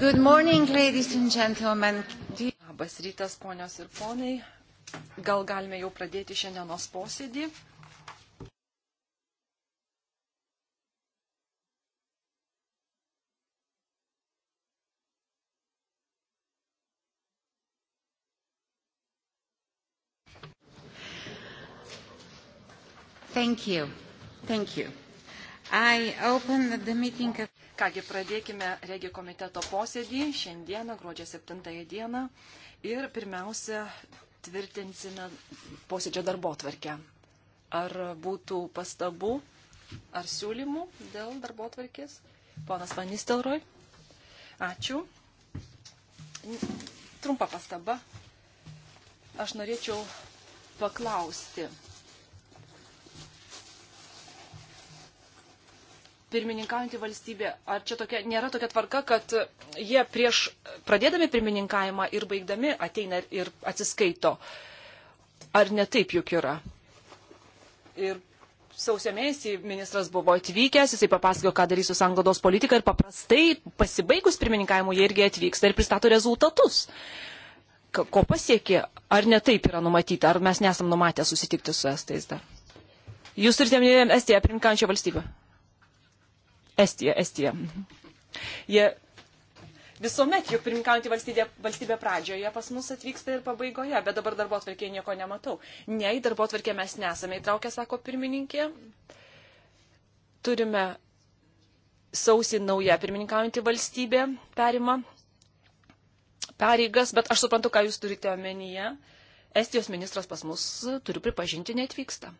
Good morning, ladies and gentlemen. Labas rytas, ponios ir ponai. Gal galime jau pradėti šiandienos posėdį? Thank you. Thank you. I open the meeting of Kągi, pradėkime regi komiteto posėdį šiandieną, gruodžio 7 dieną. Ir pirmiausia, tvirtinsime posėdžio darbo tvarkę. Ar būtų pastabų ar siūlymų dėl darbo tvarkės? Ponas Vanistelroj. Ačiū. Trumpa pastaba. Aš norėčiau paklausti pirmininkaujantį valstybę, ar čia tokia, nėra tokia tvarka, kad jie prieš pradėdami pirmininkavimą ir baigdami ateina ir atsiskaito. Ar ne taip juk yra? Ir sausio mėnesį ministras buvo atvykęs, jisai papasakojo, ką darys su sangodos politika ir paprastai pasibaigus pirmininkavimu jie irgi atvyksta ir pristato rezultatus. Ko pasiekė, ar ne taip yra numatyta, ar mes nesam numatę susitikti su Estais dar? Jūs turite minėję Estiją, pirmininkančią valstybę. Estija, Estija. Jie visuomet jau pirminkaujantį valstybę, valstybę pradžioje pas mus atvyksta ir pabaigoje, bet dabar darbo atverkėje nieko nematau. Ne, į darbo atverkę mes nesame įtraukę, sako pirmininkė. Turime sausį naują pirmininkaujantį valstybę perima pareigas, bet aš suprantu, ką jūs turite omenyje. Estijos ministras pas mus, turiu pripažinti, netvyksta.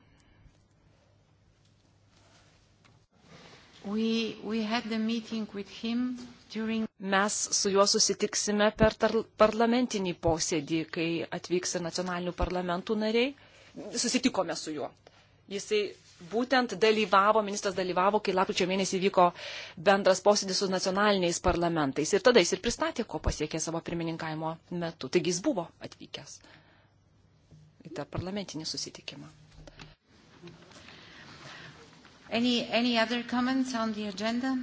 We, we during... Mes su juo susitiksime per tar, parlamentinį posėdį, kai atvyks ir nacionalinių parlamentų nariai. Susitikome su juo. Jisai būtent dalyvavo, ministras dalyvavo, kai lapkričio mėnesį vyko bendras posėdis su nacionaliniais parlamentais. Ir tada jis ir pristatė, ko pasiekė savo pirmininkavimo metu. Taigi jis buvo atvykęs į tą parlamentinį susitikimą. Any, any other comments on the agenda?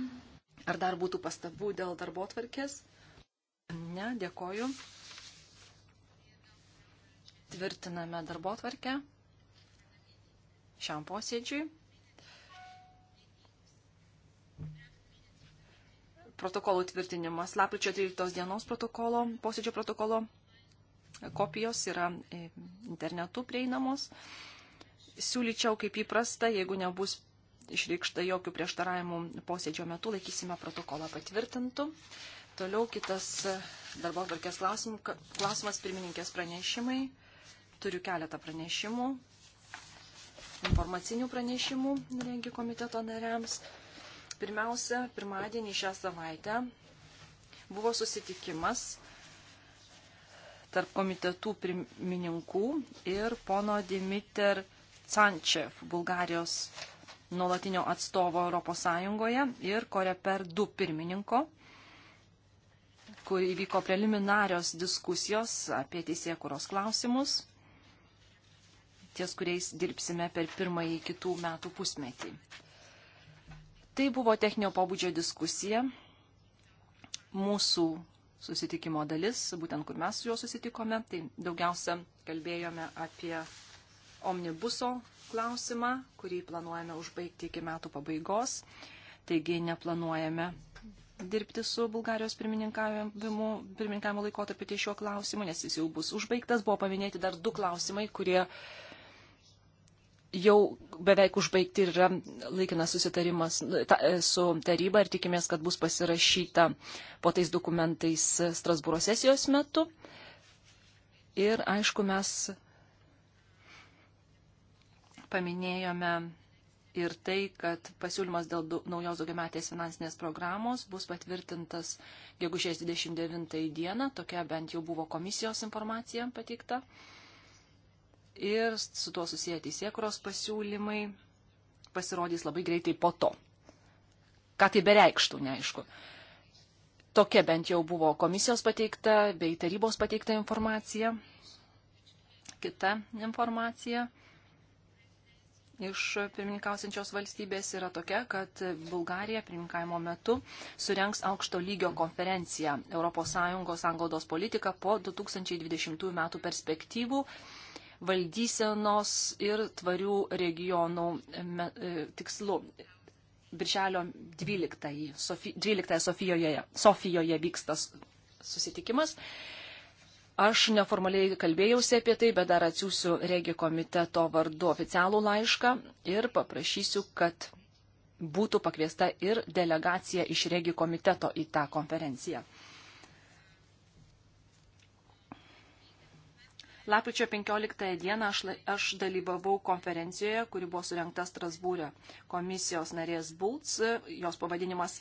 Ar dar būtų pastabų dėl darbo tvarkės? Ne, dėkoju. Tvirtiname darbo tvarkę šiam posėdžiui. Protokolų tvirtinimas. Lapkričio 13 dienos protokolo, posėdžio protokolo kopijos yra e, internetu prieinamos. Siūlyčiau kaip įprasta, jeigu nebus išreikšta jokių prieštaravimų posėdžio metu, laikysime protokolą patvirtintų. Toliau kitas e, darbo atvarkės klausimas pirmininkės pranešimai. Turiu keletą pranešimų, informacinių pranešimų rengi komiteto nariams. Pirmiausia, pirmadienį šią savaitę buvo susitikimas tarp komitetų pirmininkų ir pono Dimiter Cančev, Bulgarijos nuolatinio atstovo ES ir Koreper 2 pirmininko, kur įvyko preliminarios diskusijos apie teisėkuros klausimus, ties kuriais dirbsime per pirmąjį kitų metų pusmetį. Tai buvo techninio pabudžio diskusija, mūsų susitikimo dalis, būtent kur mes su juo susitikome, tai daugiausia kalbėjome apie omnibuso klausimą, kurį planuojame užbaigti iki metų pabaigos. Taigi neplanuojame dirbti su Bulgarijos pirmininkavimu, pirmininkavimo laikotarpiu ties šiuo klausimu, nes jis jau bus užbaigtas. Buvo paminėti dar du klausimai, kurie jau beveik užbaigti ir yra laikinas susitarimas ta, su taryba ir tikimės, kad bus pasirašyta po tais dokumentais Strasbūro sesijos metu. Ir aišku, mes paminėjome ir tai, kad pasiūlymas dėl naujos daugiametės finansinės programos bus patvirtintas gegužės 29 dieną, tokia bent jau buvo komisijos informacija pateikta. Ir su tuo susiję teisėkuros pasiūlymai pasirodys labai greitai po to. Ką tai bereikštų, neaišku. Tokia bent jau buvo komisijos pateikta bei tarybos pateikta informacija. Kita informacija iš pirmininkausinčios valstybės yra tokia, kad Bulgarija pirmininkavimo metu surenks aukšto lygio konferenciją ES anglodos politika po 2020 metų perspektyvų valdysenos ir tvarių regionų e, tikslu. Birželio 12, 12 Sofijoje, Sofijoje vyksta susitikimas. Aš neformaliai kalbėjausi apie tai, bet dar atsiųsiu regi komiteto vardu oficialų laišką ir paprašysiu, kad būtų pakviesta ir delegacija iš regi komiteto į tą konferenciją. Lapkričio 15 dieną aš, aš dalyvavau konferencijoje, kuri buvo surinkta Strasbūrė komisijos narės Bults, jos pavadinimas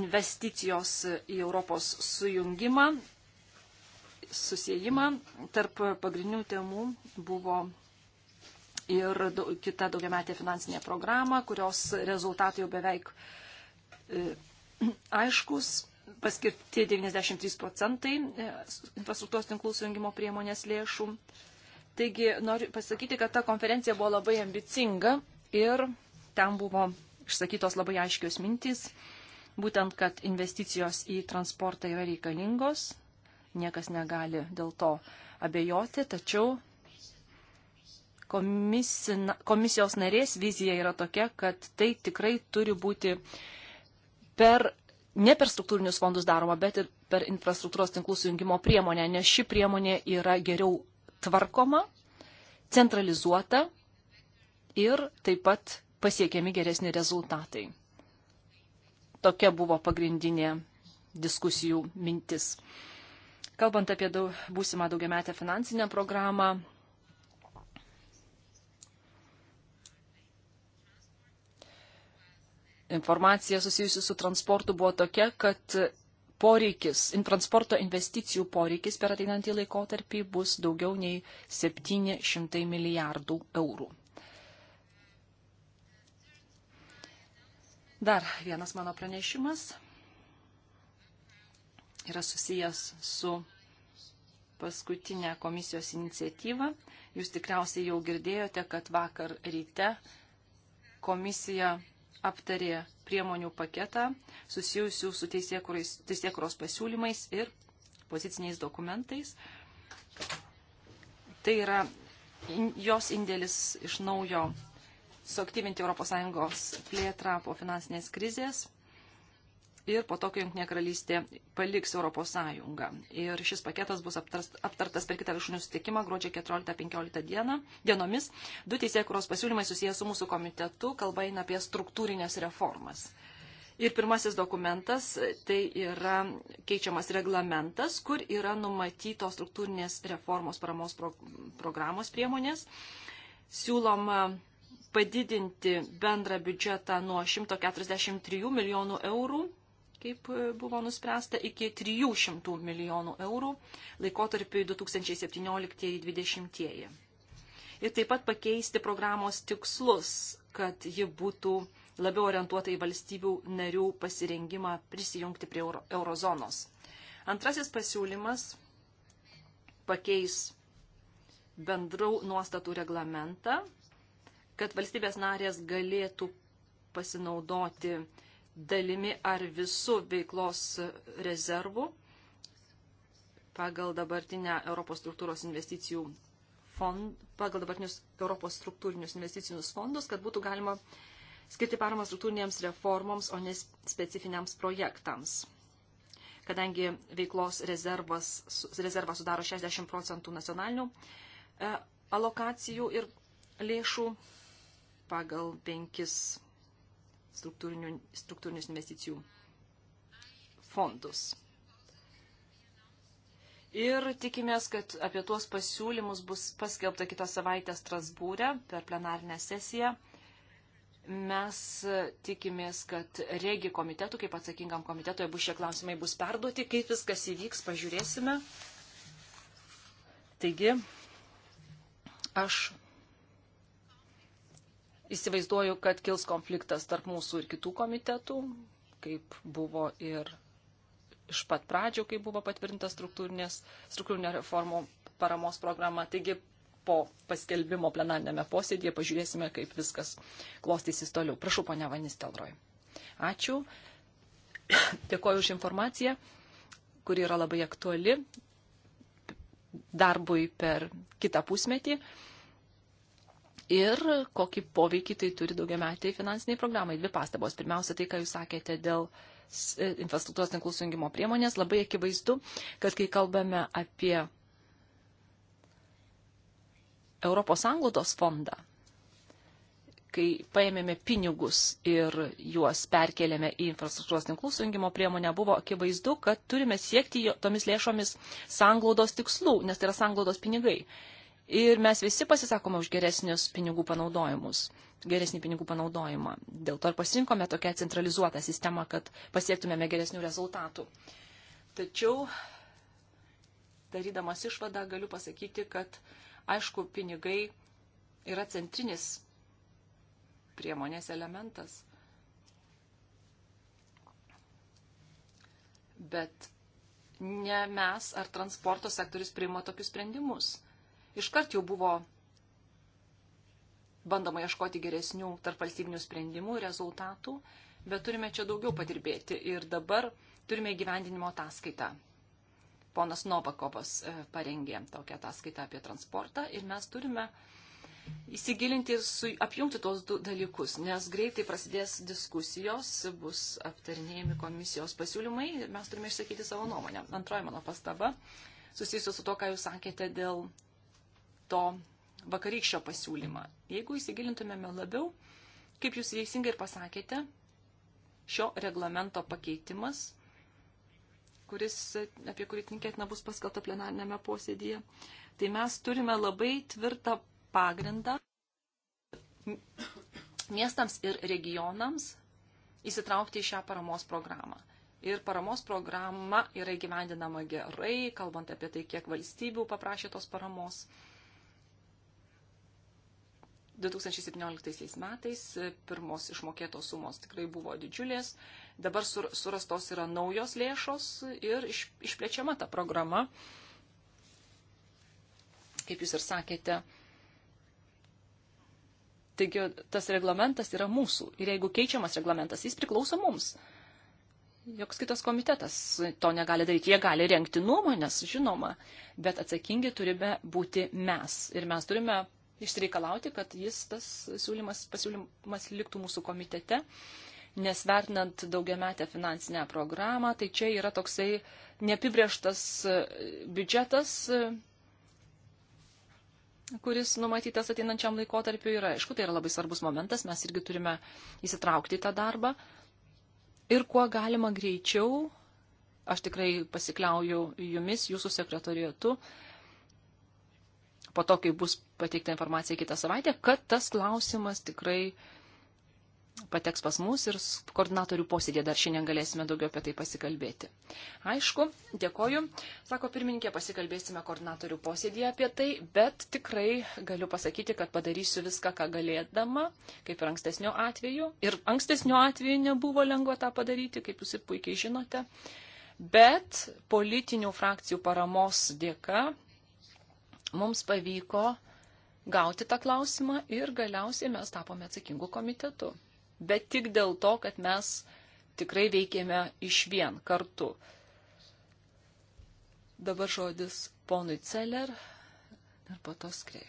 investicijos į Europos sujungimą susijimą tarp pagrindinių temų buvo ir kita daugiametė finansinė programa, kurios rezultatai jau beveik e, aiškus. Paskirti 93 procentai e, infrastruktūros tinklų sujungimo priemonės lėšų. Taigi noriu pasakyti, kad ta konferencija buvo labai ambicinga ir ten buvo išsakytos labai aiškios mintys, būtent, kad investicijos į transportą yra reikalingos, niekas negali dėl to abejoti, tačiau komisina, komisijos narės vizija yra tokia, kad tai tikrai turi būti per, ne per struktūrinius fondus daroma, bet ir per infrastruktūros tinklų sujungimo priemonę, nes ši priemonė yra geriau tvarkoma, centralizuota ir taip pat pasiekiami geresni rezultatai. Tokia buvo pagrindinė diskusijų mintis. Kalbant apie daug, būsimą daugiametę finansinę programą, informacija susijusi su transportu buvo tokia, kad poreikis, in transporto investicijų poreikis per ateinantį laikotarpį bus daugiau nei 700 milijardų eurų. Dar vienas mano pranešimas yra susijęs su paskutinė komisijos iniciatyva. Jūs tikriausiai jau girdėjote, kad vakar ryte komisija aptarė priemonių paketą susijusių su teisėkuros pasiūlymais ir poziciniais dokumentais. Tai yra jos indėlis iš naujo suaktyvinti ES plėtrą po finansinės krizės ir po to, kai Junktinė karalystė paliks Europos Sąjungą. Ir šis paketas bus aptars, aptartas per kitą viršūnių sutikimą gruodžio 14-15 dieną, dienomis. Du teisėkuros pasiūlymai susijęs su mūsų komitetu, kalba eina apie struktūrinės reformas. Ir pirmasis dokumentas tai yra keičiamas reglamentas, kur yra numatytos struktūrinės reformos paramos pro, programos priemonės. Siūloma padidinti bendrą biudžetą nuo 143 milijonų eurų kaip e, buvo nuspręsta, iki 300 milijonų eurų laikotarpiui 2017-2020. Ir taip pat pakeisti programos tikslus, kad ji būtų labiau orientuota į valstybių narių pasirengimą prisijungti prie euro, eurozonos. Antrasis pasiūlymas pakeis bendrų nuostatų reglamentą, kad valstybės narės galėtų pasinaudoti dalimi ar visų veiklos rezervų pagal dabartinę Europos struktūros investicijų fond, pagal dabartinius Europos struktūrinius investicinius fondus, kad būtų galima skirti paramą struktūrinėms reformoms, o ne specifiniams projektams. Kadangi veiklos rezervas, rezervas sudaro 60 procentų nacionalinių e, alokacijų ir lėšų pagal penkis struktūrinius investicijų fondus. Ir tikimės, kad apie tuos pasiūlymus bus paskelbta kitą savaitę Strasbūrę per plenarinę sesiją. Mes tikimės, kad regi komitetų, kaip atsakingam komitetui, bus šie klausimai bus perduoti. Kaip viskas įvyks, pažiūrėsime. Taigi, aš įsivaizduoju, kad kils konfliktas tarp mūsų ir kitų komitetų, kaip buvo ir iš pat pradžio, kai buvo patvirtinta struktūrinė reformų paramos programa. Taigi po paskelbimo plenarnėme posėdėje pažiūrėsime, kaip viskas klostysis toliau. Prašau, ponia Vanis Telroj. Ačiū. Dėkoju už informaciją, kuri yra labai aktuali darbui per kitą pusmetį ir kokį poveikį tai turi daugiametiai finansiniai programai. Dvi pastabos. Pirmiausia, tai, ką jūs sakėte dėl e, infrastruktūros tinklų sujungimo priemonės, labai akivaizdu, kad kai kalbame apie Europos anglodos fondą, kai paėmėme pinigus ir juos perkelėme į infrastruktūros tinklų sujungimo priemonę, buvo akivaizdu, kad turime siekti tomis lėšomis sanglaudos tikslų, nes tai yra sanglaudos pinigai ir mes visi pasisakome už geresnius pinigų panaudojimus, geresnį pinigų panaudojimą. Dėl to ir pasirinkome tokią centralizuotą sistemą, kad pasiektumėme geresnių rezultatų. Tačiau, darydamas išvadą, galiu pasakyti, kad aišku, pinigai yra centrinis priemonės elementas. Bet ne mes ar transporto sektorius priima tokius sprendimus iškart jau buvo bandoma ieškoti geresnių tarp valstybinių sprendimų, rezultatų, bet turime čia daugiau padirbėti ir dabar turime gyvendinimo ataskaitą. Ponas Novakovas e, parengė tokią ataskaitą apie transportą ir mes turime įsigilinti ir su, apjungti tuos du dalykus, nes greitai prasidės diskusijos, bus aptarinėjami komisijos pasiūlymai ir mes turime išsakyti savo nuomonę. Antroji mano pastaba susijusiu su to, ką jūs sakėte dėl to vakarykščio pasiūlymą. Jeigu įsigilintumėme labiau, kaip jūs teisingai ir pasakėte, šio reglamento pakeitimas, kuris, apie kurį tinkėtina bus paskalta plenarinėme posėdėje, tai mes turime labai tvirtą pagrindą miestams ir regionams įsitraukti į šią paramos programą. Ir paramos programa yra įgyvendinama gerai, kalbant apie tai, kiek valstybių paprašė tos paramos. Uh, 2017 metais e, pirmos išmokėtos sumos tikrai buvo didžiulės, dabar sur, surastos yra naujos lėšos ir iš, išplečiama ta programa. Kaip jūs ir sakėte, taigi tas reglamentas yra mūsų ir jeigu keičiamas reglamentas, jis priklauso mums. Joks kitas komitetas to negali daryti. Jie gali renkti nuomonės, žinoma, bet atsakingi turime būti mes. Ir mes turime išreikalauti, kad jis tas siūlymas, pasiūlymas liktų mūsų komitete, nes vertinant daugiametę finansinę programą, tai čia yra toksai neapibrieštas e, biudžetas, e, kuris numatytas ateinančiam laikotarpiu yra. Aišku, tai yra labai svarbus momentas, mes irgi turime įsitraukti į tą darbą. Ir kuo galima greičiau, aš tikrai pasikliauju jumis, jūsų sekretorietu, po to, kai bus pateiktą informaciją kitą savaitę, kad tas klausimas tikrai pateks pas mus ir koordinatorių posėdė dar šiandien galėsime daugiau apie tai pasikalbėti. Aišku, dėkoju. Sako pirmininkė, pasikalbėsime koordinatorių posėdėje apie tai, bet tikrai galiu pasakyti, kad padarysiu viską, ką galėdama, kaip ir ankstesnio atveju. Ir ankstesnio atveju nebuvo lengva tą padaryti, kaip jūs ir puikiai žinote. Bet politinių frakcijų paramos dėka mums pavyko gauti tą klausimą ir galiausiai mes tapome atsakingų komitetu. Bet tik dėl to, kad mes tikrai veikėme iš vien kartu. Dabar žodis ponui Celler ir po to skrei.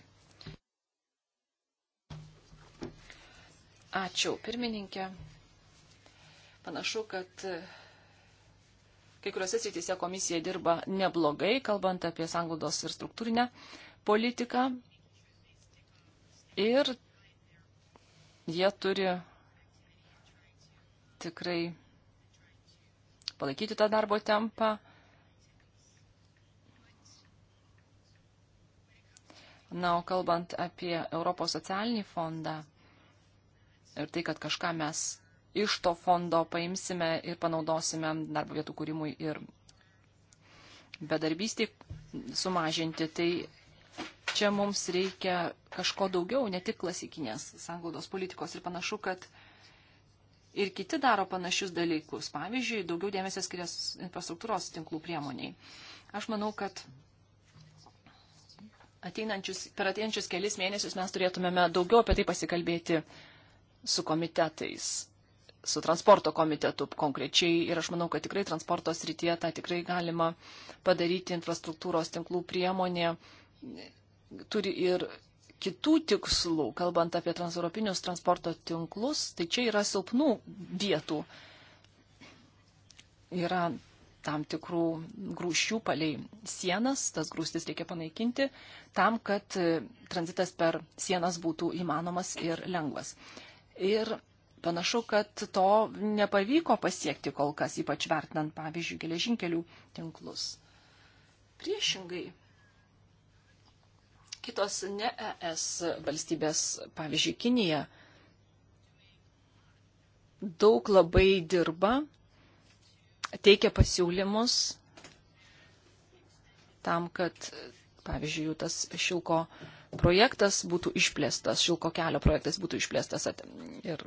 Ačiū, pirmininkė. Panašu, kad kai kuriuose srityse komisija dirba neblogai, kalbant apie sanglaudos ir struktūrinę politiką. Ir jie turi tikrai palaikyti tą darbo tempą. Na, o kalbant apie Europos socialinį fondą ir tai, kad kažką mes iš to fondo paimsime ir panaudosime darbo vietų kūrimui ir bedarbystį sumažinti, tai čia mums reikia kažko daugiau, ne tik klasikinės sanglaudos politikos. Ir panašu, kad ir kiti daro panašius dalykus. Pavyzdžiui, daugiau dėmesio skirias infrastruktūros tinklų priemoniai. Aš manau, kad ateinančius, per ateinančius kelis mėnesius mes turėtumėme daugiau apie tai pasikalbėti su komitetais su transporto komitetu konkrečiai ir aš manau, kad tikrai transporto srityje tą tikrai galima padaryti infrastruktūros tinklų priemonė, turi ir kitų tikslų, kalbant apie transeuropinius transporto tinklus, tai čia yra silpnų vietų. Yra tam tikrų grūščių palei sienas, tas grūstis reikia panaikinti, tam, kad e, tranzitas per sienas būtų įmanomas ir lengvas. Ir panašu, kad to nepavyko pasiekti kol kas, ypač vertinant, pavyzdžiui, geležinkelių tinklus. Priešingai, Kitos ne ES valstybės, pavyzdžiui, Kinija, daug labai dirba, teikia pasiūlymus tam, kad, pavyzdžiui, jų tas šilko projektas būtų išplėstas, šilko kelio projektas būtų išplėstas ir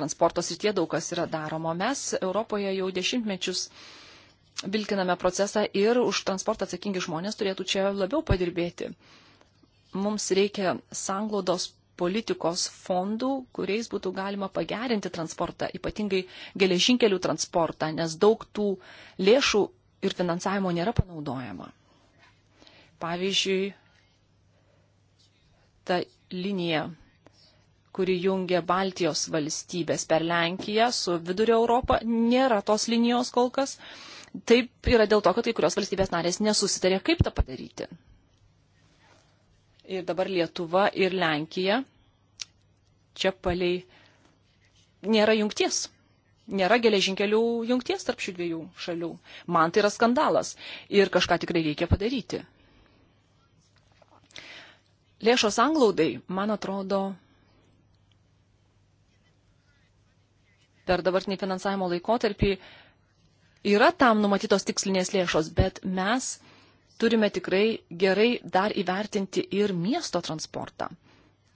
transportos ir tie daug kas yra daroma. Mes Europoje jau dešimtmečius vilkiname procesą ir už transportą atsakingi žmonės turėtų čia labiau padirbėti mums reikia sanglaudos politikos fondų, kuriais būtų galima pagerinti transportą, ypatingai geležinkelių transportą, nes daug tų lėšų ir finansavimo nėra panaudojama. Pavyzdžiui, ta linija, kuri jungia Baltijos valstybės per Lenkiją su Vidurio Europą, nėra tos linijos kol kas. Taip yra dėl to, kad kai kurios valstybės narės nesusitarė, kaip tą padaryti ir dabar Lietuva ir Lenkija čia paliai nėra jungties. Nėra geležinkelių jungties tarp šių dviejų šalių. Man tai yra skandalas ir kažką tikrai reikia padaryti. Lėšos anglaudai, man atrodo, per dabartinį finansavimo laikotarpį yra tam numatytos tikslinės lėšos, bet mes turime tikrai gerai dar įvertinti ir miesto transportą,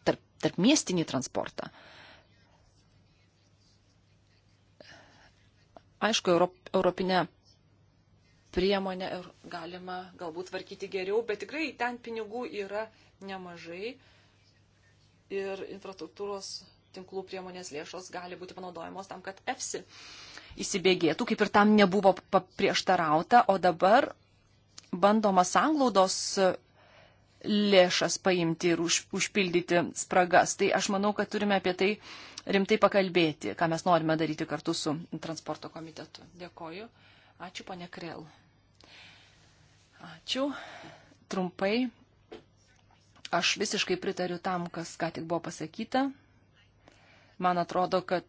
tarp, tarp miestinį transportą. Aišku, Europ, europinė priemonė galima galbūt tvarkyti geriau, bet tikrai ten pinigų yra nemažai ir infrastruktūros tinklų priemonės lėšos gali būti panaudojamos tam, kad EFSI įsibėgėtų, kaip ir tam nebuvo prieštarauta, o dabar bandoma sanglaudos lėšas paimti ir už, užpildyti spragas. Tai aš manau, kad turime apie tai rimtai pakalbėti, ką mes norime daryti kartu su transporto komitetu. Dėkoju. Ačiū, ponė Krell. Ačiū. Trumpai. Aš visiškai pritariu tam, kas ką tik buvo pasakyta. Man atrodo, kad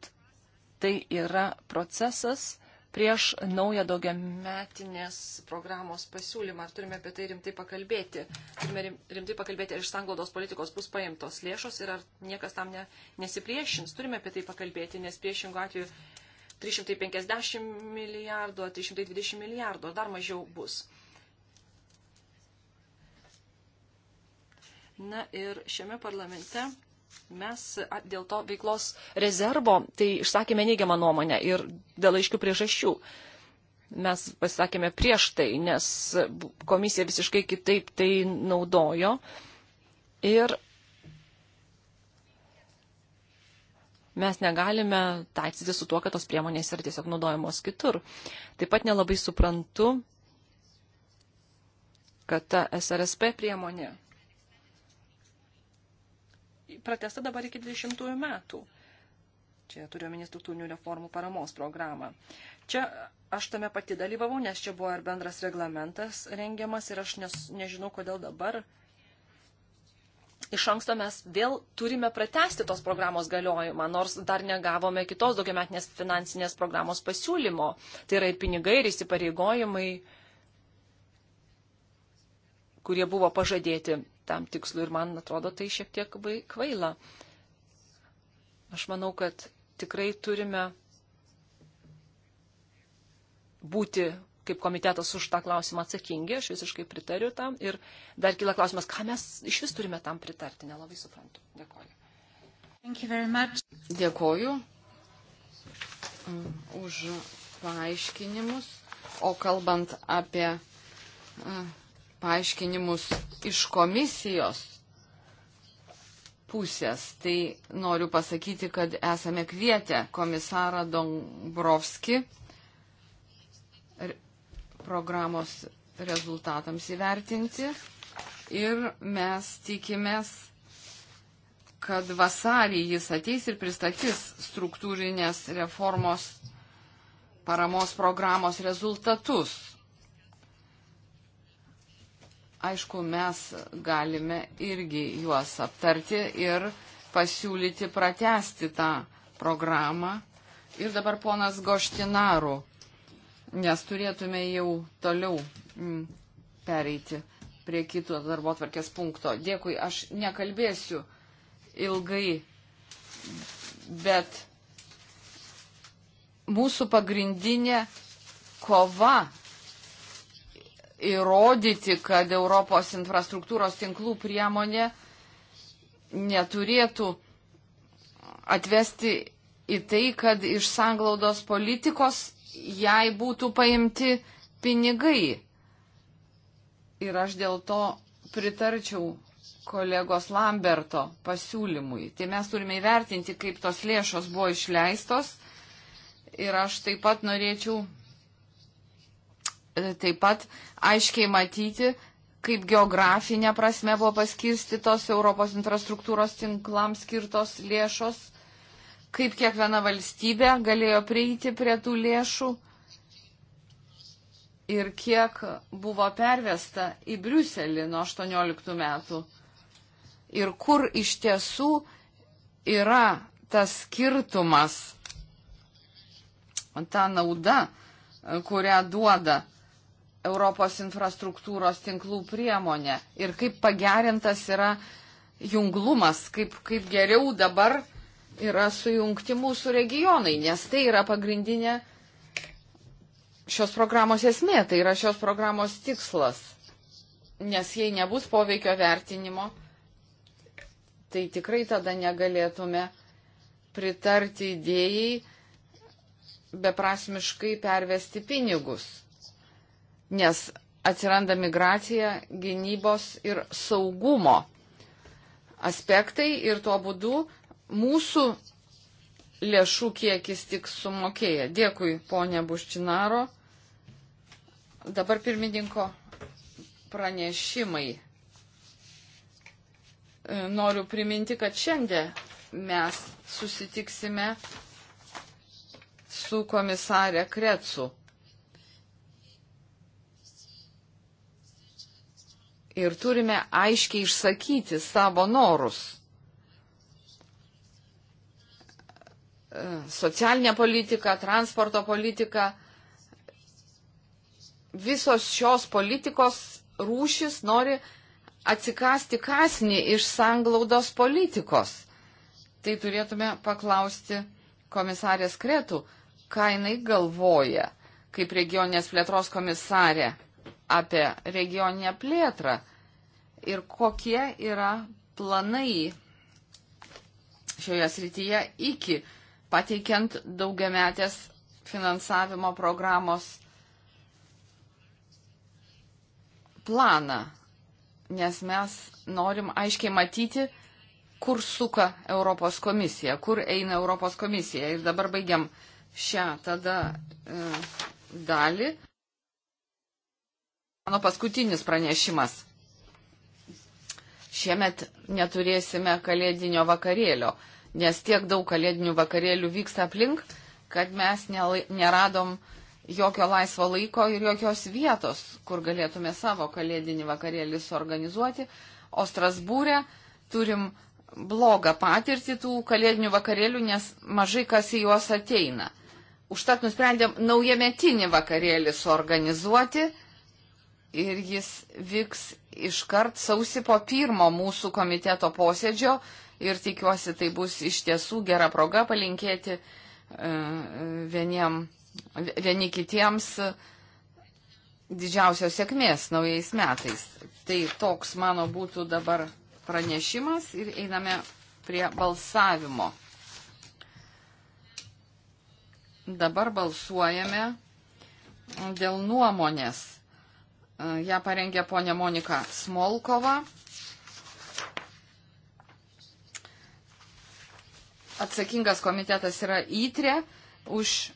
tai yra procesas, prieš naują daugiametinės programos pasiūlymą. Ar turime apie tai rimtai pakalbėti? Turime rimtai pakalbėti, ar iš sanglaudos politikos bus paimtos lėšos ir ar niekas tam ne, nesipriešins. Turime apie tai pakalbėti, nes priešingų atveju 350 milijardų, 320 milijardų, dar mažiau bus. Na ir šiame parlamente Mes dėl to veiklos rezervo tai išsakėme neigiamą nuomonę ir dėl aiškių priežasčių. Mes pasakėme prieš tai, nes komisija visiškai kitaip tai naudojo. Ir mes negalime taiksyti su tuo, kad tos priemonės yra tiesiog naudojamos kitur. Taip pat nelabai suprantu, kad ta SRSP priemonė pratesta dabar iki 20 metų. Čia turiu omeny struktūrinių reformų paramos programą. Čia aš tame pati dalyvavau, nes čia buvo ir bendras reglamentas rengiamas ir aš nes, nežinau, kodėl dabar. Iš anksto mes vėl turime pratesti tos programos galiojimą, nors dar negavome kitos daugiametinės finansinės programos pasiūlymo. Tai yra ir pinigai, ir įsipareigojimai. Uh, kurie buvo pažadėti tam tikslui ir man atrodo tai šiek tiek kvaila. Aš manau, kad tikrai turime būti kaip komitetas už tą klausimą atsakingi, aš visiškai pritariu tam. Ir dar kyla klausimas, ką mes iš vis turime tam pritarti, nelabai suprantu. Dėkoju. Dėkoju mm, už paaiškinimus. O kalbant apie mm, paaiškinimus iš komisijos pusės, tai noriu pasakyti, kad esame kvietę komisarą Dombrovski programos rezultatams įvertinti ir mes tikimės, kad vasarį jis ateis ir pristatys struktūrinės reformos paramos programos rezultatus aišku, mes galime irgi juos aptarti ir pasiūlyti pratesti tą programą. Ir dabar ponas Goštinaru, nes turėtume jau toliau mm, pereiti prie kito darbo tvarkės punkto. Dėkui, aš nekalbėsiu ilgai, bet mūsų pagrindinė kova įrodyti, kad Europos infrastruktūros tinklų priemonė neturėtų atvesti į tai, kad iš sanglaudos politikos jai būtų paimti pinigai. Ir aš dėl to pritarčiau kolegos Lamberto pasiūlymui. Tai mes turime įvertinti, kaip tos lėšos buvo išleistos. Ir aš taip pat norėčiau taip pat aiškiai matyti, kaip geografinė prasme buvo paskirstytos Europos infrastruktūros tinklams skirtos lėšos, kaip kiekviena valstybė galėjo prieiti prie tų lėšų ir kiek buvo pervesta į Briuselį nuo 18 metų ir kur iš tiesų yra tas skirtumas, ta nauda, kurią duoda Europos infrastruktūros tinklų priemonė ir kaip pagerintas yra junglumas, kaip, kaip geriau dabar yra sujungti mūsų regionai, nes tai yra pagrindinė šios programos esmė, tai yra šios programos tikslas. Nes jei nebus poveikio vertinimo, tai tikrai tada negalėtume pritarti idėjai beprasmiškai pervesti pinigus nes atsiranda migracija, gynybos ir saugumo aspektai ir tuo būdu mūsų lėšų kiekis tik sumokėja. Dėkui, ponė Buščinaro. Dabar pirmininko pranešimai. E, noriu priminti, kad šiandien mes susitiksime su komisarė Krecu. ir turime aiškiai išsakyti savo norus. E, socialinė politika, transporto politika, visos šios politikos rūšis nori atsikasti kasnį iš sanglaudos politikos. Tai turėtume paklausti komisarės Kretų, ką jinai galvoja kaip regionės plėtros komisarė apie regioninę plėtrą ir kokie yra planai šioje srityje iki pateikiant daugiametės finansavimo programos planą, nes mes norim aiškiai matyti, kur suka Europos komisija, kur eina Europos komisija. Ir dabar baigiam šią tada e, dalį mano paskutinis pranešimas. Šiemet neturėsime kalėdinio vakarėlio, nes tiek daug kalėdinių vakarėlių vyksta aplink, kad mes neradom jokio laisvo laiko ir jokios vietos, kur galėtume savo kalėdinį vakarėlį suorganizuoti. O Strasbūrė turim blogą patirtį tų kalėdinių vakarėlių, nes mažai kas į juos ateina. Užtat nusprendėm naujametinį vakarėlį suorganizuoti ir jis vyks iškart sausi po pirmo mūsų komiteto posėdžio ir tikiuosi tai bus iš tiesų gera proga palinkėti e, vieniem, vieni kitiems didžiausios sėkmės naujais metais. Tai toks mano būtų dabar pranešimas ir einame prie balsavimo. Dabar balsuojame dėl nuomonės Ja parengė ponė Monika Smolkova. Atsakingas komitetas yra įtrė už e,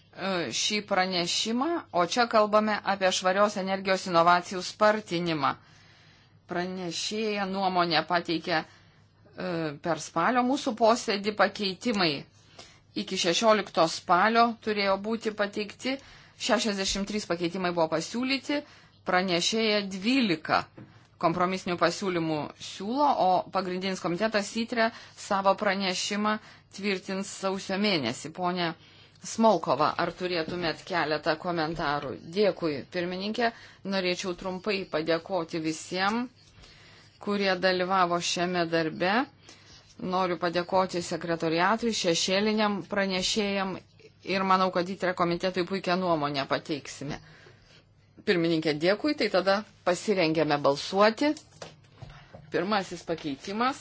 šį pranešimą, o čia kalbame apie švarios energijos inovacijų spartinimą. Pranešėja nuomonė pateikė e, per spalio mūsų posėdį pakeitimai. Iki 16 spalio turėjo būti pateikti, 63 pakeitimai buvo pasiūlyti, pranešėja 12 kompromisinių pasiūlymų siūlo, o pagrindinis komitetas įtrė savo pranešimą tvirtins sausio mėnesį. Pone Smolkova, ar turėtumėt keletą komentarų? Dėkui, pirmininkė. Norėčiau trumpai padėkoti visiems, kurie dalyvavo šiame darbe. Noriu padėkoti sekretoriatui, šešėliniam pranešėjam ir manau, kad įtrė komitetui puikią nuomonę pateiksime. Pirmininkė, dėkui, tai tada pasirengėme balsuoti. Pirmasis pakeitimas.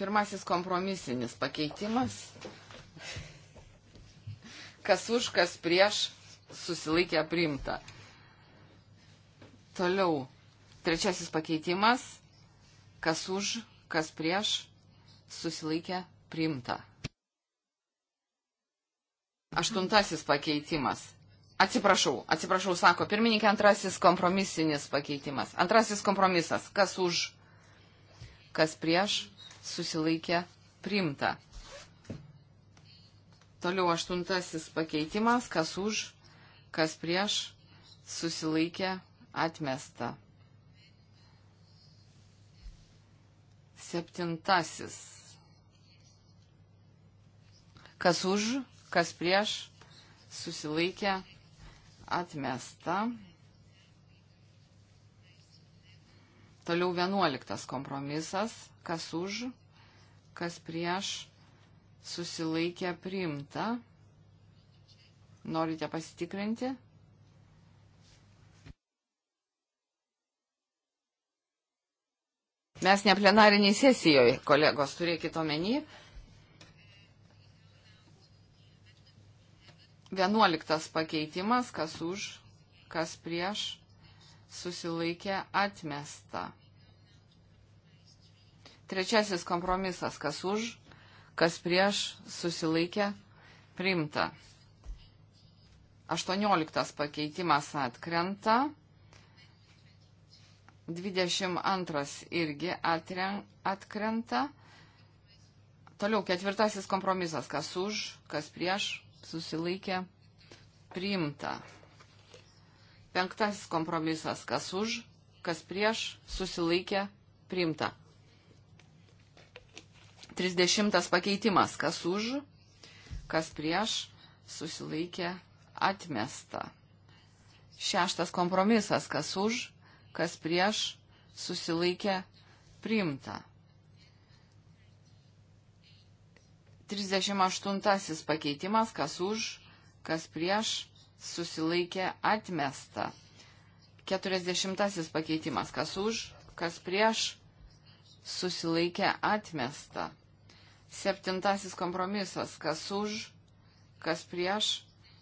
Pirmasis kompromisinis pakeitimas. Kas už, kas prieš susilaikė priimta. Toliau. Trečiasis pakeitimas. Kas už, kas prieš susilaikė priimta. Aštuntasis pakeitimas. Atsiprašau, atsiprašau, sako pirmininkė, antrasis kompromisinis pakeitimas. Antrasis kompromisas. Kas už, kas prieš, susilaikė primta. Toliau aštuntasis pakeitimas. Kas už, kas prieš, susilaikė atmesta. Septintasis. Kas už, kas prieš, susilaikė, atmesta. Toliau vienuoliktas kompromisas, kas už, kas prieš, susilaikė, priimta. Norite pasitikrinti? Mes ne plenariniai sesijoje, kolegos, turėkite omenyje. Vienuoliktas pakeitimas, kas už, kas prieš, susilaikė atmesta. Trečiasis kompromisas, kas už, kas prieš, susilaikė priimta. Aštuonioliktas pakeitimas atkrenta. 22 irgi atren, atkrenta. Toliau ketvirtasis kompromisas, kas už, kas prieš, susilaikė priimta. Penktasis kompromisas, kas už, kas prieš, susilaikė priimta. Trisdešimtas pakeitimas, kas už, kas prieš, susilaikė atmesta. Šeštas kompromisas, kas už, kas prieš, susilaikė priimta. 38 pakeitimas, kas už, kas prieš, susilaikė atmesta. 40 pakeitimas, kas už, kas prieš, susilaikė atmesta. 7 kompromisas, kas už, kas prieš,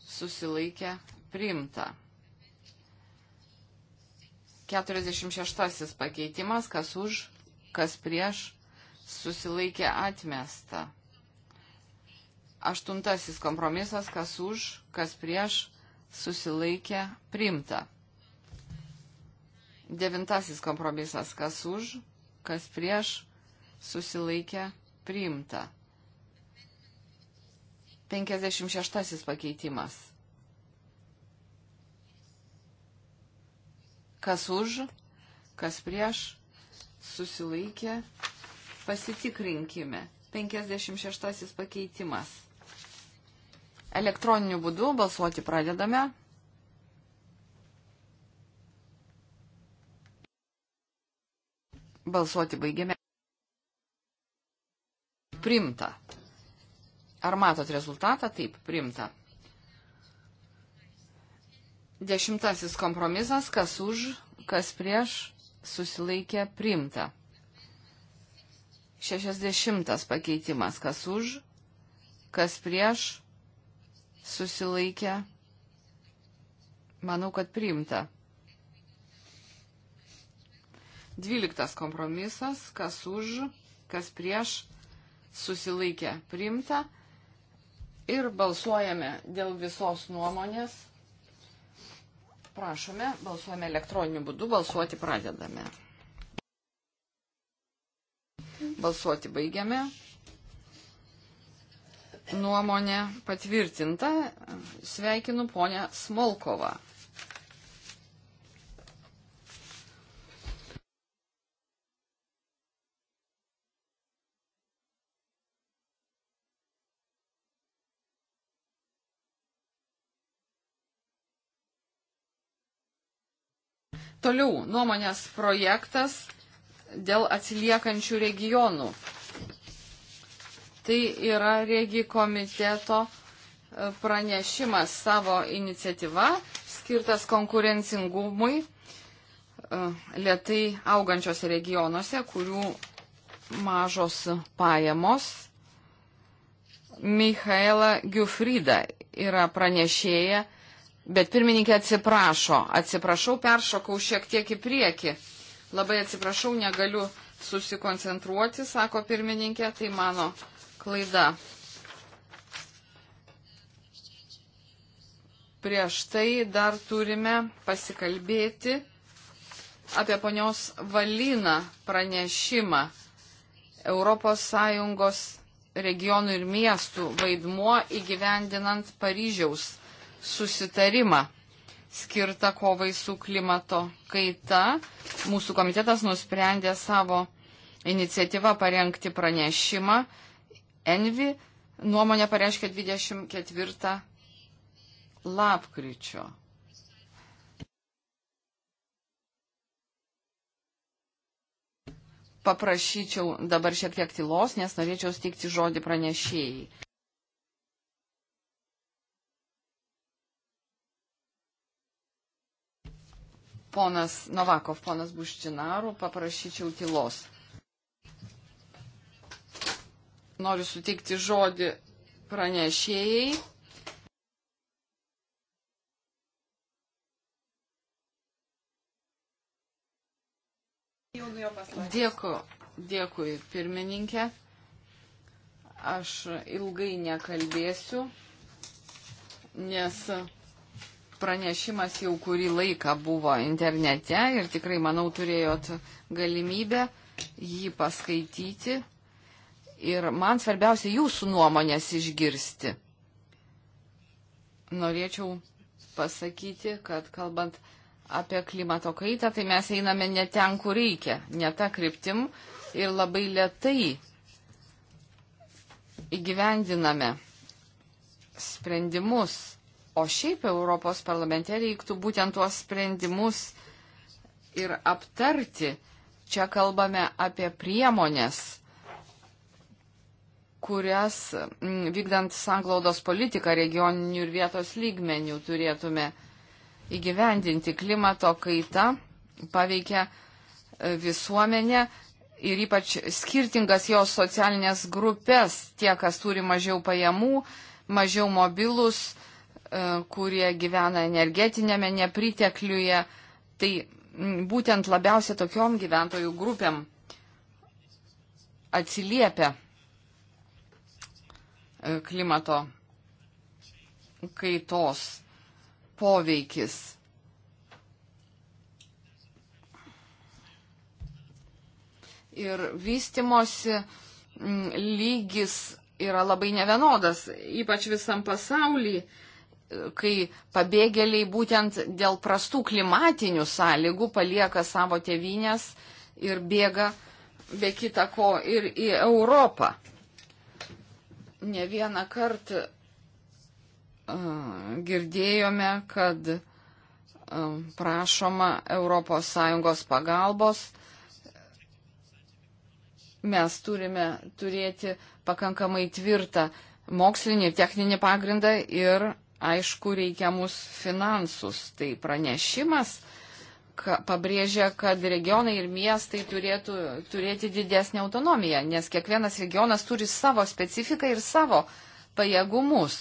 susilaikė priimta. 46 pakeitimas, kas už, kas prieš, susilaikė atmesta. Aštuntasis kompromisas, kas už, kas prieš, susilaikė, priimta. Devintasis kompromisas, kas už, kas prieš, susilaikė, priimta. 56 pakeitimas. Kas už, kas prieš, susilaikė, pasitikrinkime. 56 pakeitimas. Elektroniniu būdu balsuoti pradedame. Balsuoti baigiame. Primta. Ar matot rezultatą? Taip, primta. Dešimtasis kompromisas, kas už, kas prieš, susilaikė primta. Šešiasdešimtas pakeitimas, kas už, kas prieš, susilaikė, manau, kad priimta. Dvyliktas kompromisas, kas už, kas prieš, susilaikė, priimta. Ir balsuojame dėl visos nuomonės. Prašome, balsuojame elektroniniu būdu, balsuoti pradedame. Balsuoti baigiame nuomonė patvirtinta. Sveikinu ponę Smolkovą. Toliau nuomonės projektas dėl atsiliekančių regionų. Tai yra regi komiteto e, pranešimas savo iniciatyva, skirtas konkurencingumui e, lietai augančiose regionuose, kurių mažos pajamos. Michaela Giufrida yra pranešėja, bet pirmininkė atsiprašo. Atsiprašau, peršokau šiek tiek į priekį. Labai atsiprašau, negaliu susikoncentruoti, sako pirmininkė, tai mano klaida. Prieš tai dar turime pasikalbėti apie ponios Valyną pranešimą ES regionų ir miestų vaidmuo įgyvendinant Paryžiaus susitarimą skirtą kovai su klimato kaita. Mūsų komitetas nusprendė savo iniciatyvą parengti pranešimą Envi nuomonę pareiškė 24 lapkričio. Paprašyčiau dabar šiek tiek tylos, nes norėčiau stikti žodį pranešėjai. Ponas Novakov, ponas Buščinarų, paprašyčiau tylos noriu suteikti žodį pranešėjai. Dėku, dėkui, pirmininkė. Aš ilgai nekalbėsiu, nes pranešimas jau kurį laiką buvo internete ir tikrai, manau, turėjot galimybę jį paskaityti ir man svarbiausia jūsų nuomonės išgirsti. Norėčiau pasakyti, kad kalbant apie klimato kaitą, tai mes einame ne ten, kur reikia, ne tą kryptim ir labai lietai įgyvendiname sprendimus. O šiaip Europos parlamente reiktų būtent tuos sprendimus ir aptarti. Čia kalbame apie priemonės, kurias mm, vykdant sanglaudos politiką regioninių ir vietos lygmenių turėtume įgyvendinti. Klimato kaita paveikia e, visuomenę ir ypač skirtingas jos socialinės grupės, tie, kas turi mažiau pajamų, mažiau mobilus, e, kurie gyvena energetinėme nepritekliuje. Tai mm, būtent labiausia tokiom gyventojų grupėm atsiliepia E, klimato kaitos poveikis. Ir vystimosi lygis yra labai nevienodas, ypač visam pasaulyje kai pabėgėliai būtent dėl prastų klimatinių sąlygų palieka savo tėvynės ir bėga be kita ko ir į Europą ne vieną kartą e, girdėjome, kad e, prašoma ES pagalbos. Mes turime turėti pakankamai tvirtą mokslinį ir techninį pagrindą ir, aišku, reikiamus finansus. Tai pranešimas ka, pabrėžia, kad regionai ir miestai turėtų turėti didesnį autonomiją, nes kiekvienas regionas turi savo specifiką ir savo pajėgumus.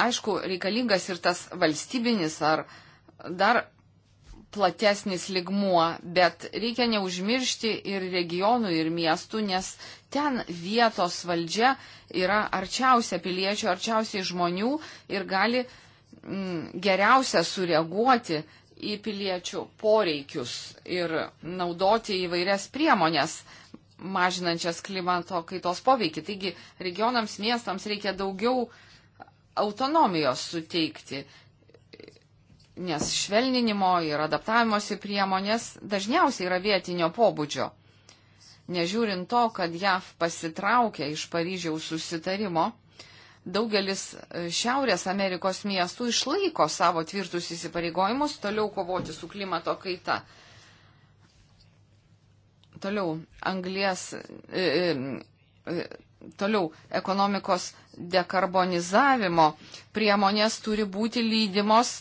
Aišku, reikalingas ir tas valstybinis ar dar platesnis ligmuo, bet reikia neužmiršti ir regionų, ir miestų, nes ten vietos valdžia yra arčiausia piliečių, arčiausiai žmonių ir gali uh, Mm, geriausia sureaguoti į piliečių poreikius ir naudoti įvairias priemonės mažinančias klimato kaitos poveikį. Taigi regionams, miestams reikia daugiau autonomijos suteikti, nes švelninimo ir adaptavimosi priemonės dažniausiai yra vietinio pobūdžio. Nežiūrint to, kad JAV pasitraukė iš Paryžiaus susitarimo, daugelis e, Šiaurės Amerikos miestų išlaiko savo tvirtus įsipareigojimus toliau kovoti su klimato kaita. Toliau anglės, e, e, e, toliau ekonomikos dekarbonizavimo priemonės turi būti lydimos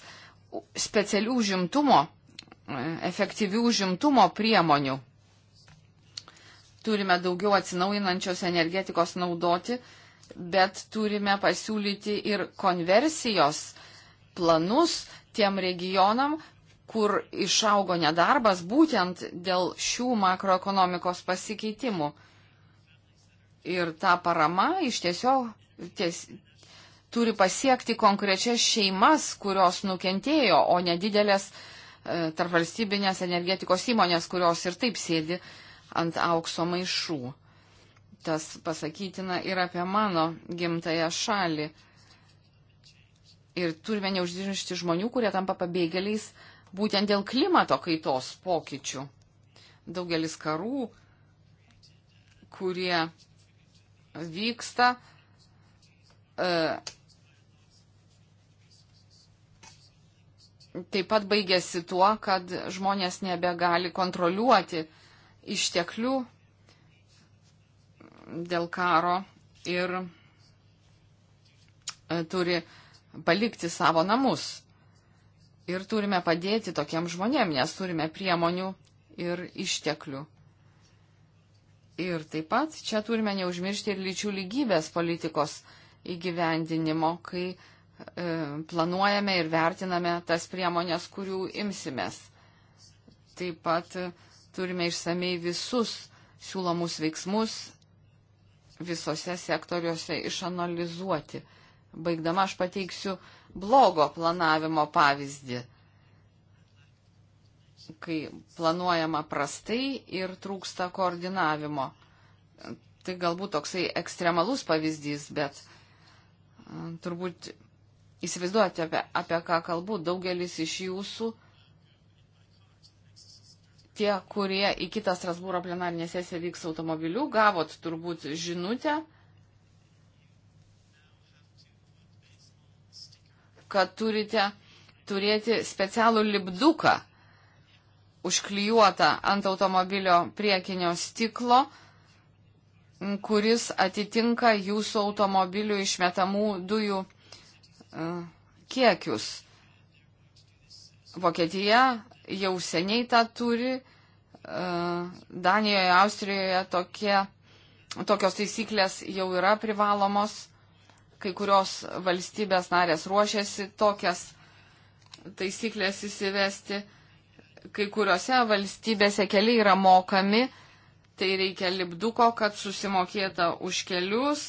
specialių žimtumo, e, efektyvių žimtumo priemonių. Turime daugiau atsinaujinančios energetikos naudoti, bet turime pasiūlyti ir konversijos planus tiem regionam, kur išaugo nedarbas būtent dėl šių makroekonomikos pasikeitimų. Ir ta parama iš tiesiog ties, turi pasiekti konkrečias šeimas, kurios nukentėjo, o nedidelės e, tarpvalstybinės energetikos įmonės, kurios ir taip sėdi ant aukso maišų. Tas pasakytina ir apie mano gimtają šalį. Ir turime neuždiršti žmonių, kurie tampa pabėgėliais būtent dėl klimato kaitos pokyčių. Daugelis karų, kurie vyksta, e, taip pat baigėsi tuo, kad žmonės nebegali kontroliuoti išteklių dėl karo ir e, turi palikti savo namus. Ir turime padėti tokiem žmonėm, nes turime priemonių ir išteklių. Ir taip pat čia turime neužmiršti ir lyčių lygybės politikos įgyvendinimo, kai e, planuojame ir vertiname tas priemonės, kurių imsimės. Taip pat turime išsamei visus siūlomus veiksmus visose sektoriuose išanalizuoti. Baigdama aš pateiksiu blogo planavimo pavyzdį, kai planuojama prastai ir trūksta koordinavimo. Tai galbūt toksai ekstremalus pavyzdys, bet turbūt įsivaizduojate, apie, apie ką kalbu, daugelis iš jūsų uh, tie, kurie į kitą Strasbūro plenarinę sesiją vyks automobiliu, gavot turbūt žinutę, kad turite turėti specialų lipduką užklijuotą ant automobilio priekinio stiklo, kuris atitinka jūsų automobilių išmetamų dujų e, kiekius. Vokietija jau seniai tą turi. E, Danijoje, Austrijoje tokie, tokios taisyklės jau yra privalomos. Kai kurios valstybės narės ruošiasi tokias taisyklės įsivesti. Kai kuriuose valstybėse keliai yra mokami, tai reikia lipduko, kad susimokėta už kelius.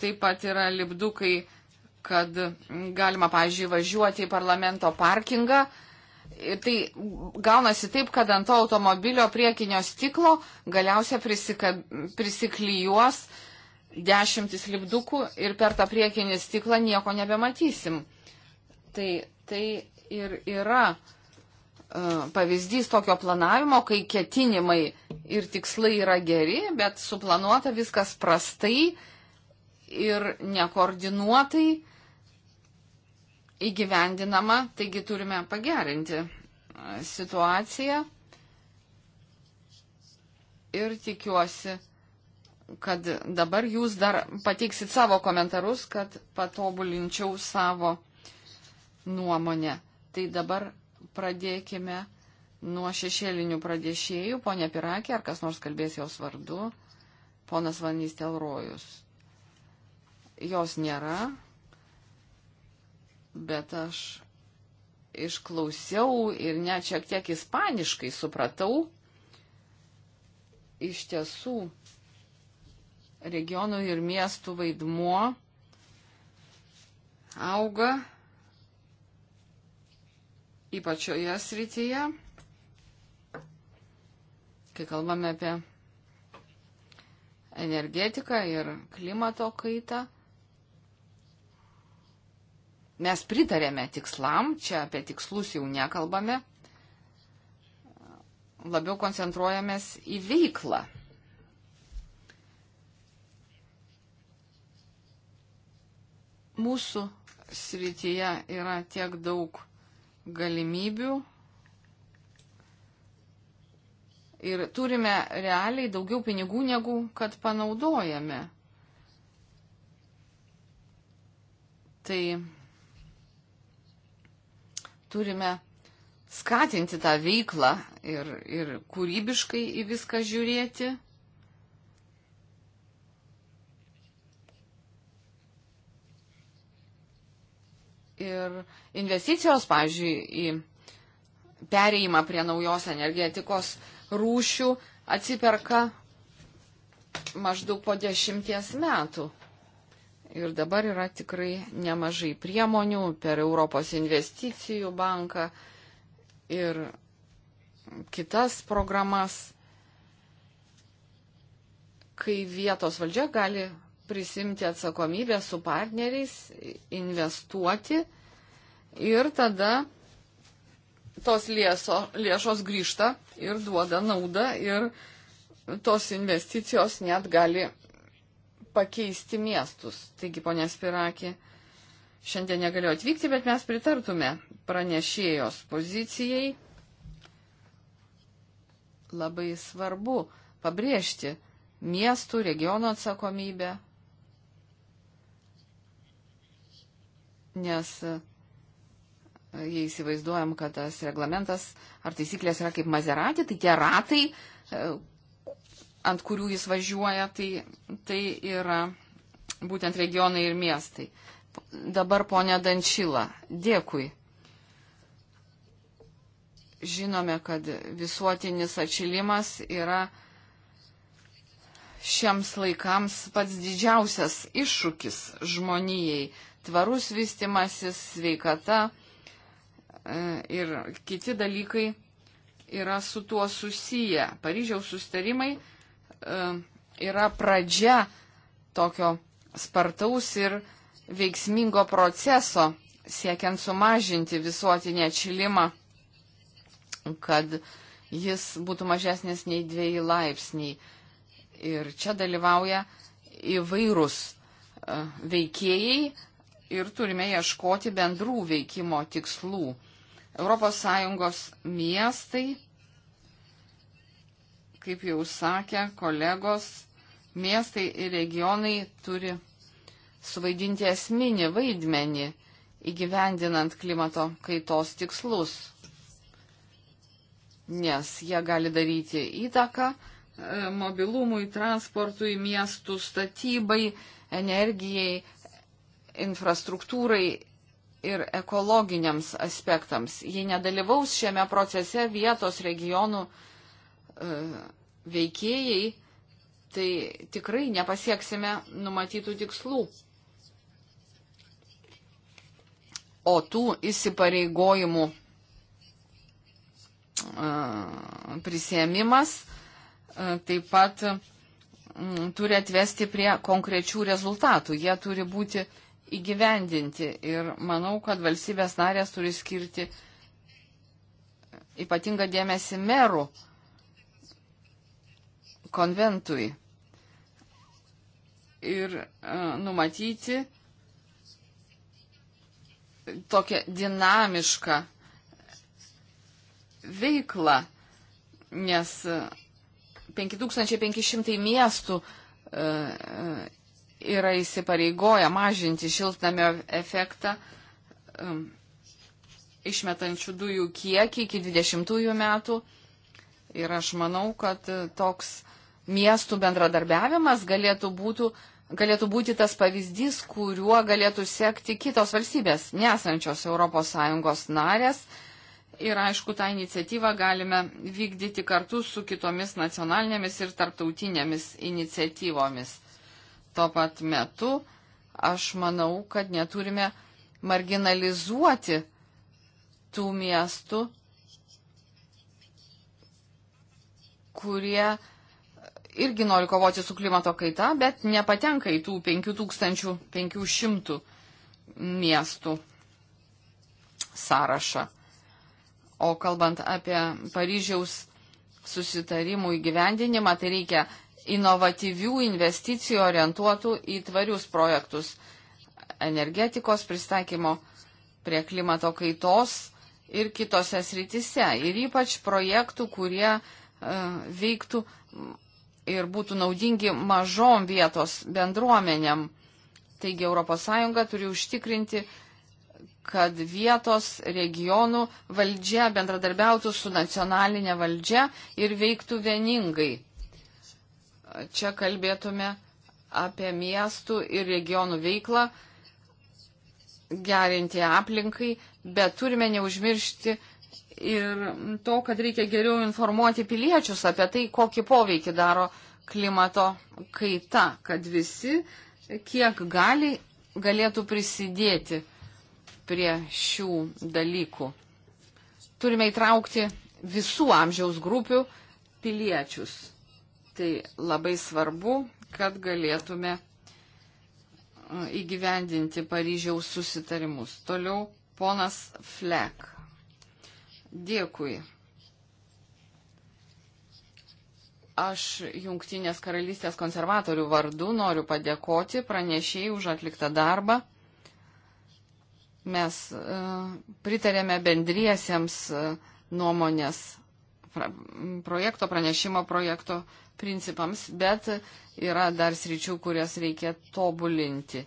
Taip pat yra lipdukai, kad galima, pavyzdžiui, važiuoti į parlamento parkingą, uh, Ir tai gaunasi taip, kad ant to automobilio priekinio stiklo galiausia prisika, prisiklyjuos dešimtis lipdukų ir per tą priekinį stiklą nieko nebematysim. Tai, tai ir yra uh, pavyzdys tokio planavimo, kai ketinimai ir tikslai yra geri, bet suplanuota viskas prastai ir nekoordinuotai įgyvendinama, taigi turime pagerinti situaciją ir tikiuosi, kad dabar jūs dar pateiksit savo komentarus, kad patobulinčiau savo nuomonę. Tai dabar pradėkime nuo šešėlinių pradėšėjų. Pone Pirakė, ar kas nors kalbės jos vardu? Ponas Vanys Telrojus. Jos nėra bet aš išklausiau ir net šiek tiek ispaniškai supratau. Iš tiesų, regionų ir miestų vaidmuo auga ypač šioje srityje, kai kalbame apie energetiką ir klimato kaitą. Mes pritarėme tikslam, čia apie tikslus jau nekalbame, labiau koncentruojamės į veiklą. Mūsų srityje yra tiek daug galimybių ir turime realiai daugiau pinigų, negu kad panaudojame. Tai turime skatinti tą veiklą ir, ir kūrybiškai į viską žiūrėti. Ir investicijos, pavyzdžiui, į pereimą prie naujos energetikos rūšių atsiperka maždaug po dešimties metų. Ir dabar yra tikrai nemažai priemonių per Europos investicijų banką ir kitas programas, kai vietos valdžia gali prisimti atsakomybę su partneriais, investuoti ir tada tos lėso, lėšos grįžta ir duoda naudą ir tos investicijos net gali pakeisti miestus. Taigi, ponė Spirakė, šiandien negalėjo atvykti, bet mes pritartume pranešėjos pozicijai. Labai svarbu pabrėžti miestų, regiono atsakomybę, nes e, jei įsivaizduojam, kad tas reglamentas ar taisyklės yra kaip mazeratė, tai tie ratai, e, ant kurių jis važiuoja, tai, tai yra būtent regionai ir miestai. Dabar ponia Dančila, dėkui. Žinome, kad visuotinis atšilimas yra šiems laikams pats didžiausias iššūkis žmonijai. Tvarus vystimasis, sveikata e, ir kiti dalykai yra su tuo susiję. Paryžiaus sustarimai E, yra pradžia tokio spartaus ir veiksmingo proceso siekiant sumažinti visuotinį atšilimą, kad jis būtų mažesnis nei dviejai laipsniai. Ir čia dalyvauja įvairūs e, veikėjai ir turime ieškoti bendrų veikimo tikslų. ES miestai kaip jau sakė kolegos, miestai ir regionai turi suvaidinti esminį vaidmenį įgyvendinant klimato kaitos tikslus, nes jie gali daryti įtaką e, mobilumui, transportui, miestų statybai, energijai, infrastruktūrai ir ekologiniams aspektams. Jei nedalyvaus šiame procese vietos regionų E, veikėjai, tai tikrai nepasieksime numatytų tikslų. O tų įsipareigojimų e, prisėmimas e, taip pat turi atvesti prie konkrečių rezultatų. Jie turi būti įgyvendinti. Ir manau, kad valstybės narės turi skirti ypatingą dėmesį merų uh, konventui ir e, numatyti tokią dinamišką veiklą, nes 5500 miestų e, e, yra įsipareigoję mažinti šiltnamio efektą išmetančių dujų kiekį iki 20 metų. Ir aš manau, kad toks miestų bendradarbiavimas galėtų, būtų, galėtų būti tas pavyzdys, kuriuo galėtų sekti kitos valstybės, nesančios ES narės. Ir aišku, tą iniciatyvą galime vykdyti kartu su kitomis nacionalinėmis ir tarptautinėmis iniciatyvomis. Tuo pat metu aš manau, kad neturime marginalizuoti tų miestų, kurie irgi nori kovoti su klimato kaita, bet nepatenka į tų 5500 miestų sąrašą. O kalbant apie Paryžiaus susitarimų įgyvendinimą, tai reikia inovatyvių investicijų orientuotų į tvarius projektus energetikos pristaikymo prie klimato kaitos ir kitose srityse. Ir ypač projektų, kurie uh, veiktų ir būtų naudingi mažom vietos bendruomenėm. Taigi ES turi užtikrinti, kad vietos regionų valdžia bendradarbiautų su nacionalinė valdžia ir veiktų vieningai. Čia kalbėtume apie miestų ir regionų veiklą, gerinti aplinkai, bet turime neužmiršti ir to, kad reikia geriau informuoti piliečius apie tai, kokį poveikį daro klimato kaita, kad visi, kiek gali, galėtų prisidėti prie šių dalykų. Turime įtraukti visų amžiaus grupių piliečius. Tai labai svarbu, kad galėtume e, įgyvendinti Paryžiaus susitarimus. Toliau ponas Flek. Dėkui. Aš Junktinės karalystės konservatorių vardu noriu padėkoti pranešėjai už atliktą darbą. Mes uh, pritarėme bendriesiems uh, nuomonės pra, projekto, pranešimo projekto principams, bet yra dar sričių, kurias reikia tobulinti.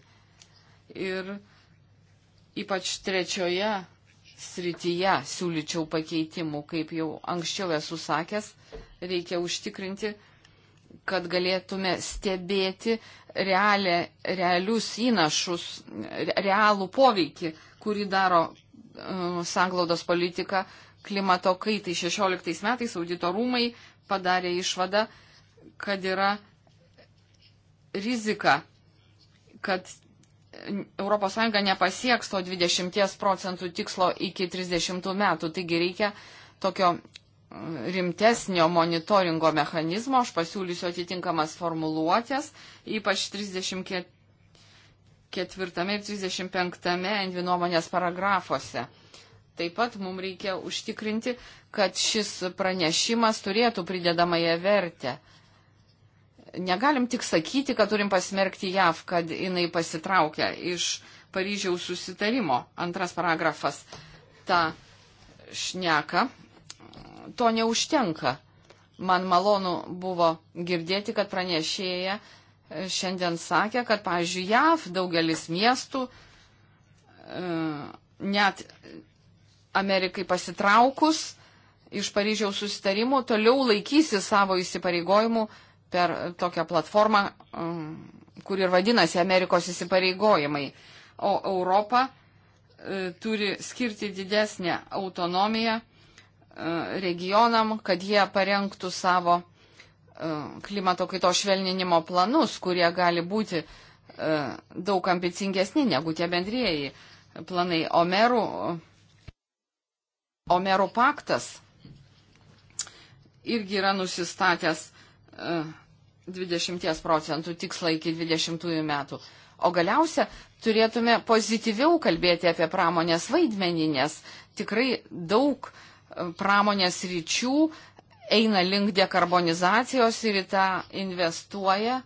Ir ypač trečioje srityje siūlyčiau pakeitimų, kaip jau anksčiau esu sakęs, reikia užtikrinti, kad galėtume stebėti realią, realius įnašus, realų poveikį, kurį daro uh, sanglaudos politika klimato kaitai. 16 metais auditorumai padarė išvadą, kad yra rizika, kad ES nepasieks to 20 procentų tikslo iki 30 metų, taigi reikia tokio mm, rimtesnio monitoringo mechanizmo, aš pasiūlysiu atitinkamas formuluotės, ypač 34 ir 35 Envi nuomonės paragrafuose. Taip pat mums reikia užtikrinti, kad šis pranešimas turėtų pridedamąją vertę negalim tik sakyti, kad turim pasmerkti JAV, kad jinai pasitraukia iš Paryžiaus susitarimo. Antras paragrafas tą šneka. To neužtenka. Man malonu buvo girdėti, kad pranešėja šiandien sakė, kad, pavyzdžiui, JAV daugelis miestų e, net Amerikai pasitraukus iš Paryžiaus susitarimų toliau laikysi savo įsipareigojimų per tokią platformą, um, kur ir vadinasi Amerikos įsipareigojimai. O Europa e, turi skirti didesnę autonomiją e, regionam, kad jie parengtų savo e, klimato kaito švelninimo planus, kurie gali būti daug ambicingesni negu tie bendrieji planai. Omerų, Omerų paktas irgi yra nusistatęs 20 procentų tikslą iki 20 metų. O galiausia, turėtume pozityviau kalbėti apie pramonės vaidmenį, nes tikrai daug e, pramonės ryčių eina link dekarbonizacijos ir į tą investuoja.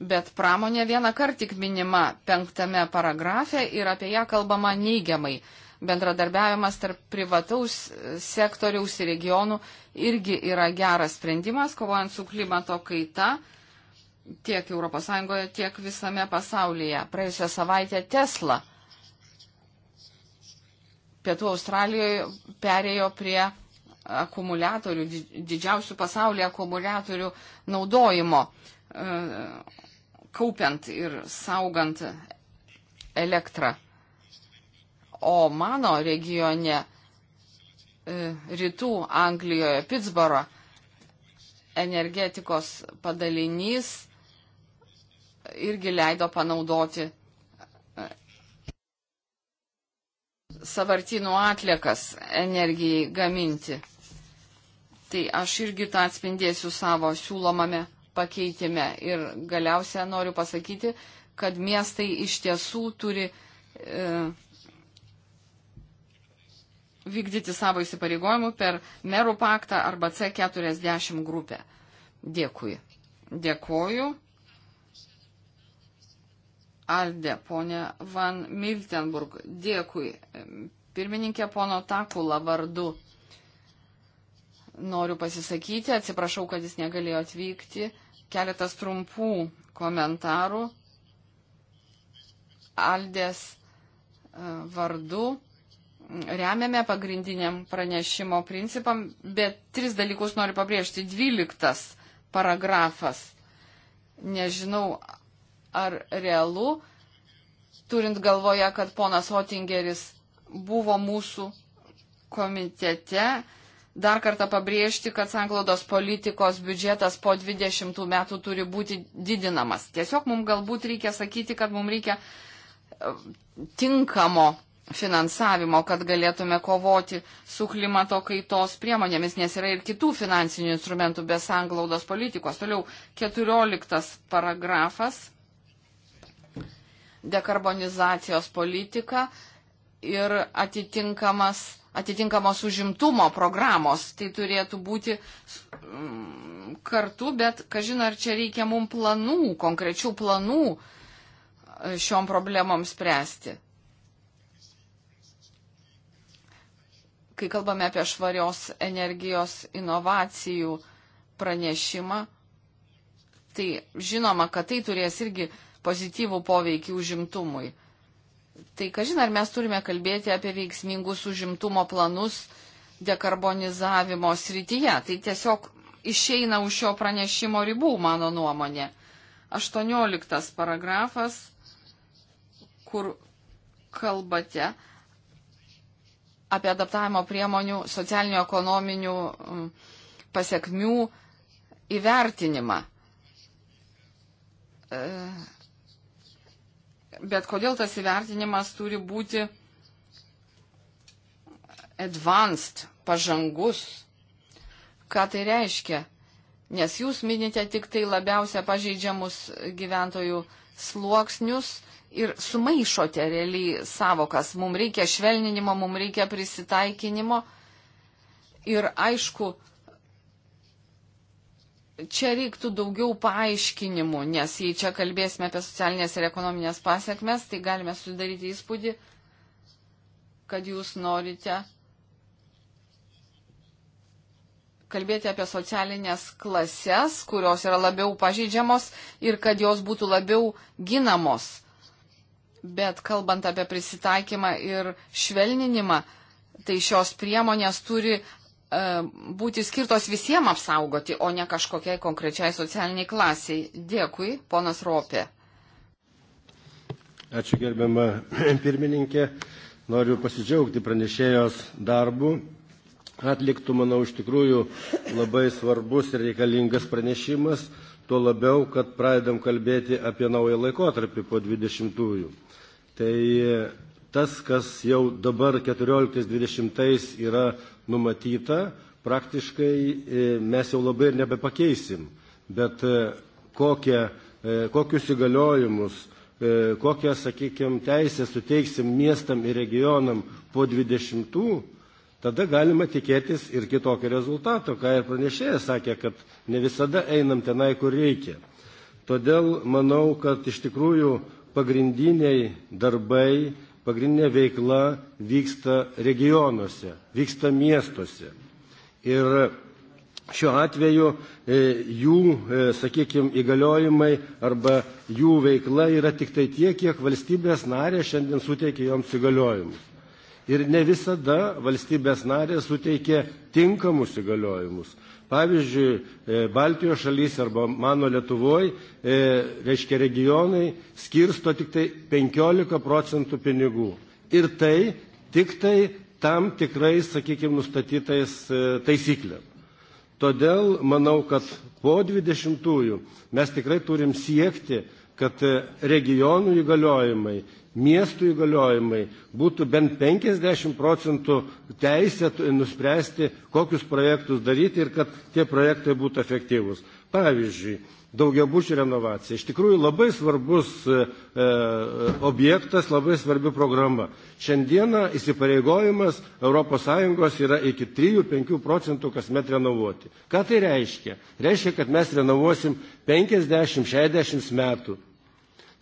Bet pramonė vieną kartą tik minima penktame paragrafe ir apie ją kalbama neigiamai bendradarbiavimas tarp privataus sektoriaus ir regionų irgi yra geras sprendimas, kovojant su klimato kaita tiek ES, tiek visame pasaulyje. Praėjusią savaitę Tesla Pietų Australijoje perėjo prie akumuliatorių, didžiausių pasaulyje akumuliatorių naudojimo, e, kaupiant ir saugant elektrą. O mano regione, e, rytų Anglijoje, Pittsboro, energetikos padalinys irgi leido panaudoti e, savartinų atliekas energijai gaminti. Tai aš irgi tą atspindėsiu savo siūlomame pakeitime. Ir galiausia noriu pasakyti, kad miestai iš tiesų turi e, vykdyti savo įsipareigojimų per merų paktą arba C40 grupę. Dėkui. Dėkoju. Alde, ponė Van Miltenburg. Dėkui. Pirmininkė pono Takula vardu. Noriu pasisakyti, atsiprašau, kad jis negalėjo atvykti. Keletas trumpų komentarų. Aldės e, vardu remiame pagrindiniam pranešimo principam, bet tris dalykus noriu pabrėžti. Dvyliktas paragrafas. Nežinau, ar realu, turint galvoje, kad ponas Otingeris buvo mūsų komitete, dar kartą pabrėžti, kad sanglaudos politikos biudžetas po 20 metų turi būti didinamas. Tiesiog mums galbūt reikia sakyti, kad mums reikia e, tinkamo finansavimo, kad galėtume kovoti su klimato kaitos priemonėmis, nes yra ir kitų finansinių instrumentų be sanglaudos politikos. Toliau 14 paragrafas dekarbonizacijos politika ir atitinkamas, atitinkamos užimtumo programos. Tai turėtų būti mm, kartu, bet kažin ar čia reikia mums planų, konkrečių planų e, šiom problemom spręsti. kai kalbame apie švarios energijos inovacijų pranešimą, tai žinoma, kad tai turės irgi pozityvų poveikį užimtumui. Tai, ką žinai, ar mes turime kalbėti apie veiksmingus užimtumo planus dekarbonizavimo srityje. Tai tiesiog išeina už šio pranešimo ribų, mano nuomonė. 18 paragrafas, kur kalbate apie adaptavimo priemonių socialinių ekonominių mm, pasiekmių įvertinimą. E, bet kodėl tas įvertinimas turi būti advanced, pažangus? Ką tai reiškia? Nes jūs minite tik tai labiausia pažeidžiamus gyventojų sluoksnius, ir sumaišote realiai savokas. Mums reikia švelninimo, mums reikia prisitaikinimo. Ir aišku, čia reiktų daugiau paaiškinimų, nes jei čia kalbėsime apie socialinės ir ekonominės pasiekmes, tai galime sudaryti įspūdį, kad jūs norite kalbėti apie socialinės klases, kurios yra labiau pažydžiamos ir kad jos būtų labiau ginamos Bet kalbant apie prisitaikymą ir švelninimą, tai šios priemonės turi e, būti skirtos visiems apsaugoti, o ne kažkokiai konkrečiai socialiniai klasiai. Dėkui, ponas Ropė. Ačiū gerbiama pirmininkė. Noriu pasidžiaugti pranešėjos darbu. Atliktų, manau, iš tikrųjų labai svarbus ir reikalingas pranešimas, tuo labiau, kad pradedam kalbėti apie naują laikotarpį po 20-ųjų. Tai e, tas, kas jau dabar 14-20 yra numatyta, praktiškai e, mes jau labai ir nebepakeisim. Bet e, kokie, kokius įgaliojimus, kokią, sakykime, teisę suteiksim miestam ir regionam po 20-ų, tada galima tikėtis ir kitokio rezultato, ką ir pranešėjas sakė, kad ne visada einam tenai, kur reikia. Todėl manau, kad iš tikrųjų pagrindiniai darbai, pagrindinė veikla vyksta regionuose, vyksta miestuose. Ir šiuo atveju e, jų, e, sakykime, įgaliojimai arba jų veikla yra tik tai tiek, kiek valstybės narė šiandien suteikia joms įgaliojimus. Ir ne visada valstybės narė suteikia tinkamus įgaliojimus. Pavyzdžiui, e, Baltijos šalys arba mano Lietuvoje, reiškia regionai, skirsto tik tai 15 procentų pinigų. Ir tai tik tai tam tikrais, sakykime, nustatytais e, taisyklėm. Todėl manau, kad po 20-ųjų mes tikrai turim siekti, kad e, regionų įgaliojimai miestų įgaliojimai būtų bent 50 procentų teisė nuspręsti, kokius projektus daryti ir kad tie projektai būtų efektyvūs. Pavyzdžiui, daugiabučių renovacija. Iš tikrųjų labai svarbus e, e objektas, labai svarbi programa. Šiandieną įsipareigojimas ES yra iki 3-5 procentų kasmet renovuoti. Ką tai reiškia? Reiškia, kad mes renovuosim 50-60 metų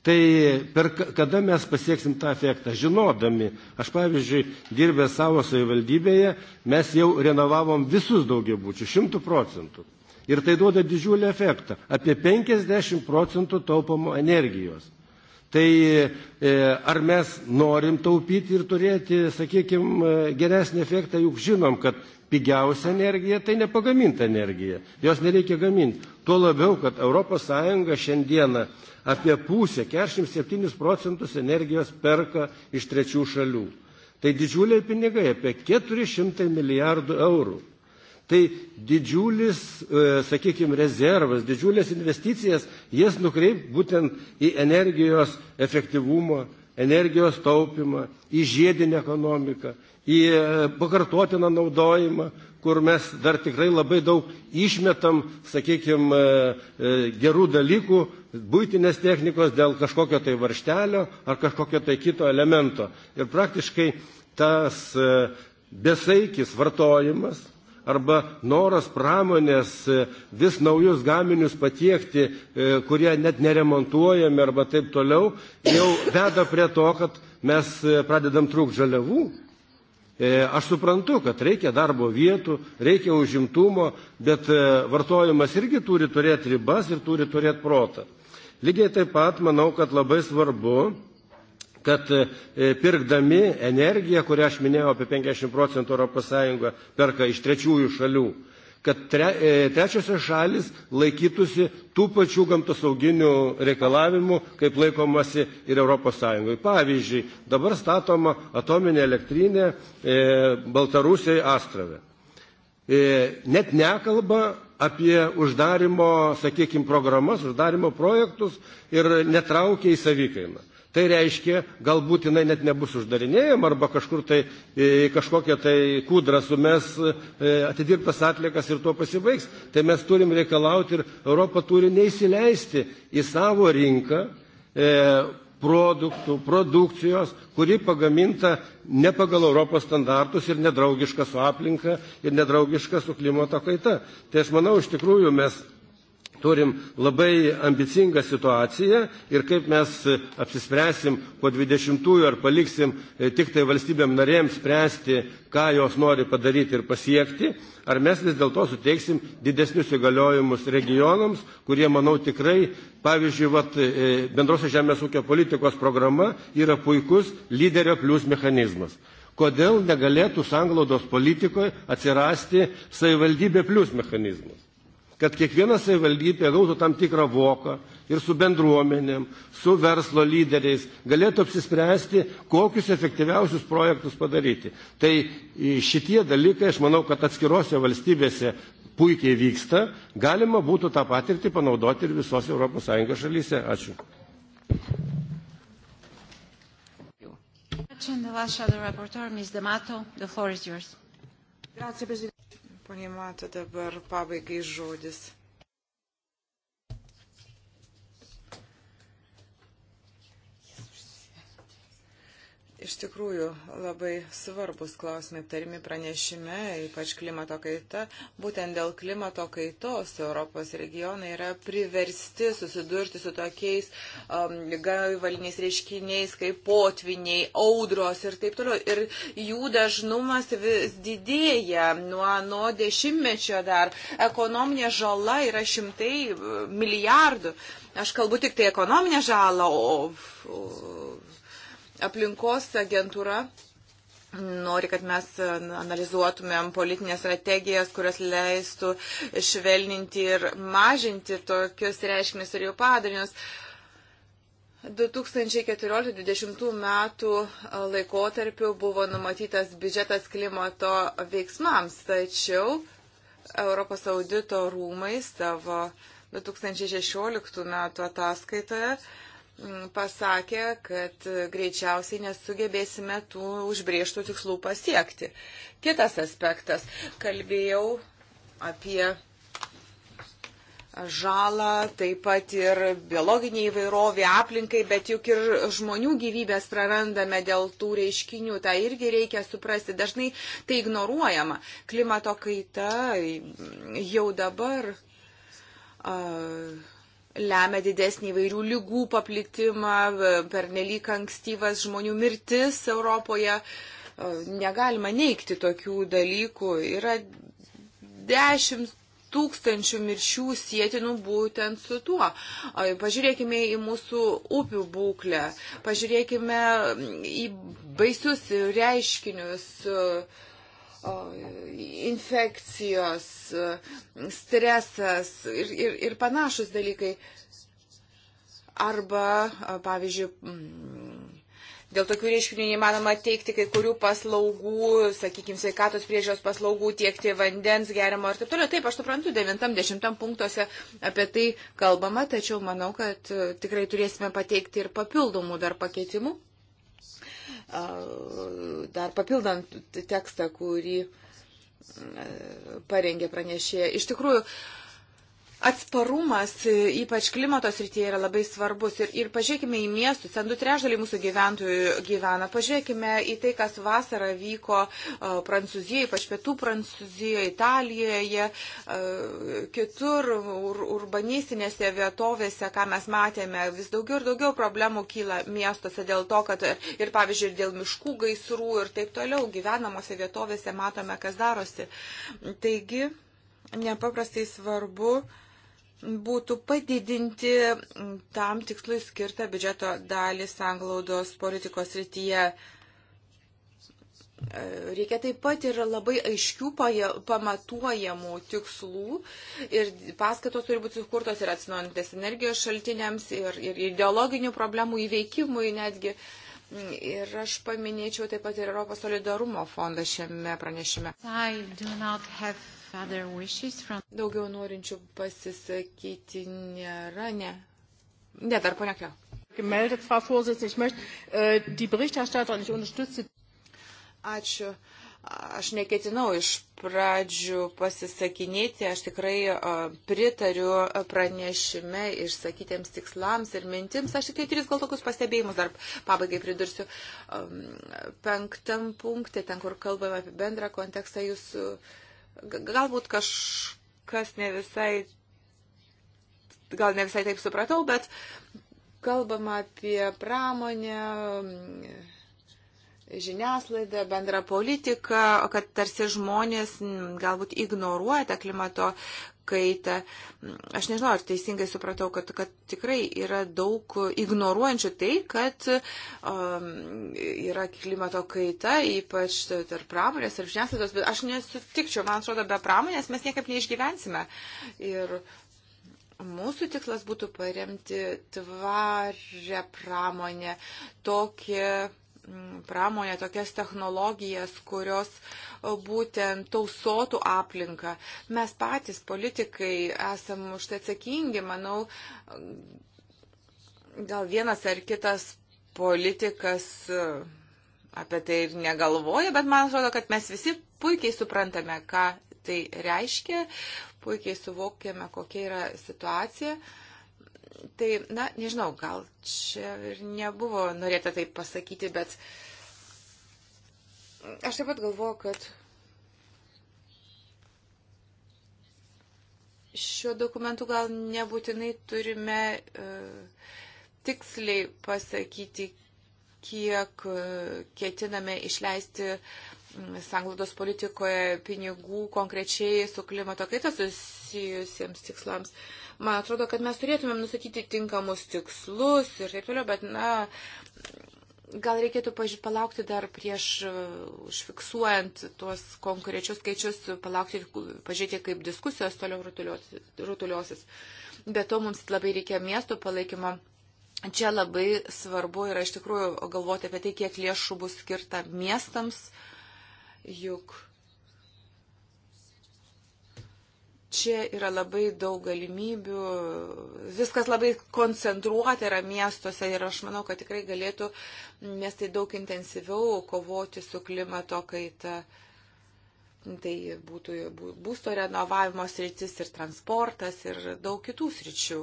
Tai per kada mes pasieksim tą efektą? Žinodami, aš pavyzdžiui, dirbę savo savivaldybėje, mes jau renovavom visus daugiabučius, šimtų procentų. Ir tai duoda didžiulį efektą. Apie 50 procentų taupamo energijos. Tai e, ar mes norim taupyti ir turėti, sakykime, geresnį efektą, juk žinom, kad pigiausia energija tai nepagaminta energija. Jos nereikia gaminti. Tuo labiau, kad ES šiandieną apie pusę, 47 procentus energijos perka iš trečių šalių. Tai didžiuliai pinigai, apie 400 milijardų eurų. Tai didžiulis, e, sakykime, rezervas, didžiulės investicijas, jas nukreip būtent į energijos efektyvumą, energijos taupimą, į žiedinę ekonomiką, į e, pakartotiną naudojimą, kur mes dar tikrai labai daug išmetam, sakykime, e, gerų dalykų, būtinės technikos, dėl kažkokio tai varštelio ar kažkokio tai kito elemento. Ir praktiškai tas e, besaikis vartojimas arba noras pramonės e, vis naujus gaminius patiekti, e, kurie net neremontuojami arba taip toliau, jau veda prie to, kad mes pradedam trūkti žaliavų. Aš suprantu, kad reikia darbo vietų, reikia užimtumo, bet vartojimas irgi turi turėti ribas ir turi turėti protą. Lygiai taip pat manau, kad labai svarbu, kad e, pirkdami energiją, kurią aš minėjau apie 50 procentų ES perka iš trečiųjų šalių, kad tre, e, trečiosios šalis laikytųsi tų pačių gamtosauginių reikalavimų, kaip laikomasi ir ES. Pavyzdžiui, dabar statoma atominė elektrinė e, Baltarusijai Astrave. E, net nekalba apie uždarimo, sakykime, programas, uždarimo projektus ir netraukia į savikainą. Tai reiškia, galbūt jinai net nebus uždarinėjama arba kažkur tai e, kažkokią tai kūdrą sumes e, atidirbtas atlikas ir tuo pasibaigs. Tai mes turim reikalauti ir Europą turi neįsileisti į savo rinką produktų, produkcijos, kuri pagaminta ne pagal Europos standartus ir nedraugiška su aplinka ir nedraugiška su klimato kaita. Tai aš manau, iš tikrųjų mes turim labai ambicingą situaciją ir kaip mes e, apsispręsim po 20-ųjų ar paliksim e, tik tai valstybėm narėms spręsti, ką jos nori padaryti ir pasiekti, ar mes vis dėlto suteiksim didesnius įgaliojimus regionams, kurie, manau, tikrai, pavyzdžiui, vat, e, bendrosios žemės ūkio politikos programa yra puikus lyderio plus mechanizmas kodėl negalėtų sanglaudos politikoje atsirasti savivaldybė plus mechanizmas kad kiekviena savivaldybė gautų tam tikrą voką ir su bendruomenėm, su verslo lyderiais galėtų apsispręsti, kokius efektyviausius projektus padaryti. Tai šitie dalykai, aš manau, kad atskirose valstybėse puikiai vyksta, galima būtų tą patirtį panaudoti ir visos ES šalyse. Ačiū. Grazie Presidente. Poniai mato dabar pabaigai žodis. Iš tikrųjų, labai svarbus klausimai aptarimi pranešime, ypač klimato kaita. Būtent dėl klimato kaitos Europos regionai yra priversti susidurti su tokiais um, gaivaliniais reiškiniais, kaip potviniai, audros ir taip toliau. Ir jų dažnumas vis didėja nuo, nuo dešimtmečio dar. Ekonominė žala yra šimtai uh, milijardų. Aš kalbu tik tai ekonominę žalą, o, o aplinkos agentūra nori, kad mes e, analizuotumėm politinės strategijas, kurios leistų švelninti ir mažinti tokius reiškinius ir jų padarinius. 2014-2020 metų laikotarpiu buvo numatytas biudžetas klimato veiksmams, tačiau Europos audito rūmai savo 2016 metų ataskaitoje Mm, pasakė, kad greičiausiai nesugebėsime tų užbrieštų tikslų pasiekti. Kitas aspektas. Kalbėjau apie žalą, taip pat ir biologinį įvairovį aplinkai, bet juk ir žmonių gyvybės prarandame dėl tų reiškinių, tą irgi reikia suprasti, dažnai tai ignoruojama. Klimato kaita jau dabar. Uh, lemia didesnį įvairių lygų paplitimą, per nelik ankstyvas žmonių mirtis Europoje. E, negalima neikti tokių dalykų. Yra dešimt tūkstančių mirčių sėtinų būtent su tuo. E, pažiūrėkime į mūsų upių būklę, pažiūrėkime į baisius reiškinius. Uh, infekcijos, stresas ir, ir, ir panašus dalykai. Arba, pavyzdžiui, mm, Dėl tokių reiškinių neįmanoma teikti kai kurių paslaugų, sakykime, sveikatos priežios paslaugų, tiekti vandens gerimo ir taip toliau. Taip, aš suprantu, 9-10 punktuose apie tai kalbama, tačiau manau, kad e, tikrai turėsime pateikti ir papildomų dar pakeitimų dar papildant tekstą, kurį e, parengė pranešėja. Iš tikrųjų, atsparumas, e, ypač klimatos rytyje, yra labai svarbus. Ir, ir pažiūrėkime į miestus, ten du trešdaliai mūsų gyventojų gyvena. Pažiūrėkime į tai, kas vasarą vyko uh, Prancūzijoje, ypač pietų Prancūzijoje, Italijoje, uh, kitur ur, urbanistinėse vietovėse, ką mes matėme, vis daugiau ir daugiau problemų kyla miestuose dėl to, kad ir, pavyzdžiui, ir dėl miškų gaisrų ir taip toliau gyvenamose vietovėse matome, kas darosi. Taigi, nepaprastai svarbu uh, būtų padidinti tam tikslui skirtą biudžeto dalį sanglaudos politikos rytyje. E, reikia taip pat ir labai aiškių pamatuojamų tikslų ir paskatos turi būti sukurtos ir atsinaujantis energijos šaltiniams, ir, ir ideologinių problemų įveikimui netgi. Ir aš paminėčiau taip pat ir Europos solidarumo fondą šiame pranešime. I do not have From... Daugiau norinčių pasisakyti nėra, ne. Ne, dar ponia Kio. Gemeldet, Frau Vorsitzende, ich möchte äh, die Berichterstatter nicht unterstützen. Ačiū. Aš neketinau iš pradžių pasisakinėti, aš tikrai pritariu pranešime išsakytiems tikslams ir mintims. Aš tik tai tris gal tokius pastebėjimus dar pabaigai pridursiu. Penktam punkte, ten kur kalbame apie bendrą kontekstą, jūs Galbūt kažkas ne visai, gal ne visai taip supratau, bet kalbama apie pramonę, žiniaslaidą, bendrą politiką, kad tarsi žmonės galbūt ignoruoja tą klimato kaitą. Aš nežinau, ar teisingai supratau, kad, kad tikrai yra daug ignoruojančių tai, kad um, yra klimato kaita, ypač tarp pramonės ir žiniasklaidos, bet aš nesutikčiau, man atrodo, be pramonės mes niekaip neišgyvensime. Ir mūsų tikslas būtų paremti tvarę pramonę, tokią Mm, pramonę, tokias technologijas, kurios e, būtent tausotų aplinką. Mes patys, politikai, esam už tai atsakingi, manau, e, gal vienas ar kitas politikas e, apie tai ir negalvoja, bet man atrodo, kad mes visi puikiai suprantame, ką tai reiškia, puikiai suvokiame, kokia yra situacija. Uh, Tai, na, nežinau, gal čia ir nebuvo norėta taip pasakyti, bet aš taip pat galvoju, kad šiuo dokumentu gal nebūtinai turime uh, tiksliai pasakyti, kiek uh, ketiname išleisti sanglaudos politikoje pinigų konkrečiai su klimato kaita susijusiems tikslams. Uh, Man atrodo, kad mes turėtumėm nusakyti tinkamus tikslus ir taip toliau, bet, na, gal reikėtų palaukti dar prieš uh, užfiksuojant tuos konkrečius skaičius, palaukti, pažiūrėti, kaip diskusijos toliau rutuliosis. Be to mums labai reikia miesto palaikymo. Čia labai svarbu yra iš tikrųjų galvoti apie tai, kiek lėšų bus skirta miestams, juk Čia yra labai daug galimybių, viskas labai koncentruota yra miestuose ir aš manau, kad tikrai galėtų miestai daug intensyviau kovoti su klimato kaita. Tai būtų būsto renovavimo sritis ir transportas ir daug kitų sričių.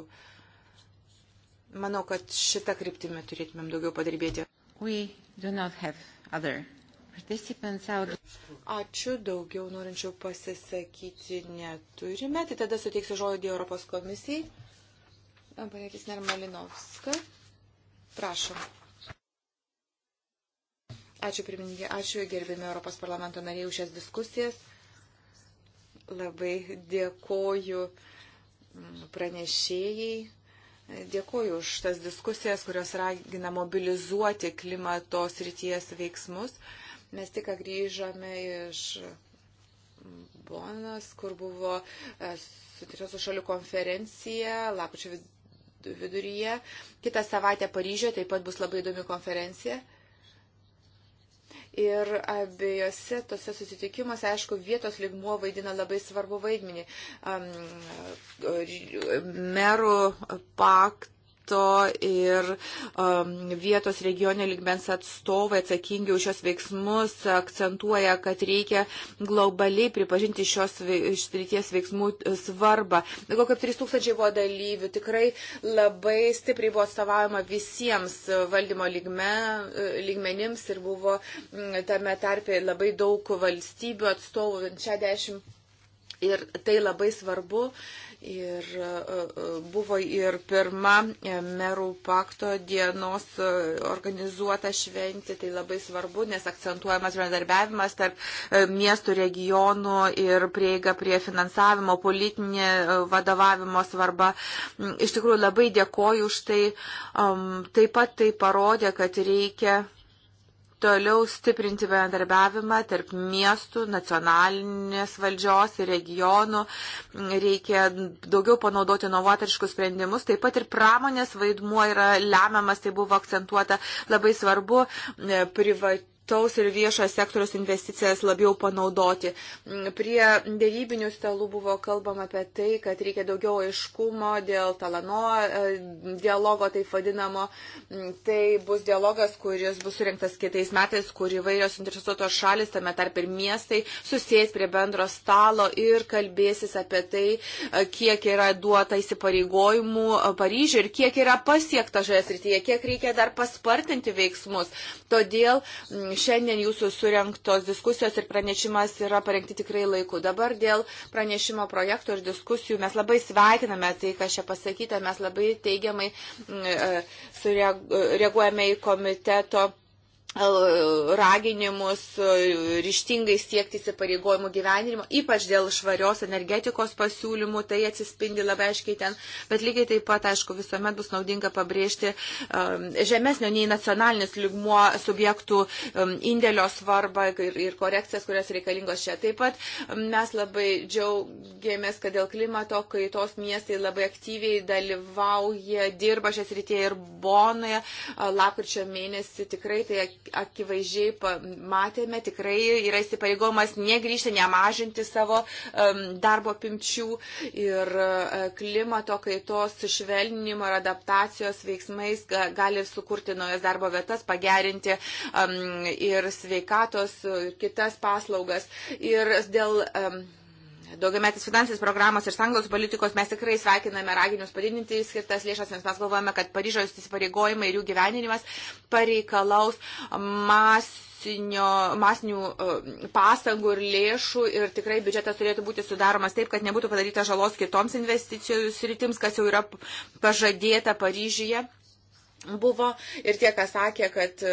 Manau, kad šitą kryptimį turėtumėm daugiau padirbėti. We do not have other Ačiū, daugiau norinčiau pasisakyti neturime. Tai tada suteiksiu žodį Europos komisijai. Panekis Nermalinovska. Prašom. Ačiū pirmininkė, ačiū gerbėmi Europos parlamento nariai už šias diskusijas. Labai dėkoju mm, pranešėjai. Dėkoju už tas diskusijas, kurios ragina mobilizuoti klimato srities veiksmus. Uh, Mes tik grįžome iš Bonas, kur buvo e, sutiriosių šalių konferencija, lapučio viduryje. Kitą savaitę Paryžioje taip pat bus labai įdomi konferencija. Ir abiejose tose susitikimuose, aišku, vietos ligmuo vaidina labai svarbu vaidmenį. Um, merų pakt vieto ir um, vietos regionio ligmens atstovai atsakingi už šios veiksmus akcentuoja, kad reikia globaliai pripažinti šios srities veiksmų e, svarbą. Daugiau kaip 3000 buvo dalyvių, tikrai labai stipriai buvo atstovaujama visiems valdymo ligme, e, ligmenims ir buvo mm, tame tarpe labai daug valstybių atstovų, 60 ir tai labai svarbu. Uh, Ir e, e, buvo ir pirma e, merų pakto dienos organizuota šventė, tai labai svarbu, nes akcentuojamas bendarbiavimas tarp miestų, regionų ir prieiga prie finansavimo, politinė vadovavimo svarba. Mm, iš tikrųjų labai dėkoju už tai. Taip pat tai parodė, kad reikia toliau stiprinti bendarbiavimą tarp miestų, nacionalinės valdžios ir regionų, reikia daugiau panaudoti novatoriškus sprendimus, taip pat ir pramonės vaidmuo yra lemiamas, tai buvo akcentuota labai svarbu e, privačiai privataus ir viešo sektoriaus investicijas labiau panaudoti. Mm, prie dėrybinių stalų buvo kalbama apie tai, kad reikia daugiau aiškumo dėl talano e, dialogo, taip vadinamo. Mm, tai bus dialogas, kuris bus surinktas kitais metais, kur įvairios interesuotos šalis, tame tarp ir miestai, susės prie bendro stalo ir kalbėsis apie tai, e, kiek yra duota įsipareigojimų e, Paryžiui ir kiek yra pasiekta šioje srityje, kiek reikia dar paspartinti veiksmus. Todėl mm, šiandien jūsų surinktos diskusijos ir pranešimas yra parengti tikrai laiku. Dabar dėl pranešimo projektų ir diskusijų mes labai sveikiname tai, kas čia pasakyta, mes labai teigiamai mm, e, reaguojame į komiteto E, raginimus e, ryštingai siekti įsipareigojimų gyvenimo, ypač dėl švarios energetikos pasiūlymų, tai atsispindi labai aiškiai ten, bet lygiai taip pat, aišku, visuomet bus naudinga pabrėžti um, žemesnio nei nacionalinis lygmuo subjektų um, indėlio svarbą ir, ir korekcijas, kurios reikalingos čia. Taip pat mes labai džiaugiamės, kad dėl klimato kaitos miestai labai aktyviai dalyvauja, dirba šias rytėje ir Bonoje, lapkričio mėnesį tikrai tai akivaizdžiai matėme, tikrai yra įsipareigomas negryžti, nemažinti savo darbo pimčių ir e, klimato kaitos švelninimo ir adaptacijos veiksmais gali sukurti naujas darbo vietas, pagerinti ir sveikatos, ir kitas paslaugas. Ir dėl daugiametės finansinės programos ir sanglaus politikos mes tikrai sveikiname raginius padidinti skirtas lėšas, nes mes galvojame, kad Paryžiaus įsipareigojimai ir jų gyveninimas pareikalaus mas masinių e, pastangų ir lėšų ir tikrai biudžetas turėtų būti sudaromas taip, kad nebūtų padaryta žalos kitoms investicijų sritims, kas jau yra pažadėta Paryžyje buvo ir tie, kas sakė, kad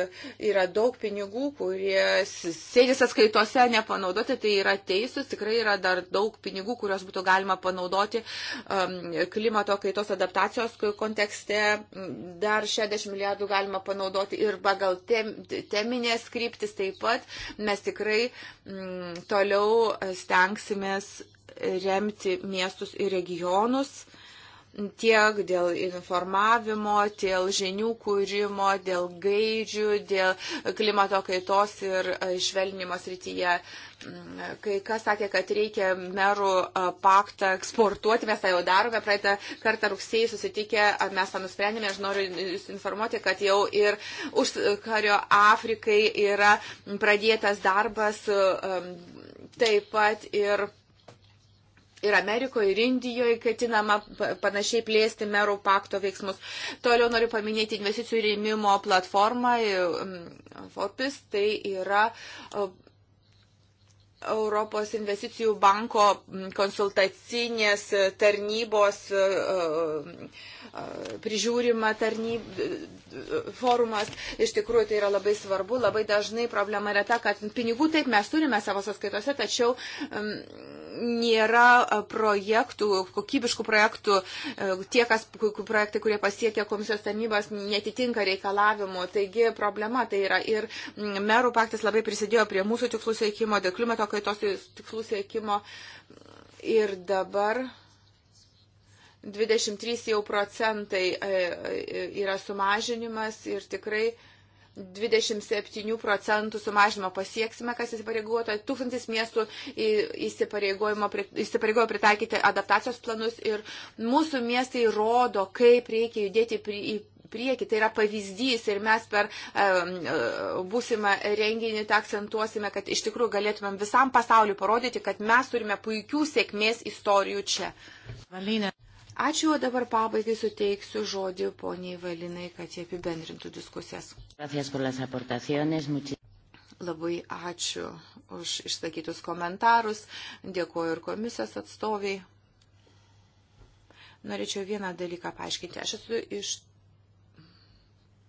yra daug pinigų, kurie sėdės atskaitose nepanaudoti, tai yra teisūs, tikrai yra dar daug pinigų, kuriuos būtų galima panaudoti um, klimato kaitos adaptacijos kontekste, dar 60 milijardų galima panaudoti ir pagal tem, teminės kryptis taip pat mes tikrai mm, toliau stengsimės remti miestus ir regionus tiek dėl informavimo, dėl žinių kūrimo, dėl gaidžių, dėl klimato kaitos ir išvelnimo e, srityje. Mm, kai kas sakė, kad reikia merų e, paktą eksportuoti, mes tą jau darome, praeitą kartą rugsėjai susitikę, e, mes tą nusprendėme, aš noriu jūs informuoti, kad jau ir už kario Afrikai yra pradėtas darbas, taip pat ir ir Amerikoje, ir Indijoje ketinama panašiai plėsti merų pakto veiksmus. Toliau noriu paminėti investicijų rėmimo platformą um, FOPIS, tai yra Europos investicijų banko konsultacinės tarnybos prižiūrima tarnyb, forumas. Iš tikrųjų, tai yra labai svarbu. Labai dažnai problema yra ta, kad pinigų taip mes turime savo sąskaitose, tačiau nėra e, projektų, kokybiškų projektų, e, tie kas, projektai, kurie pasiekia komisijos tarnybas, netitinka reikalavimų. Taigi problema tai yra ir mm, merų paktas labai prisidėjo prie mūsų tikslų siekimo, dėl klimato kaitos tikslų siekimo. Ir dabar 23 jau procentai e, yra sumažinimas ir tikrai 27 procentų sumažinimo pasieksime, kas įsipareigota. Tūkstantis miestų įsipareigojo pritaikyti adaptacijos planus ir mūsų miestai rodo, kaip reikia judėti į priekį. Tai yra pavyzdys ir mes per būsimą renginį tą akcentuosime, kad iš tikrųjų galėtumėm visam pasauliu parodyti, kad mes turime puikių sėkmės istorijų čia. Valinė. Ačiū, o dabar pabaigai suteiksiu žodį poniai Valinai, kad jie apibendrintų diskusijas. Labai ačiū už išsakytus komentarus, dėkuoju ir komisijos atstoviai. Norėčiau vieną dalyką paaiškinti. Aš esu iš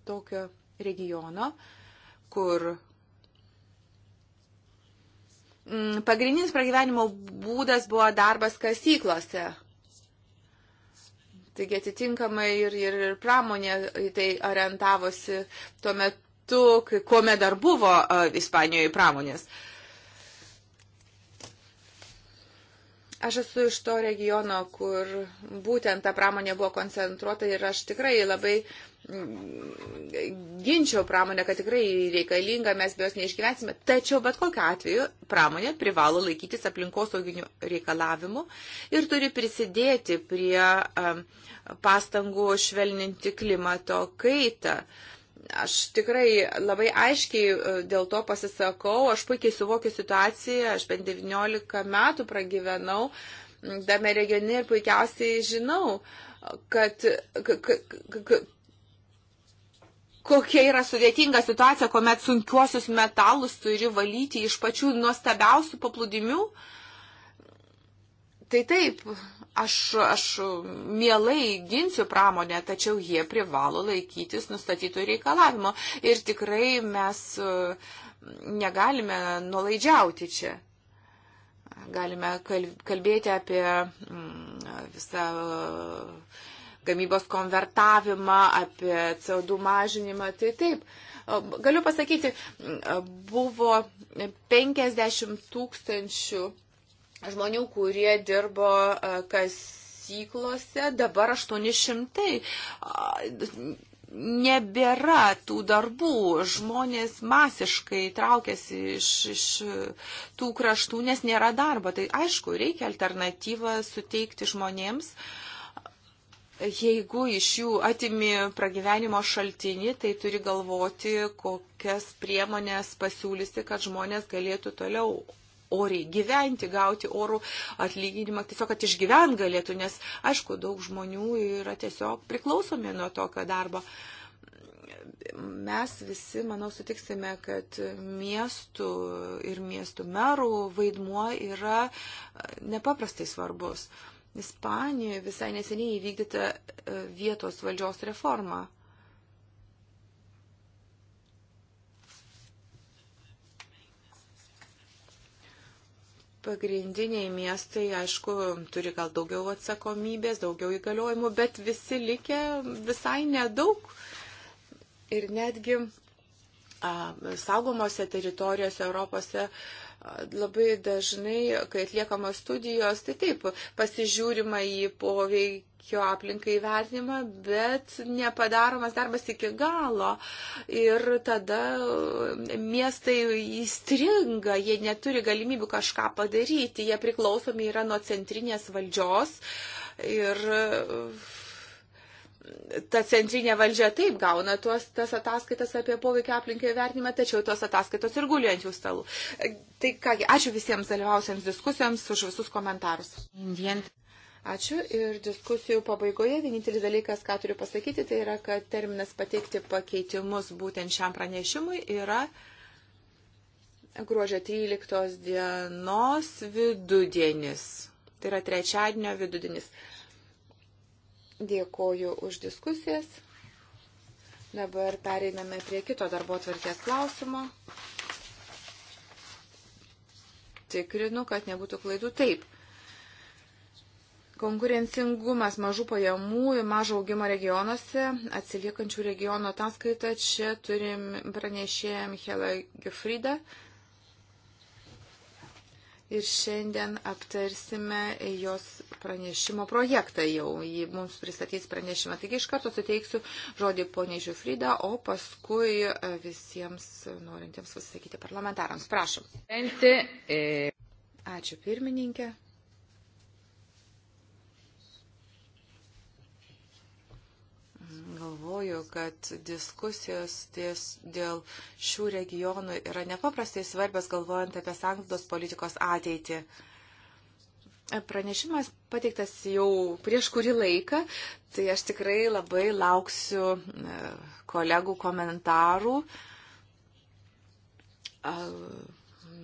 tokio regiono, kur mm, pagrindinis pragyvenimo būdas buvo darbas kasyklose. Taigi atitinkamai ir, ir, ir pramonė į tai orientavosi tuo metu, kuomet dar buvo uh, Ispanijoje pramonės. Aš esu iš to regiono, kur būtent ta pramonė buvo koncentruota ir aš tikrai labai uh, ginčio pramonę, kad tikrai reikalinga, mes be jos neišgyvensime. Tačiau bet kokiu atveju pramonė privalo laikytis aplinkosauginių reikalavimų ir turi prisidėti prie um, pastangų švelninti klimato kaitą aš tikrai labai aiškiai uh, dėl to pasisakau, aš puikiai suvokiu situaciją, aš bent 19 metų pragyvenau tame regione ir puikiausiai žinau, kad kokia yra sudėtinga situacija, kuomet sunkiuosius metalus turi valyti iš pačių nuostabiausių paplūdimių. Tai taip, aš, aš mielai ginsiu pramonę, tačiau jie privalo laikytis nustatytų reikalavimo. Ir tikrai mes e, negalime nolaidžiauti čia. Galime kalbėti apie mm, visą. Mm, gamybos konvertavimą, apie CO2 mažinimą. Tai taip, galiu pasakyti, buvo 50 tūkstančių žmonių, kurie dirbo e, kasyklose, dabar 800 nebėra tų darbų, žmonės masiškai traukiasi iš, iš tų kraštų, nes nėra darbo. Tai aišku, reikia alternatyvą suteikti žmonėms. Uh, Jeigu iš jų atimi pragyvenimo šaltinį, tai turi galvoti, kokias priemonės pasiūlysi, kad žmonės galėtų toliau oriai gyventi, gauti orų atlyginimą, tiesiog, kad išgyvent galėtų, nes, aišku, daug žmonių yra tiesiog priklausomi nuo tokio darbo. Mes visi, manau, sutiksime, kad miestų ir miestų merų vaidmuo yra nepaprastai svarbus. Uh, Ispanijoje visai neseniai įvykdyta e, vietos valdžios reforma. Pagrindiniai miestai, aišku, turi gal daugiau atsakomybės, daugiau įgaliojimų, bet visi likę visai nedaug. Ir netgi a, saugomose teritorijose Europose a, Labai dažnai, kai atliekamos studijos, tai taip, pasižiūrima į poveikio aplinkai vertinimą, bet nepadaromas darbas iki galo. Ir tada miestai įstringa, jie neturi galimybių kažką padaryti, jie priklausomi yra nuo centrinės valdžios. Ir ta centrinė valdžia taip gauna tuos, tas ataskaitas apie poveikio aplinkai vertinimą, tačiau tos ataskaitos ir guli ant jų stalų. Tai kągi, ačiū visiems dalyvausiams diskusijoms už visus komentarus. Indien. Ačiū ir diskusijų pabaigoje vienintelis dalykas, ką turiu pasakyti, tai yra, kad terminas pateikti pakeitimus būtent šiam pranešimui yra gruodžio 13 dienos vidudienis. Tai yra trečiadienio vidudienis. Dėkoju už diskusijas. Dabar pereiname prie kito darbo tvarkės klausimo. Tikrinu, kad nebūtų klaidų. Taip. Konkurencingumas mažų pajamų ir mažo augimo regionuose, atsiliekančių regiono ataskaita, čia turim pranešėją Michelą Gefridą. Uh, ir šiandien aptarsime jos pranešimo projektą jau. Ji mums pristatys pranešimą. Taigi iš karto suteiksiu žodį poniai Žiufrida, o paskui e, visiems norintiems pasisakyti parlamentarams. Prašom. Eh. Ačiū pirmininkė. Galvoju, kad diskusijos ties, dėl šių regionų yra nepaprastai svarbios, galvojant apie sanglaudos politikos ateitį. Pranešimas pateiktas jau prieš kurį laiką, tai aš tikrai labai lauksiu e, kolegų komentarų.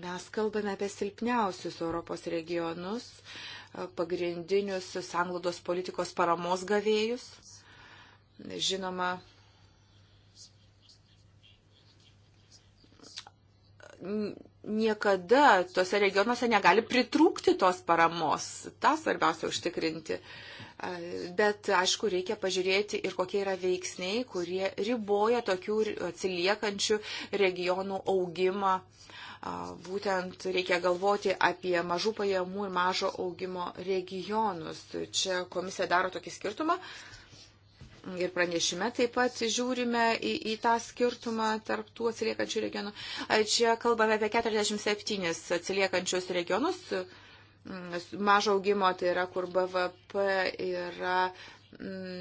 Mes kalbame apie silpniausius Europos regionus, pagrindinius sanglaudos politikos paramos gavėjus. Žinoma, niekada tuose regionuose negali pritrūkti tos paramos. Ta svarbiausia užtikrinti. Bet, aišku, reikia pažiūrėti ir kokie yra veiksniai, kurie riboja tokių atsiliekančių regionų augimą. Būtent reikia galvoti apie mažų pajamų ir mažo augimo regionus. Čia komisija daro tokį skirtumą. Uh, ir pranešime taip pat žiūrime į, į tą skirtumą tarp tų atsiliekančių regionų. Čia kalbame apie 47 atsiliekančius regionus mm, mažo augimo, tai yra, kur BVP yra mm,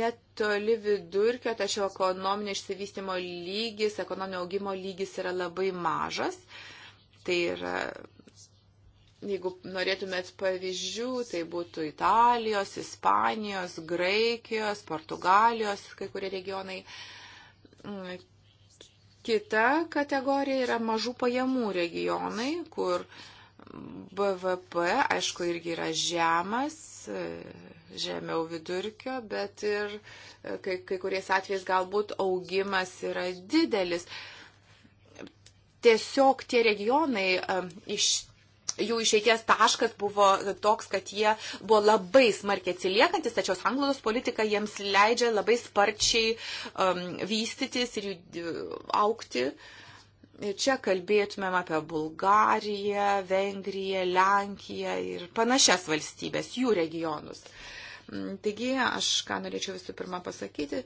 netoli vidurkio, tačiau ekonominio išsivystimo lygis, ekonominio augimo lygis yra labai mažas. Tai yra Jeigu norėtumėt pavyzdžių, tai būtų Italijos, Ispanijos, Graikijos, Portugalijos, kai kurie regionai. Kita kategorija yra mažų pajamų regionai, kur BVP, aišku, irgi yra žemas, žemiau vidurkio, bet ir kai, kai kuriais atvejais galbūt augimas yra didelis. Tiesiog tie regionai e, iš jų išeities taškas buvo toks, kad jie buvo labai smarkiai atsiliekantis, tačiau sanglaudos politika jiems leidžia labai sparčiai um, vystytis ir jų uh, aukti. Ir čia kalbėtumėm apie Bulgariją, Vengriją, Lenkiją ir panašias valstybės, jų regionus. Mm, taigi, aš ką norėčiau visų pirma pasakyti,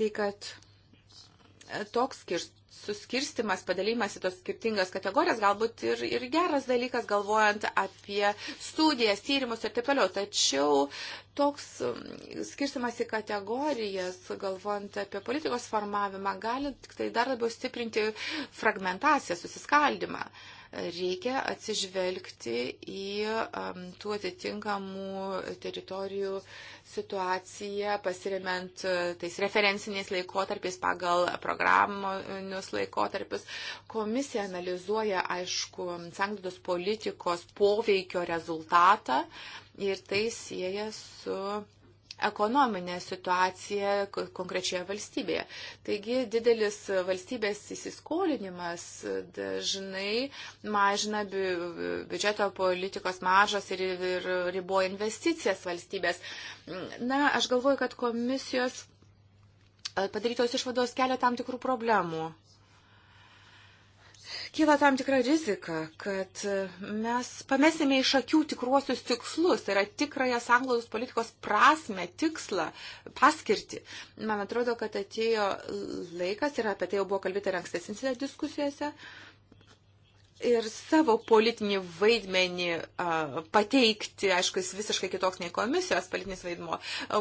tai kad e, toks skirst suskirstimas, padalymas į tos skirtingas kategorijas galbūt ir, ir geras dalykas, galvojant apie studijas, tyrimus ir taip toliau. Tačiau toks um, skirstimas į kategorijas, galvojant apie politikos formavimą, gali tik tai dar labiau stiprinti fragmentaciją, susiskaldimą. Uh, reikia atsižvelgti į um, tų atitinkamų teritorijų situaciją, pasiriment uh, tais referenciniais laikotarpiais pagal programinius laikotarpius. Komisija analizuoja, aišku, sanglaudos politikos poveikio rezultatą ir tai sieja su ekonominę situaciją konkrečioje valstybėje. Taigi didelis valstybės įsiskolinimas dažnai mažina bi biudžeto politikos maržas ir, ir riboja investicijas valstybės. Na, aš galvoju, kad komisijos padarytos išvados kelia tam tikrų problemų kyla tam tikra rizika, kad e, mes pamesime iš akių tikruosius tikslus, tai yra tikrąją sanglaudos politikos prasme, tikslą, paskirti. Man atrodo, kad atėjo laikas ir apie tai jau buvo kalbėta ir ankstesnėse diskusijose. Uh, ir savo politinį vaidmenį a, pateikti, aišku, jis visiškai kitoks nei komisijos politinis vaidmo.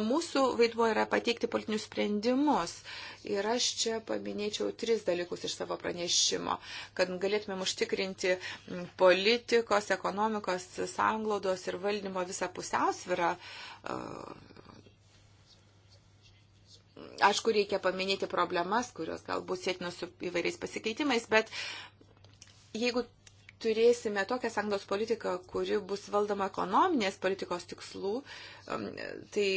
Mūsų vaidmo yra pateikti politinius sprendimus. Ir aš čia paminėčiau tris dalykus iš savo pranešimo, kad galėtumėm užtikrinti politikos, ekonomikos, sanglodos ir valdymo visą pusiausvyrą. A, aišku, reikia paminėti problemas, kurios galbūt sėtinos su įvairiais pasikeitimais, bet jeigu turėsime tokią sanglos politiką, kuri bus valdoma ekonominės politikos tikslų, um, tai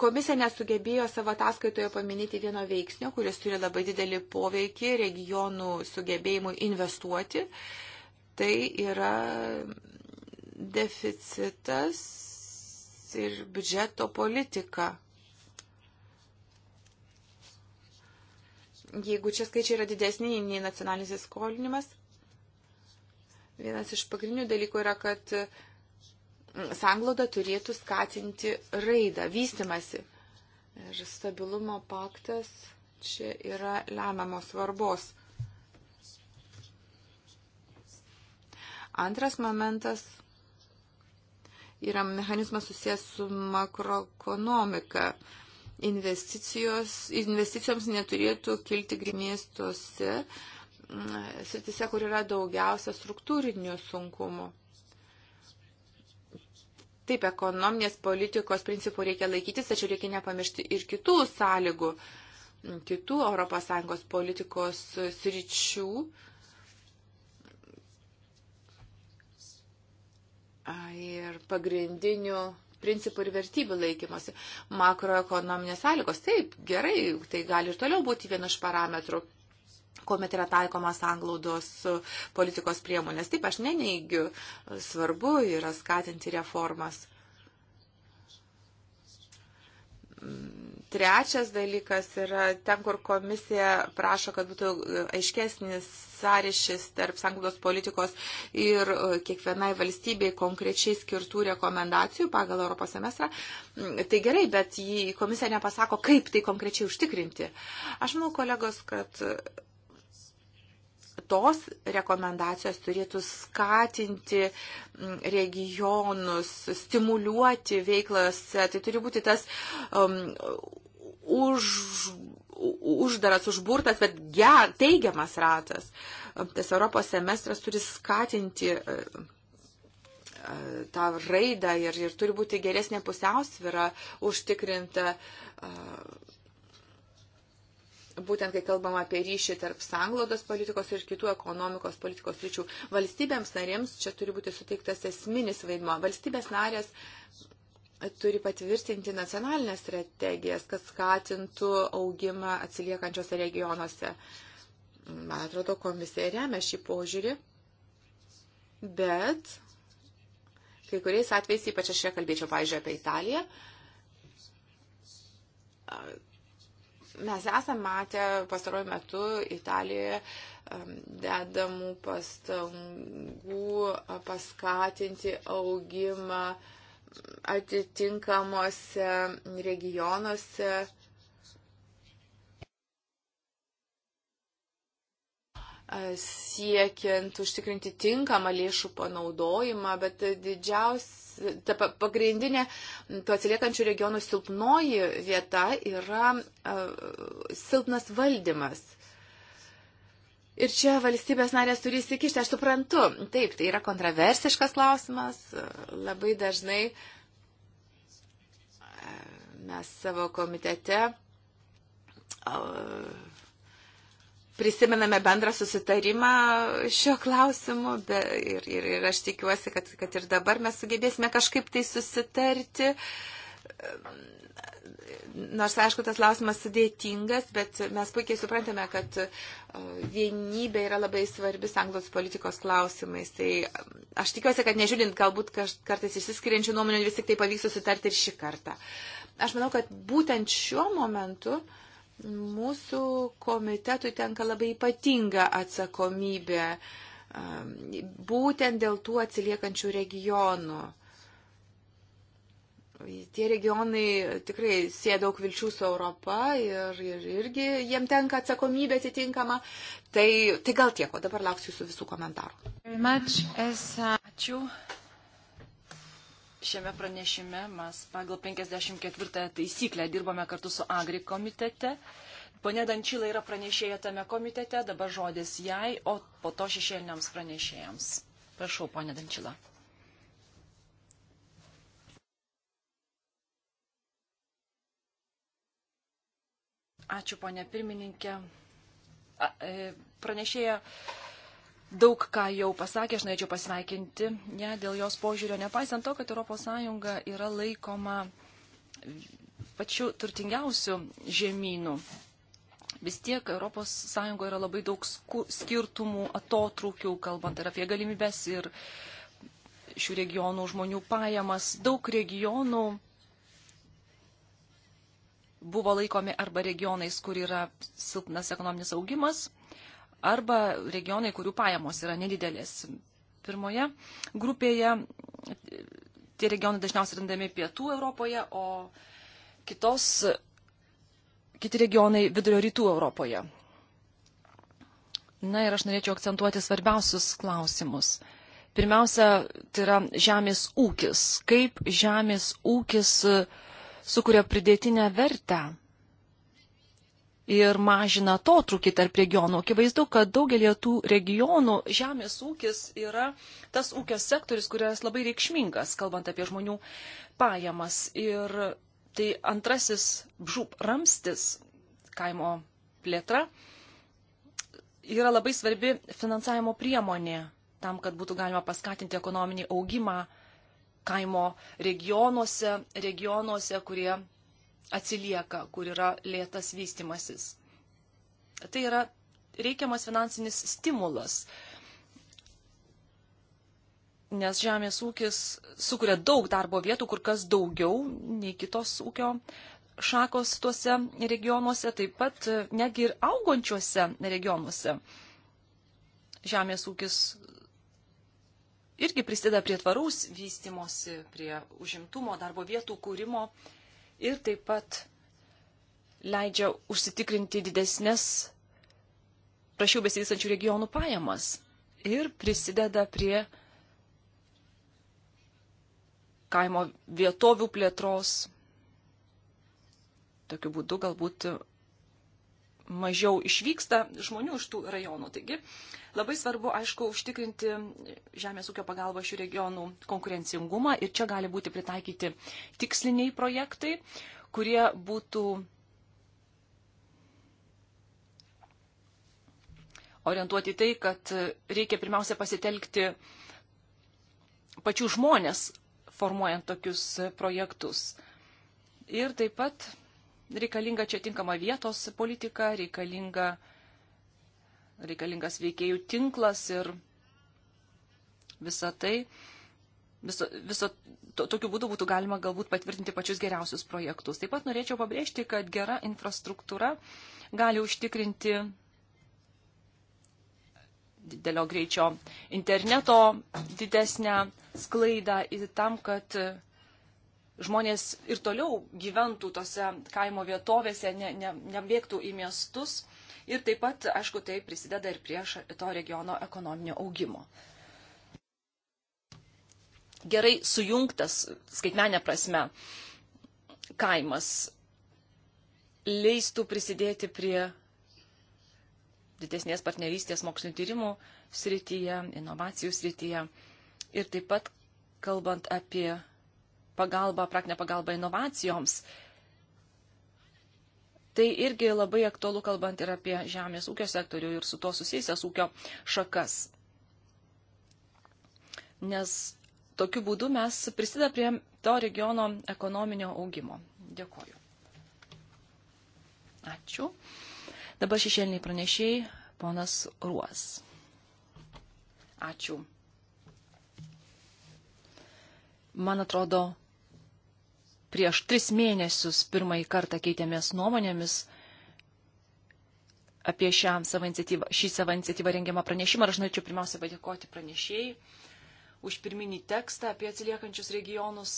komisija nesugebėjo savo ataskaitoje paminėti vieno veiksnio, kuris turi labai didelį poveikį regionų sugebėjimui investuoti. Tai yra deficitas ir biudžeto politika. Jeigu čia skaičiai yra didesni nei nacionalinis įskolinimas, vienas iš pagrindinių dalykų yra, kad mm, sangloda turėtų skatinti raidą, vystimasi. Ir stabilumo paktas čia yra lemiamos svarbos. Antras momentas yra mechanizmas susijęs su makroekonomika investicijoms neturėtų kilti grimėstose mm, sritise, kur yra daugiausia struktūrinių sunkumų. Taip, ekonominės politikos principų reikia laikytis, tačiau reikia nepamiršti ir kitų sąlygų, mm, kitų ES politikos sričių. Ir pagrindinių principų ir vertybių laikymosi. Makroekonominės sąlygos, taip, gerai, tai gali ir toliau būti vienas iš parametrų kuomet yra taikomas anglaudos politikos priemonės. Taip, aš neneigiu, svarbu yra skatinti reformas Trečias dalykas yra ten, kur komisija prašo, kad būtų aiškesnis sąryšis tarp sanglaudos politikos ir e, kiekvienai valstybei konkrečiai skirtų rekomendacijų pagal Europos semestrą. Mm, tai gerai, bet komisija nepasako, kaip tai konkrečiai užtikrinti. Aš manau, kolegos, kad tos rekomendacijos turėtų skatinti mm, regionus, stimuliuoti veiklas. Tai turi būti tas um, už, uždaras, užburtas, bet ger, teigiamas ratas. Tas Europos semestras turi skatinti e, e, tą raidą ir, ir turi būti geresnė pusiausvyra užtikrinta e, būtent kai kalbam apie ryšį tarp sanglodos politikos ir kitų ekonomikos politikos ryčių, valstybėms narėms čia turi būti suteiktas esminis vaidmo. Valstybės narės turi patvirtinti nacionalinės strategijas, kad skatintų augimą atsiliekančiose regionuose. Man atrodo, komisija remia šį požiūrį, bet kai kuriais atvejais, ypač aš čia kalbėčiau, pavyzdžiui, apie Italiją, mes esame matę pastaruoju metu Italijoje um, dedamų pastangų uh, paskatinti augimą uh, atitinkamuose regionuose. siekiant užtikrinti tinkamą lėšų panaudojimą, bet didžiausia, ta pagrindinė tų atsiliekančių regionų silpnoji vieta yra silpnas valdymas. Ir čia valstybės narės turi įsikišti, aš suprantu, taip, tai yra kontroversiškas klausimas, labai dažnai e, mes savo komitete e, prisimename bendrą susitarimą šio klausimu be, ir, ir, ir aš tikiuosi, kad, kad ir dabar mes sugebėsime kažkaip tai susitarti. Uh, nors aišku, tas lausimas sudėtingas, bet mes puikiai suprantame, kad e, vienybė yra labai svarbi anglos politikos klausimais. Tai e, aš tikiuosi, kad nežiūrint galbūt kartais išsiskiriančių nuomonių, vis tik tai pavyks susitarti ir šį kartą. Aš manau, kad būtent šiuo momentu mūsų komitetui tenka labai ypatinga atsakomybė e, būtent dėl tų atsiliekančių regionų Tie regionai tikrai sėja daug vilčių su Europa ir, ir irgi jiem tenka atsakomybė atitinkama. Tai, tai gal tiek, o dabar lauksiu jūsų visų komentarų. Ačiū. Šiame pranešime mes pagal 54 taisyklę dirbame kartu su Agri komitete. Pone Dančila yra pranešėja tame komitete, dabar žodis jai, o po to šešėliniams pranešėjams. Prašau, ponė Dančila. Ačiū, ponė pirmininkė. E, pranešėja daug ką jau pasakė, aš norėčiau pasveikinti ne, dėl jos požiūrio, nepaisant to, kad ES yra laikoma pačiu turtingiausiu žemynu. Vis tiek ES yra labai daug skirtumų, atotrukių, kalbant ir apie galimybės ir šių regionų žmonių pajamas. Daug regionų buvo laikomi arba regionais, kur yra silpnas ekonominis augimas, arba regionai, kurių pajamos yra nedidelės. Pirmoje grupėje tie regionai dažniausiai randami pietų Europoje, o kitos, kiti regionai vidurio rytų Europoje. Na ir aš norėčiau akcentuoti svarbiausius klausimus. Pirmiausia, tai yra žemės ūkis. Kaip žemės ūkis uh, sukuria pridėtinę vertę ir mažina to trūkį tarp regionų. Akivaizdu, kad daugelie tų regionų žemės ūkis yra tas ūkio sektoris, kuris labai reikšmingas, kalbant apie žmonių pajamas. Ir tai antrasis žūp ramstis kaimo plėtra yra labai svarbi finansavimo priemonė tam, kad būtų galima paskatinti ekonominį augimą kaimo regionuose, regionuose, kurie atsilieka, kur yra lėtas vystimasis. Tai yra reikiamas finansinis stimulas, nes žemės ūkis sukuria daug darbo vietų, kur kas daugiau nei kitos ūkio šakos tuose regionuose, taip pat negi ir augančiuose regionuose. Žemės ūkis irgi prisideda prie tvaraus vystimosi, prie užimtumo, darbo vietų kūrimo ir taip pat leidžia užsitikrinti didesnės prašiau besivystančių regionų pajamas ir prisideda prie kaimo vietovių plėtros. Tokiu būdu galbūt mažiau išvyksta žmonių iš tų rajonų. Taigi labai svarbu, aišku, užtikrinti žemės ūkio pagalbą šių regionų konkurencingumą ir čia gali būti pritaikyti tiksliniai projektai, kurie būtų orientuoti tai, kad reikia pirmiausia pasitelkti pačių žmonės formuojant tokius projektus. Ir taip pat reikalinga čia tinkama vietos politika, reikalinga, reikalingas veikėjų tinklas ir visa tai. Viso, viso to, tokiu būdu būtų galima galbūt patvirtinti pačius geriausius projektus. Taip pat norėčiau pabrėžti, kad gera infrastruktūra gali užtikrinti didelio greičio interneto didesnę sklaidą tam, kad žmonės ir toliau gyventų tose kaimo vietovėse, ne, ne, nebėgtų į miestus. Ir taip pat, aišku, tai prisideda ir prie to regiono ekonominio augimo. Gerai sujungtas skaitmenė prasme kaimas leistų prisidėti prie didesnės partnerystės mokslinio tyrimų srityje, inovacijų srityje ir taip pat kalbant apie pagalbą, praktinę pagalbą inovacijoms. Tai irgi labai aktualu kalbant ir apie žemės ūkio sektorių ir su to susijusias ūkio šakas. Nes tokiu būdu mes prisideda prie to regiono ekonominio augimo. Dėkoju. Ačiū. Dabar šešėliniai pranešiai, ponas Ruos. Ačiū. Man atrodo, Prieš tris mėnesius pirmąjį kartą keitėmės nuomonėmis apie šią savo iniciatyvą, šį savo iniciatyvą rengiamą pranešimą. Aš norėčiau pirmiausia padėkoti pranešėjai už pirminį tekstą apie atsiliekančius regionus.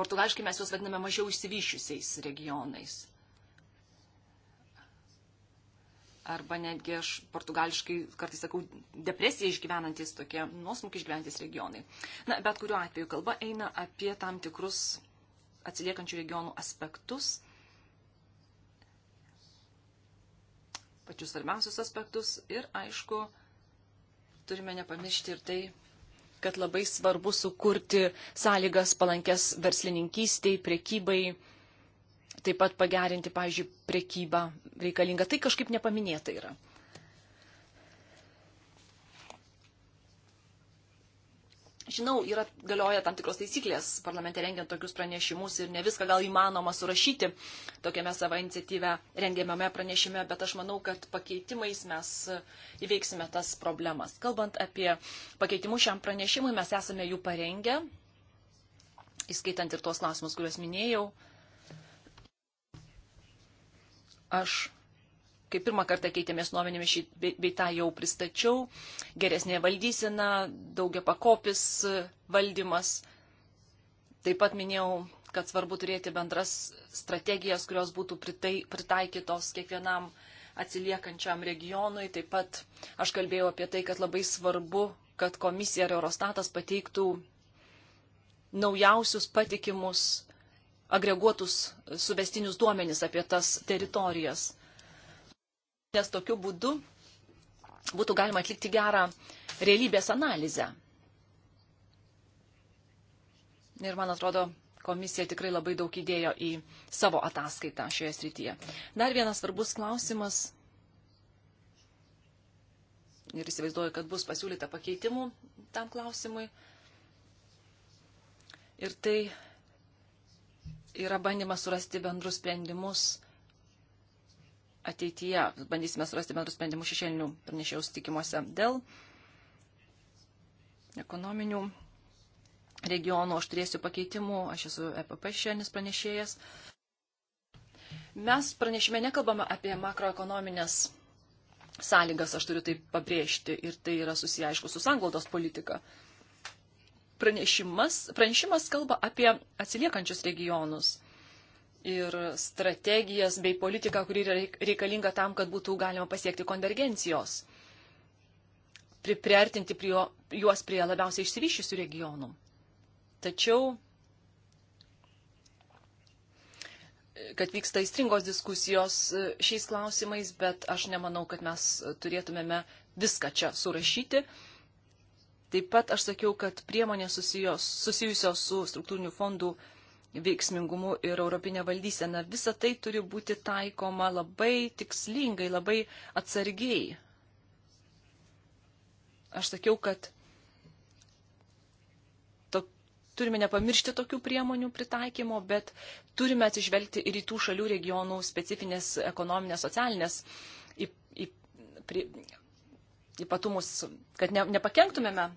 Portugališkai mes juos vadiname mažiau išsivyščiusiais regionais. arba netgi aš portugališkai kartais sakau depresiją išgyvenantis tokie nuosmukį išgyvenantis regionai. Na, bet kuriuo atveju kalba eina apie tam tikrus atsiliekančių regionų aspektus, pačius svarbiausius aspektus ir aišku, turime nepamiršti ir tai, kad labai svarbu sukurti sąlygas palankes verslininkystiai, priekybai taip pat pagerinti, pavyzdžiui, prekybą reikalingą. Tai kažkaip nepaminėta yra. Žinau, yra, galioja tam tikros taisyklės parlamente rengiant tokius pranešimus ir ne viską gal įmanoma surašyti tokiame savo iniciatyve rengiamame pranešime, bet aš manau, kad pakeitimais mes įveiksime tas problemas. Kalbant apie pakeitimus šiam pranešimui, mes esame jų parengę, įskaitant ir tuos klausimus, kuriuos minėjau. Aš, kai pirmą kartą keitėmės nuomenėmis šį beitą jau pristačiau, geresnė valdysena, daugia pakopis valdymas. Taip pat minėjau, kad svarbu turėti bendras strategijas, kurios būtų pritaikytos kiekvienam atsiliekančiam regionui. Taip pat aš kalbėjau apie tai, kad labai svarbu, kad komisija ir Eurostatas pateiktų naujausius patikimus agreguotus e, suvestinius duomenis apie tas teritorijas. Nes tokiu būdu būtų galima atlikti gerą realybės analizę. Ir man atrodo, komisija tikrai labai daug įdėjo į savo ataskaitą šioje srityje. Dar vienas svarbus klausimas. Ir įsivaizduoju, kad bus pasiūlyta pakeitimų tam klausimui. Ir tai yra bandymas surasti bendrus sprendimus ateityje. Bandysime surasti bendrus sprendimus šešėlinių pranešėjų sutikimuose dėl ekonominių regionų. Aš turėsiu pakeitimų, aš esu EPP šešėlinis pranešėjas. Mes pranešime nekalbame apie makroekonominės sąlygas, aš turiu tai pabrėžti, ir tai yra susiję, aišku, su sanglaudos politika. Uh, pranešimas, pranešimas kalba apie atsiliekančius regionus ir strategijas bei politiką, kuri yra reikalinga tam, kad būtų galima pasiekti konvergencijos, priartinti prie juos prie labiausiai išsivyščiusių regionų. Tačiau, kad vyksta įstringos diskusijos e, šiais klausimais, bet aš nemanau, kad mes turėtumėme viską čia surašyti. Uh, Taip pat aš sakiau, kad priemonės susijos, susijusios su struktūrinių fondų veiksmingumu ir europinė valdysena, visa tai turi būti taikoma labai tikslingai, labai atsargiai. Aš sakiau, kad to, turime nepamiršti tokių priemonių pritaikymo, bet turime atsižvelgti ir į tų šalių regionų specifinės ekonominės, socialinės į, į, prie, ypatumus, kad ne, nepakenktumėme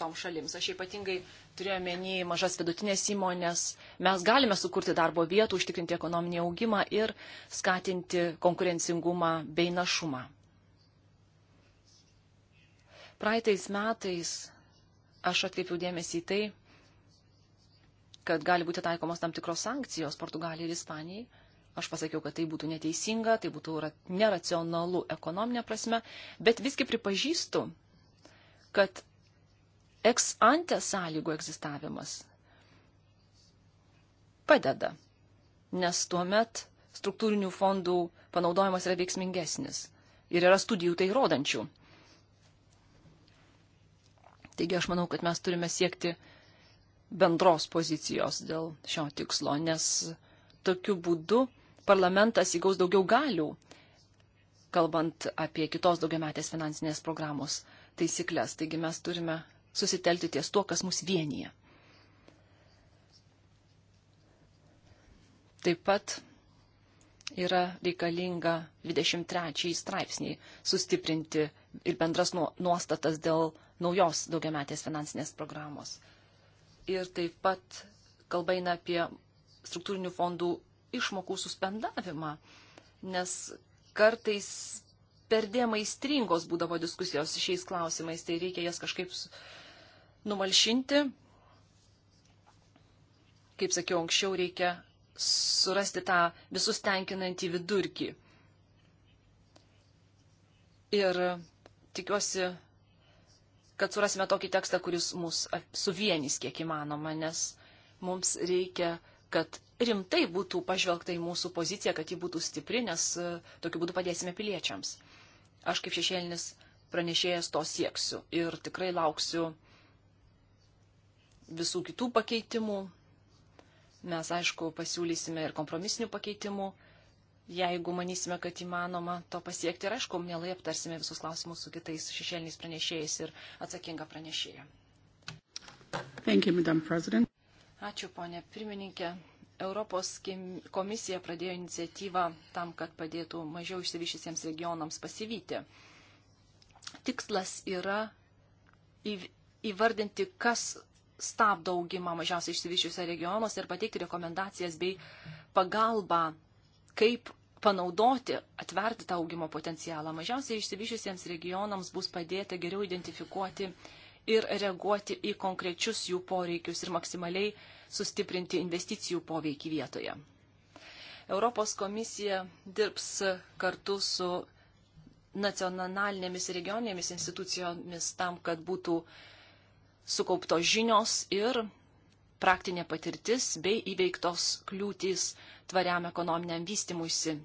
tom šalims. Aš ypatingai turėjau menį mažas vidutinės įmonės. Mes galime sukurti darbo vietų, užtikrinti ekonominį augimą ir skatinti konkurencingumą bei našumą. Praeitais metais aš atkreipiau dėmesį į tai, kad gali būti taikomos tam tikros sankcijos Portugalijai ir Ispanijai. Aš pasakiau, kad tai būtų neteisinga, tai būtų neracionalu ekonominė prasme, bet visgi pripažįstu, kad eks ante sąlygų egzistavimas padeda, nes tuomet struktūrinių fondų panaudojimas yra veiksmingesnis ir yra studijų tai rodančių. Taigi aš manau, kad mes turime siekti bendros pozicijos dėl šio tikslo, nes tokiu būdu parlamentas įgaus daugiau galių, kalbant apie kitos daugiametės finansinės programos taisyklės. Taigi mes turime susitelti ties tuo, kas mus vienyje. Taip pat yra reikalinga 23 straipsnį sustiprinti ir bendras nuostatas dėl naujos daugiametės finansinės programos. Ir taip pat kalba eina apie struktūrinių fondų išmokų suspendavimą, nes kartais perdėm aistringos būdavo diskusijos šiais klausimais, tai reikia jas kažkaip numalšinti. Kaip sakiau, anksčiau reikia surasti tą visus tenkinantį vidurkį. Ir tikiuosi, kad surasime tokį tekstą, kuris mus suvienys kiek įmanoma, nes mums reikia, kad rimtai būtų pažvelgta į mūsų poziciją, kad ji būtų stipri, nes e, tokiu būdu padėsime piliečiams. Aš kaip šešėlinis pranešėjas to sieksiu ir tikrai lauksiu visų kitų pakeitimų. Mes, aišku, pasiūlysime ir kompromisinių pakeitimų, jeigu manysime, kad įmanoma to pasiekti. Ir, aišku, mielai aptarsime visus klausimus su kitais šešėliniais pranešėjais ir atsakinga pranešėja. Ačiū, ponė pirmininkė. Europos komisija pradėjo iniciatyvą tam, kad padėtų mažiau išsivyšysiems regionams pasivyti. Tikslas yra įvardinti, kas stabdo augimą mažiausiai išsivyščiuose regionuose ir pateikti rekomendacijas bei pagalbą, kaip panaudoti, atverti tą augimo potencialą. Mažiausiai išsivyščiusiems regionams bus padėta geriau identifikuoti ir reaguoti į konkrečius jų poreikius ir maksimaliai sustiprinti investicijų poveikį vietoje. Europos komisija dirbs kartu su nacionalinėmis ir regioninėmis institucijomis tam, kad būtų sukauptos žinios ir praktinė patirtis bei įveiktos kliūtys tvariam ekonominiam vystimuisi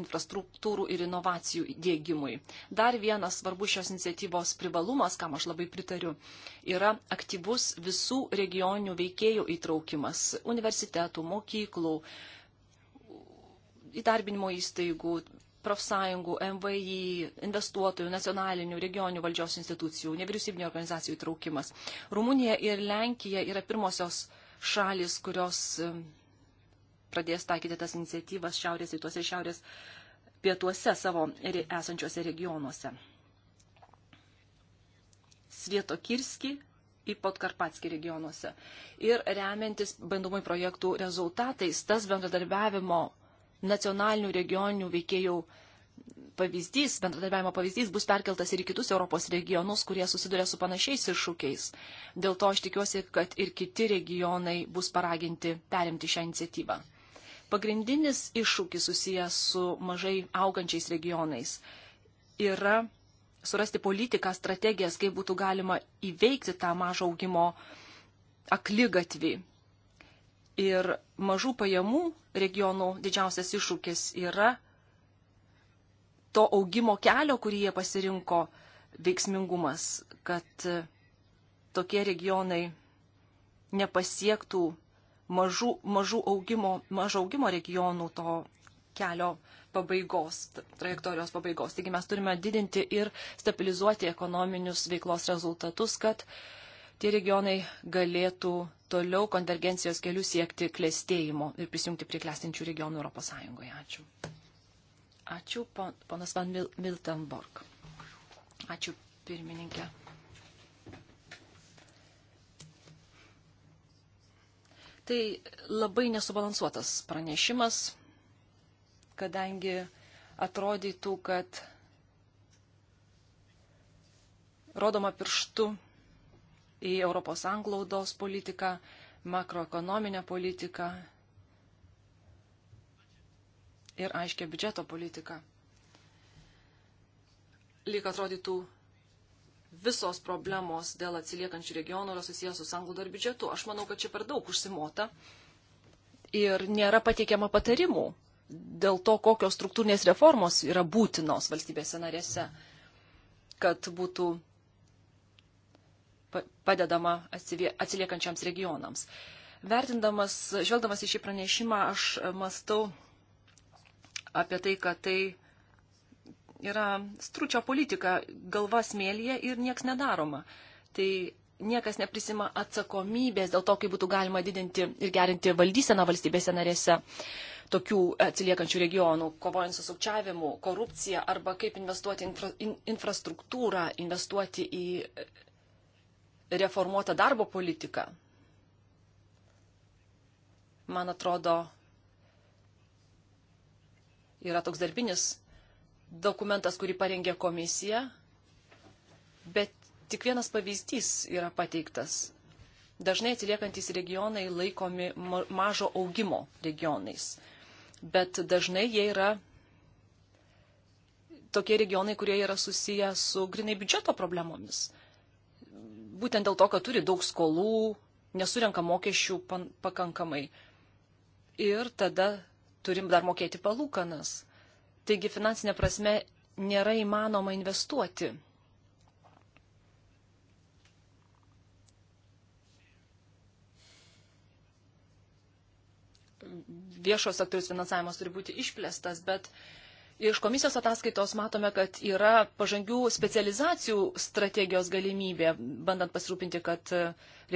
infrastruktūrų ir inovacijų dėgymui. Dar vienas svarbus šios iniciatyvos privalumas, kam aš labai pritariu, yra aktyvus visų regioninių veikėjų įtraukimas - universitetų, mokyklų, įdarbinimo įstaigų, profsąjungų, MVI, investuotojų, nacionalinių, regioninių valdžios institucijų, nevyriausybinio organizacijų įtraukimas. Rumunija ir Lenkija yra pirmosios šalis, kurios pradės taikyti tas iniciatyvas šiaurės rytuose ir šiaurės pietuose savo esančiuose regionuose. Svietokirski į Podkarpatskį regionuose. Ir remiantis bandomai projektų rezultatais, tas bendradarbiavimo nacionalinių regioninių veikėjų pavyzdys, bendradarbiavimo pavyzdys bus perkeltas ir į kitus Europos regionus, kurie susiduria su panašiais iššūkiais. Dėl to aš tikiuosi, kad ir kiti regionai bus paraginti perimti šią iniciatyvą. Pagrindinis iššūkis susijęs su mažai augančiais regionais yra surasti politiką, strategijas, kaip būtų galima įveikti tą mažo augimo aklygatvį. Ir mažų pajamų regionų didžiausias iššūkis yra to augimo kelio, kurį jie pasirinko veiksmingumas, kad tokie regionai nepasiektų mažų, mažų augimo, mažo augimo regionų to kelio pabaigos, trajektorijos pabaigos. Taigi mes turime didinti ir stabilizuoti ekonominius veiklos rezultatus, kad tie regionai galėtų toliau konvergencijos kelių siekti klėstėjimo ir prisijungti prie klestinčių regionų ES. Ačiū. Ačiū, ponas Van Miltenborg. Ačiū, pirmininkė. Tai labai nesubalansuotas pranešimas, kadangi atrodytų, kad rodoma pirštu į Europos anglaudos politiką, makroekonominę politiką ir aiškia biudžeto politiką. Lyg atrodytų, visos problemos dėl atsiliekančių regionų yra susijęs su sanglaudo ir biudžetu. Aš manau, kad čia per daug užsimota ir nėra pateikiama patarimų dėl to, kokios struktūrinės reformos yra būtinos valstybėse narėse, kad būtų padedama atsiliekančiams regionams. Vertindamas, žvelgdamas į šį pranešimą, aš mastau apie tai, kad tai yra stručio politika, galva smėlyje ir nieks nedaroma. Tai niekas neprisima atsakomybės dėl to, kaip būtų galima didinti ir gerinti valdyseną valstybėse narėse tokių atsiliekančių regionų, kovojant su sukčiavimu, korupcija arba kaip investuoti infra, in, infrastruktūrą, investuoti į reformuotą darbo politiką. Man atrodo, yra toks darbinis dokumentas, kurį parengė komisija, bet tik vienas pavyzdys yra pateiktas. Dažnai atsiliekantis regionai laikomi mažo augimo regionais, bet dažnai jie yra tokie regionai, kurie yra susiję su grinai biudžeto problemomis. Būtent dėl to, kad turi daug skolų, nesurenka mokesčių pakankamai. Ir tada turim dar mokėti palūkanas. Taigi finansinė prasme nėra įmanoma investuoti. Viešo sektoriaus finansavimas turi būti išplėstas, bet iš komisijos ataskaitos matome, kad yra pažangių specializacijų strategijos galimybė, bandant pasirūpinti, kad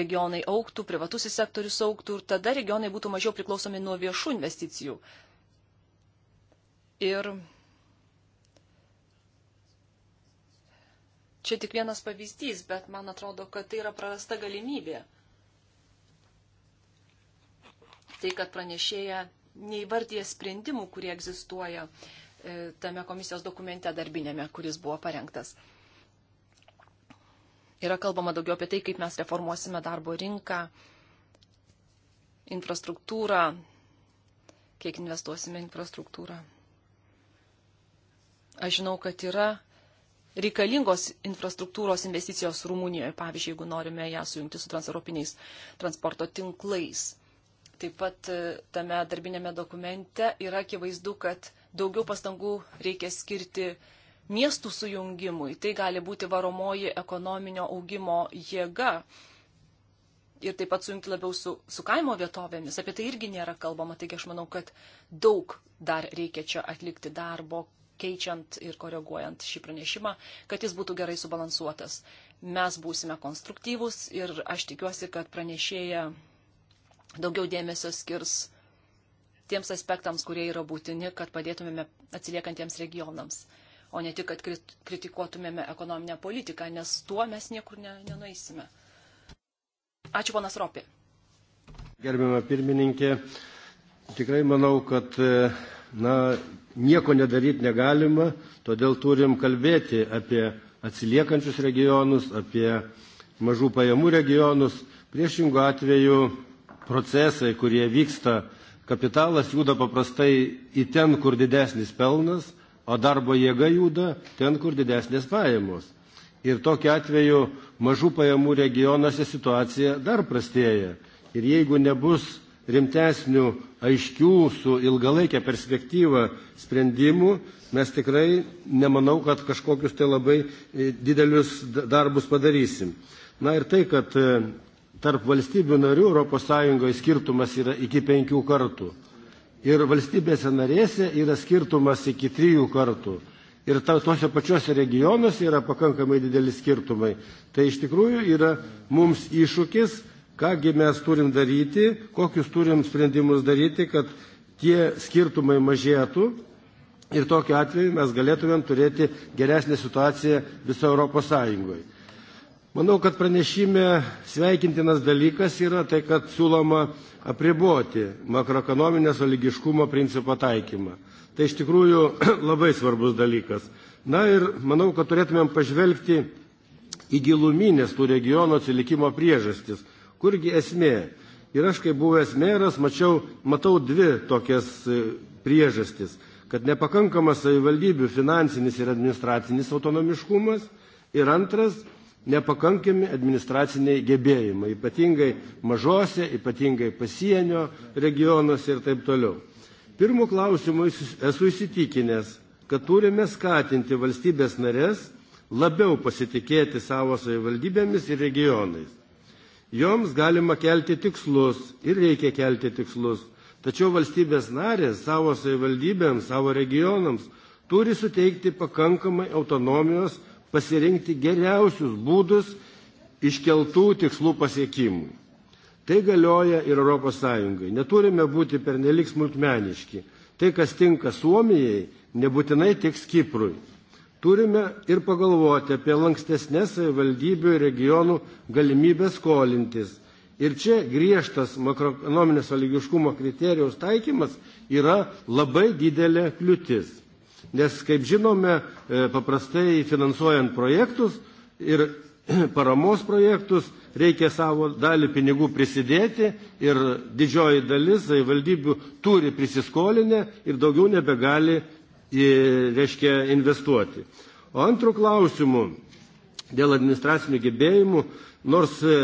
regionai auktų, privatusis sektorius auktų ir tada regionai būtų mažiau priklausomi nuo viešų investicijų. Ir čia tik vienas pavyzdys, bet man atrodo, kad tai yra prarasta galimybė. Tai, kad pranešėja neįvardyje sprendimų, kurie egzistuoja e, tame komisijos dokumente darbinėme, kuris buvo parengtas. Yra kalbama daugiau apie tai, kaip mes reformuosime darbo rinką, infrastruktūrą, kiek investuosime infrastruktūrą. Aš žinau, kad yra reikalingos infrastruktūros investicijos Rumunijoje, pavyzdžiui, jeigu norime ją sujungti su transeuropiniais transporto tinklais. Taip pat e, tame darbinėme dokumente yra akivaizdu, kad daugiau pastangų reikia skirti miestų sujungimui. Tai gali būti varomoji ekonominio augimo jėga. Ir taip pat sujungti labiau su, su kaimo vietovėmis. Apie tai irgi nėra kalbama. Taigi aš manau, kad daug dar reikia čia atlikti darbo, keičiant ir koreguojant šį pranešimą, kad jis būtų gerai subalansuotas. Mes būsime konstruktyvūs ir aš tikiuosi, kad pranešėja daugiau dėmesio skirs tiems aspektams, kurie yra būtini, kad padėtumėme atsiliekantiems regionams, o ne tik, kad kritikuotumėme ekonominę politiką, nes tuo mes niekur ne, nenueisime. Ačiū, ponas Ropi. Gerbima pirmininkė, tikrai manau, kad na, nieko nedaryti negalima, todėl turim kalbėti apie atsiliekančius regionus, apie mažų pajamų regionus. Priešingų atveju procesai, kurie vyksta, kapitalas juda paprastai į ten, kur didesnis pelnas, o darbo jėga juda ten, kur didesnės pajamos. Ir tokiu atveju mažų pajamų regionuose situacija dar prastėja. Ir jeigu nebus rimtesnių, aiškių, su ilgalaikė perspektyva sprendimų, mes tikrai nemanau, kad kažkokius tai labai e, didelius darbus padarysim. Na ir tai, kad e, tarp valstybių narių ES skirtumas yra iki penkių kartų. Ir valstybėse narėse yra skirtumas iki trijų kartų. Ir ta, tuose pačiuose regionuose yra pakankamai dideli skirtumai. Tai iš tikrųjų yra mums iššūkis kągi mes turim daryti, kokius turim sprendimus daryti, kad tie skirtumai mažėtų ir tokiu atveju mes galėtumėm turėti geresnę situaciją viso Europos Sąjungoje. Manau, kad pranešime sveikintinas dalykas yra tai, kad siūloma apriboti makroekonominės oligiškumo principo taikymą. Tai iš tikrųjų labai svarbus dalykas. Na ir manau, kad turėtumėm pažvelgti į giluminės tų regionų atsilikimo priežastis, Kurgi esmė? Ir aš, kaip buvęs meras, mačiau, matau dvi tokias e, priežastis kad nepakankamas savivaldybių finansinis ir administracinis autonomiškumas ir antras nepakankami administraciniai gebėjimai, ypatingai mažose, ypatingai pasienio regionuose ir taip toliau. Pirmų klausimų esu įsitikinęs, kad turime skatinti valstybės narės labiau pasitikėti savo savivaldybėmis ir regionais. Joms galima kelti tikslus ir reikia kelti tikslus. Tačiau valstybės narės savo savivaldybėms, savo regionams turi suteikti pakankamai autonomijos pasirinkti geriausius būdus iškeltų tikslų pasiekimui. Tai galioja ir ES. Neturime būti pernelik smulkmeniški. Tai, kas tinka Suomijai, nebūtinai tiks Kiprui turime ir pagalvoti apie lankstesnės savivaldybių ir regionų galimybę skolintis. Ir čia griežtas makroekonominio sąlygiškumo kriterijaus taikymas yra labai didelė kliūtis. Nes, kaip žinome, e, paprastai finansuojant projektus ir paramos projektus reikia savo dalį pinigų prisidėti ir didžioji dalis savivaldybių turi prisiskolinę ir daugiau nebegali reiškia, investuoti. O antrų klausimų dėl administracinių gebėjimų, nors e,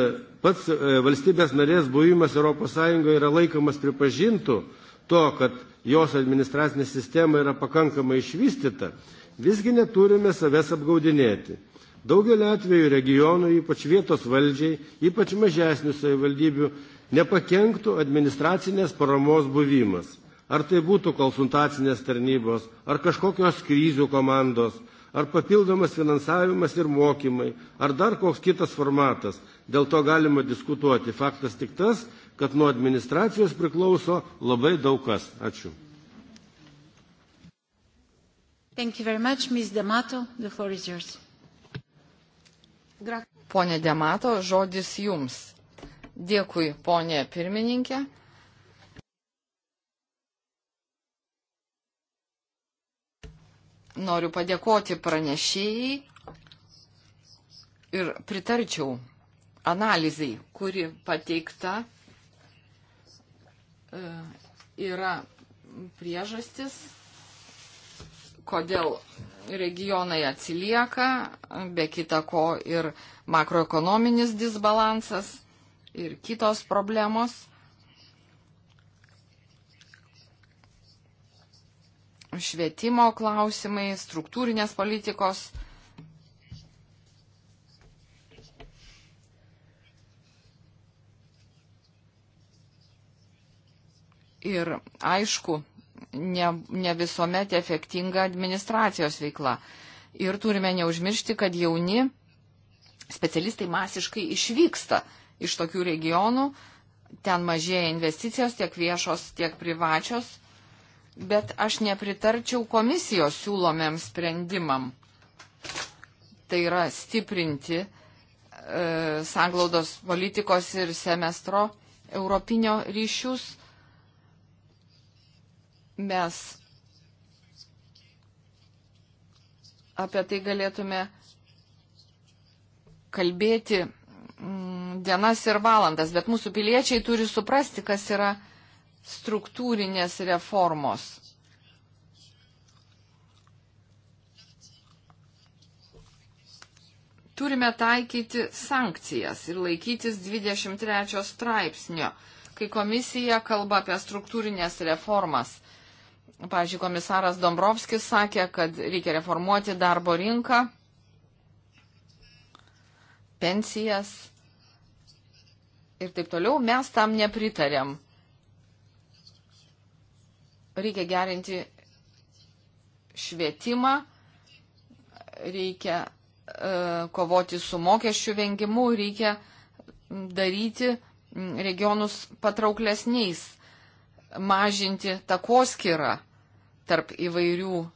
pats e, valstybės narės buvimas ES yra laikomas pripažintų to, kad jos administracinė sistema yra pakankamai išvystyta, visgi neturime savęs apgaudinėti. Daugelį atvejų regionų, ypač vietos valdžiai, ypač mažesnių savivaldybių, nepakenktų administracinės paramos buvimas. Ar tai būtų konsultacinės tarnybos, ar kažkokios krizių komandos, ar papildomas finansavimas ir mokymai, ar dar koks kitas formatas. Dėl to galima diskutuoti. Faktas tik tas, kad nuo administracijos priklauso labai daug kas. Ačiū. Thank you very much, Ms. D'Amato. The floor is yours. Pone Demato, žodis jums. Dėkui, ponė pirmininkė. noriu padėkoti pranešėjai ir pritarčiau analizai, kuri pateikta e, yra priežastis, kodėl regionai atsilieka, be kita ko ir makroekonominis disbalansas ir kitos problemos. švietimo klausimai, struktūrinės politikos. Ir aišku, ne, ne visuomet efektinga administracijos veikla. Ir turime neužmiršti, kad jauni specialistai masiškai išvyksta iš tokių regionų, ten mažėja investicijos tiek viešos, tiek privačios bet aš nepritarčiau komisijos siūlomiam sprendimam. Tai yra stiprinti e, sanglaudos politikos ir semestro europinio ryšius. Mes apie tai galėtume kalbėti m, mm, dienas ir valandas, bet mūsų piliečiai turi suprasti, kas yra struktūrinės reformos. Turime taikyti sankcijas ir laikytis 23 straipsnio, kai komisija kalba apie struktūrinės reformas. Pavyzdžiui, komisaras Dombrovskis sakė, kad reikia reformuoti darbo rinką, pensijas ir taip toliau. Mes tam nepritarėm Reikia gerinti švietimą, reikia e, kovoti su mokesčių vengimu, reikia daryti regionus patrauklesniais, mažinti takoskirą tarp įvairių e,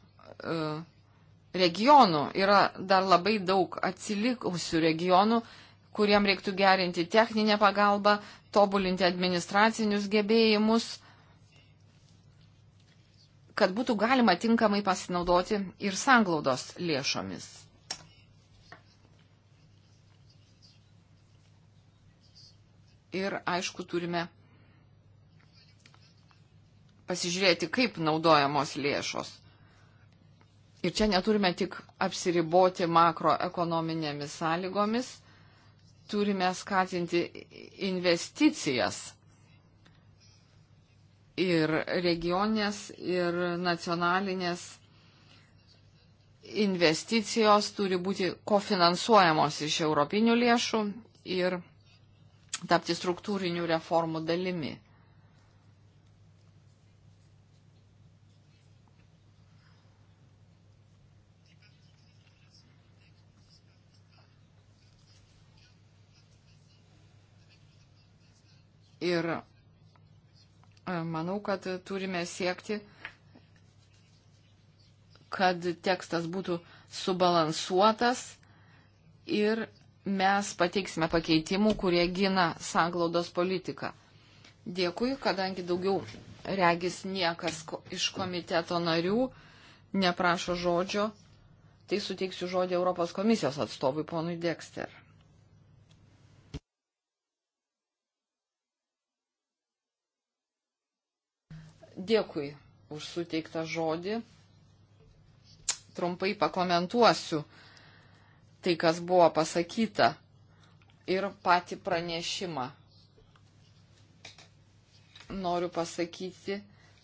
regionų. Yra dar labai daug atsilikusių regionų, kuriem reiktų gerinti techninę pagalbą, tobulinti administracinius gebėjimus kad būtų galima tinkamai pasinaudoti ir sanglaudos lėšomis. Ir aišku, turime pasižiūrėti, kaip naudojamos lėšos. Ir čia neturime tik apsiriboti makroekonominėmis sąlygomis, turime skatinti investicijas ir regioninės, ir nacionalinės investicijos turi būti kofinansuojamos iš europinių lėšų ir tapti struktūrinių reformų dalimi. Ir manau, kad turime siekti, kad tekstas būtų subalansuotas ir mes pateiksime pakeitimų, kurie gina sanglaudos politiką. Dėkui, kadangi daugiau regis niekas iš komiteto narių neprašo žodžio, tai suteiksiu žodį Europos komisijos atstovui ponui Dekster. dėkui už suteiktą žodį. Trumpai pakomentuosiu tai, kas buvo pasakyta ir patį pranešimą. Noriu pasakyti,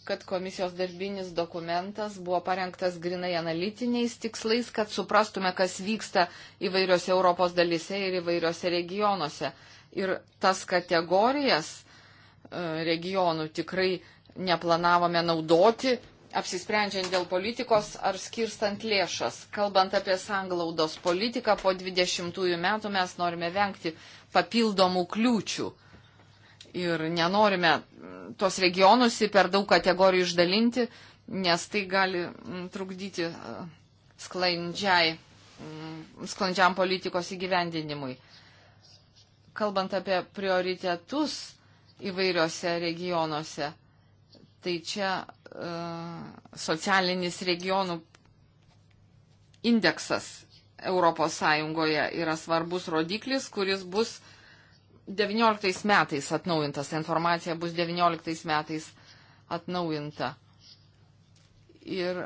kad komisijos darbinis dokumentas buvo parengtas grinai analitiniais tikslais, kad suprastume, kas vyksta įvairiose Europos dalise ir įvairiose regionuose. Ir tas kategorijas e, regionų tikrai neplanavome naudoti, apsisprendžiant dėl politikos ar skirstant lėšas. Kalbant apie sanglaudos politiką, po 20 metų mes norime vengti papildomų kliūčių. Ir nenorime tos regionus į per daug kategorijų išdalinti, nes tai gali mm, trukdyti e, mm, sklandžiam politikos įgyvendinimui. Kalbant apie prioritetus įvairiose regionuose, tai čia uh, socialinis regionų indeksas ES yra svarbus rodiklis, kuris bus 19 metais atnaujintas. Informacija bus 19 metais atnaujinta. Ir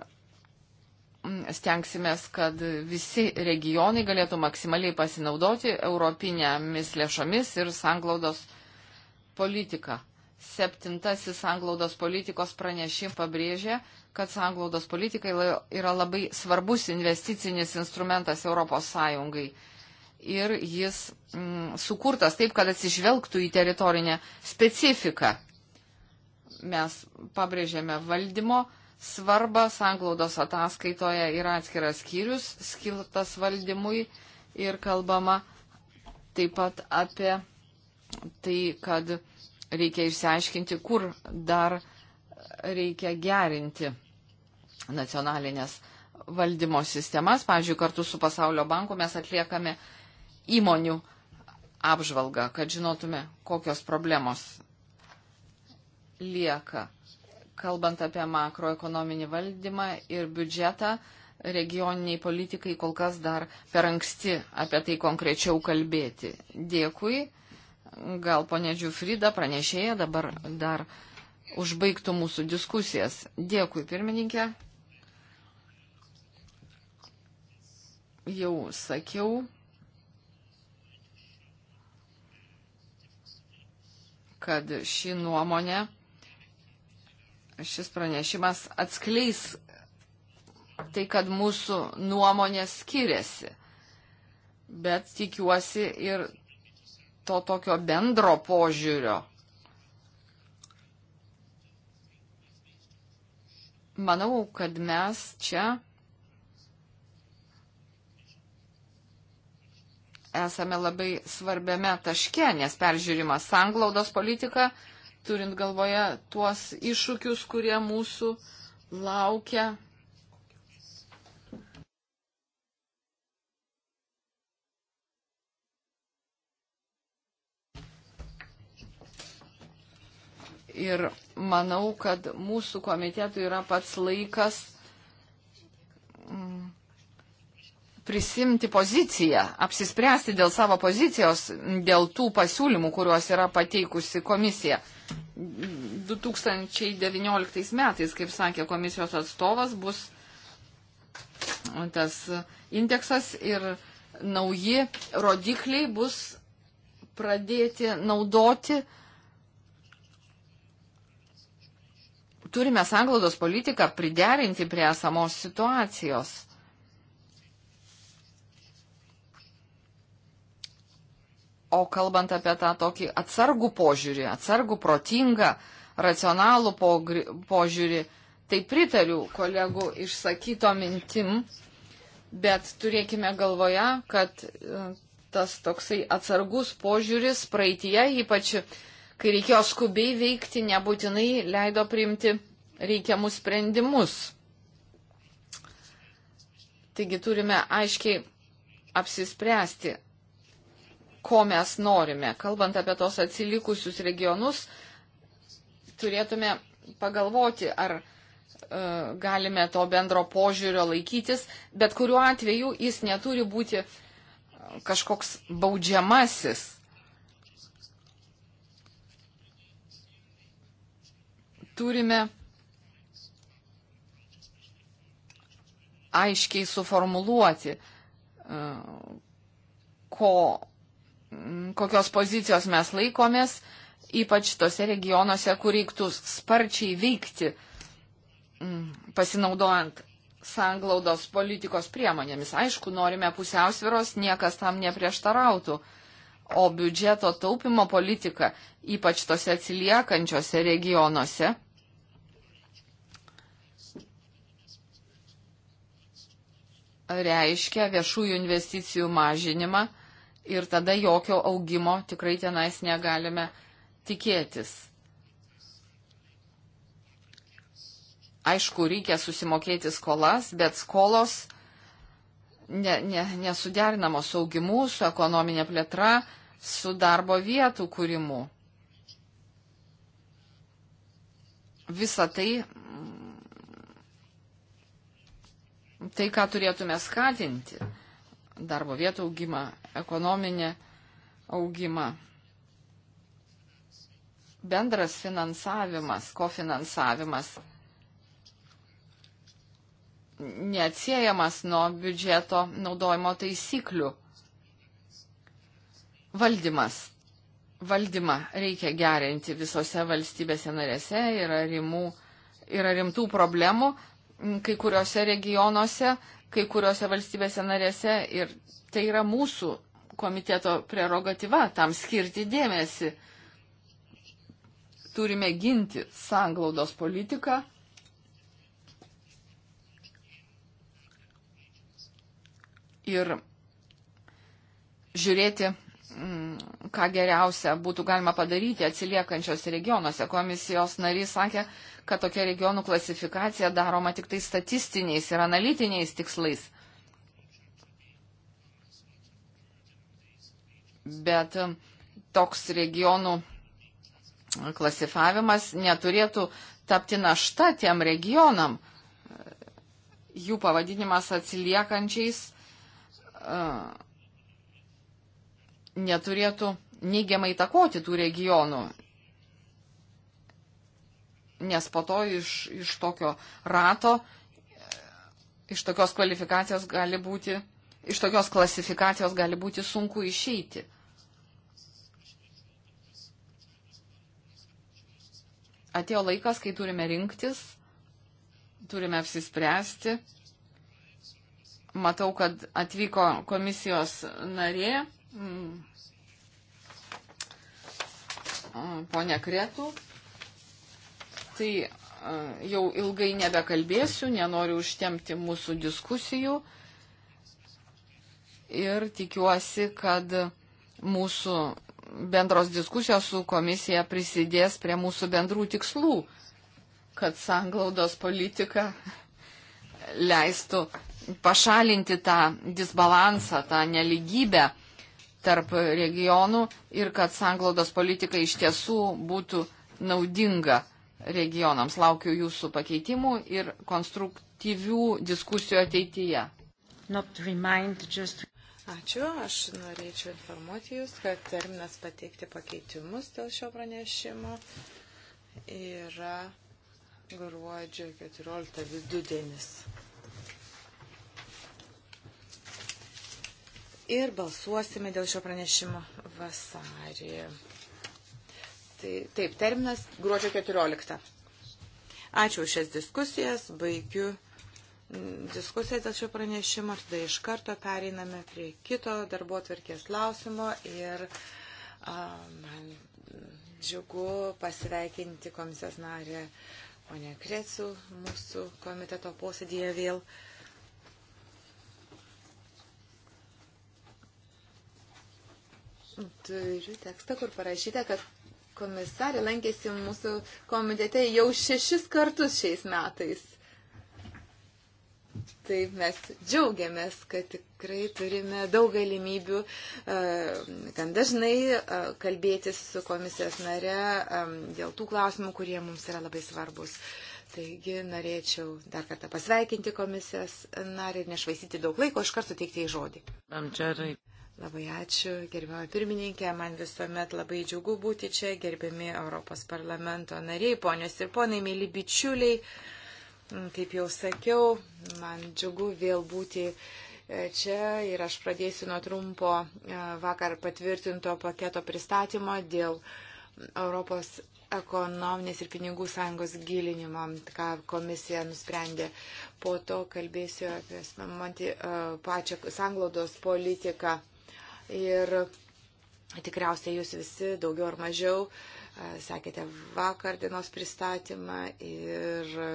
stengsimės, kad visi regionai galėtų maksimaliai pasinaudoti europinėmis lėšomis ir sanglaudos politiką septintasis sanglaudos politikos pranešimas pabrėžė, kad sanglaudos politikai yra labai svarbus investicinis instrumentas ES ir jis mm, sukurtas taip, kad atsižvelgtų į teritorinę specifiką. Mes pabrėžėme valdymo svarbą, sanglaudos ataskaitoje yra atskiras skyrius skiltas valdymui ir kalbama taip pat apie tai, kad mm, reikia išsiaiškinti, kur dar reikia gerinti nacionalinės valdymo sistemas. Pavyzdžiui, kartu su Pasaulio banku mes atliekame įmonių apžvalgą, kad žinotume, kokios problemos lieka. Kalbant apie makroekonominį valdymą ir biudžetą, regioniniai politikai kol kas dar per anksti apie tai konkrečiau kalbėti. Dėkui gal ponė Džiufrida pranešėja dabar dar užbaigtų mūsų diskusijas. Dėkui, pirmininkė. Jau sakiau, kad ši nuomonė, šis pranešimas atskleis tai, kad mūsų nuomonės skiriasi. Bet tikiuosi ir to tokio bendro požiūrio. Manau, kad mes čia esame labai svarbiame taške, nes peržiūrima sanglaudos politika, turint galvoje tuos iššūkius, kurie mūsų laukia Ir manau, kad mūsų komitetui yra pats laikas mm, prisimti poziciją, apsispręsti dėl savo pozicijos, dėl tų pasiūlymų, kuriuos yra pateikusi komisija. 2019 metais, kaip sakė komisijos atstovas, bus tas indeksas ir nauji rodikliai bus pradėti naudoti uh, turime sanglaudos politiką priderinti prie esamos situacijos. O kalbant apie tą tokį atsargų požiūrį, atsargų protingą, racionalų požiūrį, tai pritariu kolegų išsakyto mintim, bet turėkime galvoje, kad e, tas toksai atsargus požiūris praeitie, ypač kai reikėjo skubiai veikti, nebūtinai leido priimti reikiamus sprendimus. Taigi turime aiškiai apsispręsti, ko mes norime. Kalbant apie tos atsilikusius regionus, turėtume pagalvoti, ar e, galime to bendro požiūrio laikytis, bet kuriuo atveju jis neturi būti e, kažkoks baudžiamasis turime aiškiai suformuluoti, e, ko, kokios pozicijos mes laikomės, ypač tose regionuose, kur reiktų sparčiai veikti, pasinaudojant sanglaudos politikos priemonėmis. Aišku, norime pusiausviros, niekas tam neprieštarautų. O biudžeto taupimo politika, ypač tose atsiliekančiose regionuose, reiškia viešųjų investicijų mažinimą ir tada jokio augimo tikrai tenais negalime tikėtis. Aišku, reikia susimokėti skolas, bet skolos ne, ne, nesuderinamos su augimu, su ekonominė plėtra, su darbo vietų kūrimu. Visa tai tai, ką turėtume skatinti - darbo vietų augimą, ekonominį augimą. Bendras finansavimas, kofinansavimas neatsiejamas nuo biudžeto naudojimo taisyklių. Valdymas. Valdymą reikia gerinti visose valstybėse narėse, yra, rimų, yra rimtų problemų kai kuriuose regionuose, kai kuriuose valstybėse narėse ir tai yra mūsų komiteto prerogatyva tam skirti dėmesį. Turime ginti sanglaudos politiką. Ir žiūrėti, Mm, ką geriausia būtų galima padaryti atsiliekančios regionuose. Komisijos narys sakė, kad tokia regionų klasifikacija daroma tik tai statistiniais ir analitiniais tikslais. Bet mm, toks regionų klasifavimas neturėtų tapti našta tiem regionam. Jų pavadinimas atsiliekančiais uh, neturėtų neigiamai takoti tų regionų, nes po to iš, iš tokio rato, iš tokios kvalifikacijos gali būti, iš tokios klasifikacijos gali būti sunku išeiti. Atėjo laikas, kai turime rinktis, turime apsispręsti. Matau, kad atvyko komisijos narė. Mm. Pone Kretų, tai jau ilgai nebekalbėsiu, nenoriu užtemti mūsų diskusijų ir tikiuosi, kad mūsų bendros diskusijos su komisija prisidės prie mūsų bendrų tikslų, kad sanglaudos politika leistų pašalinti tą disbalansą, tą neligybę tarp regionų ir kad sanglaudos politika iš tiesų būtų naudinga regionams. Laukiu jūsų pakeitimų ir konstruktyvių diskusijų ateityje. Remind, just... Ačiū, aš norėčiau informuoti Jūs, kad terminas pateikti pakeitimus dėl šio pranešimo yra gruodžio 14 vidudienis. ir balsuosime dėl šio pranešimo vasarį. Tai, taip, terminas gruodžio 14. Ačiū už šias diskusijas, baigiu mm, diskusijas dėl šio pranešimo, tada iš karto pereiname prie kito darbo atverkės klausimo ir a, man džiugu pasveikinti komisijos narę Onė Krecų mūsų komiteto posėdėje vėl. Turiu tekstą, kur parašyta, kad komisarė lankėsi mūsų komitete jau šešis kartus šiais metais. Taip, mes džiaugiamės, kad tikrai turime daug galimybių, e, gan dažnai e, kalbėtis su komisijos nare e, dėl tų klausimų, kurie mums yra labai svarbus. Taigi norėčiau dar kartą pasveikinti komisijos narį ir nešvaisyti daug laiko, iš karto teikti į žodį. Amčarai. Labai ačiū, gerbiamą pirmininkę, man visuomet labai džiugu būti čia, gerbiami Europos parlamento nariai, ponios ir ponai, mėly bičiuliai. Mm, kaip jau sakiau, man džiugu vėl būti e, čia ir aš pradėsiu nuo trumpo e, vakar patvirtinto paketo pristatymo dėl Europos ekonominės ir pinigų sąjungos gilinimo, ką komisija nusprendė. Po to kalbėsiu apie manti, e, pačią sanglaudos politiką Ir tikriausiai jūs visi daugiau ar mažiau e, sekėte vakar dienos pristatymą ir e,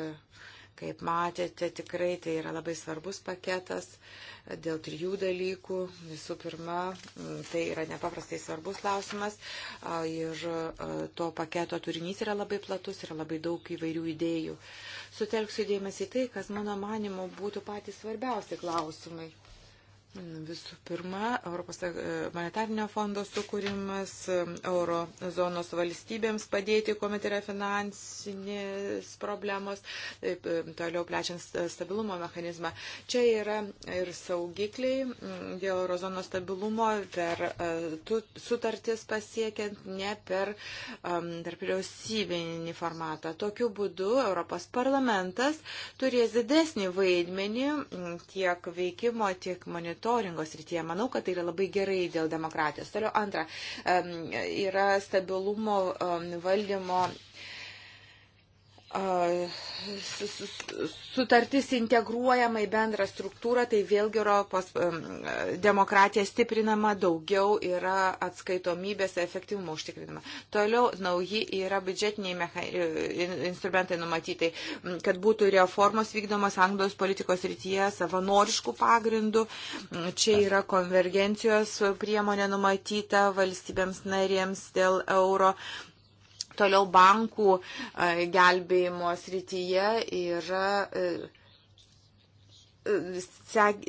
kaip matėte, tikrai tai yra labai svarbus paketas e, dėl trijų dalykų. Visų pirma, tai yra nepaprastai svarbus klausimas ir to paketo turinys yra labai platus, yra labai daug įvairių idėjų. Sutelksiu dėmesį į tai, kas mano manimo būtų patys svarbiausi klausimai. Visų pirma, Europos e, monetarnio fondo sukūrimas, e, euro zonos valstybėms padėti, kuomet yra finansinės problemos, taip, e, toliau plečiant stabilumo mechanizmą. Čia yra ir saugikliai dėl euro zonos stabilumo per sutartis pasiekiant, ne per tarp vyriausybinį formatą. Tokiu būdu Europos parlamentas turės didesnį vaidmenį tiek veikimo, tiek monitoringo monitoringo srityje. Manau, kad tai yra labai gerai dėl demokratijos. Toliau antra, yra stabilumo valdymo sutartis integruojama į bendrą struktūrą, tai vėlgi Europos demokratija stiprinama, daugiau yra atskaitomybės efektyvumo užtikrinama. Toliau nauji yra biudžetiniai mecha... instrumentai numatytai, kad būtų reformos vykdomas Anglijos politikos rytyje savanoriškų pagrindų. Čia yra konvergencijos priemonė numatyta valstybėms narėms dėl euro Toliau bankų e, gelbėjimo srityje yra e,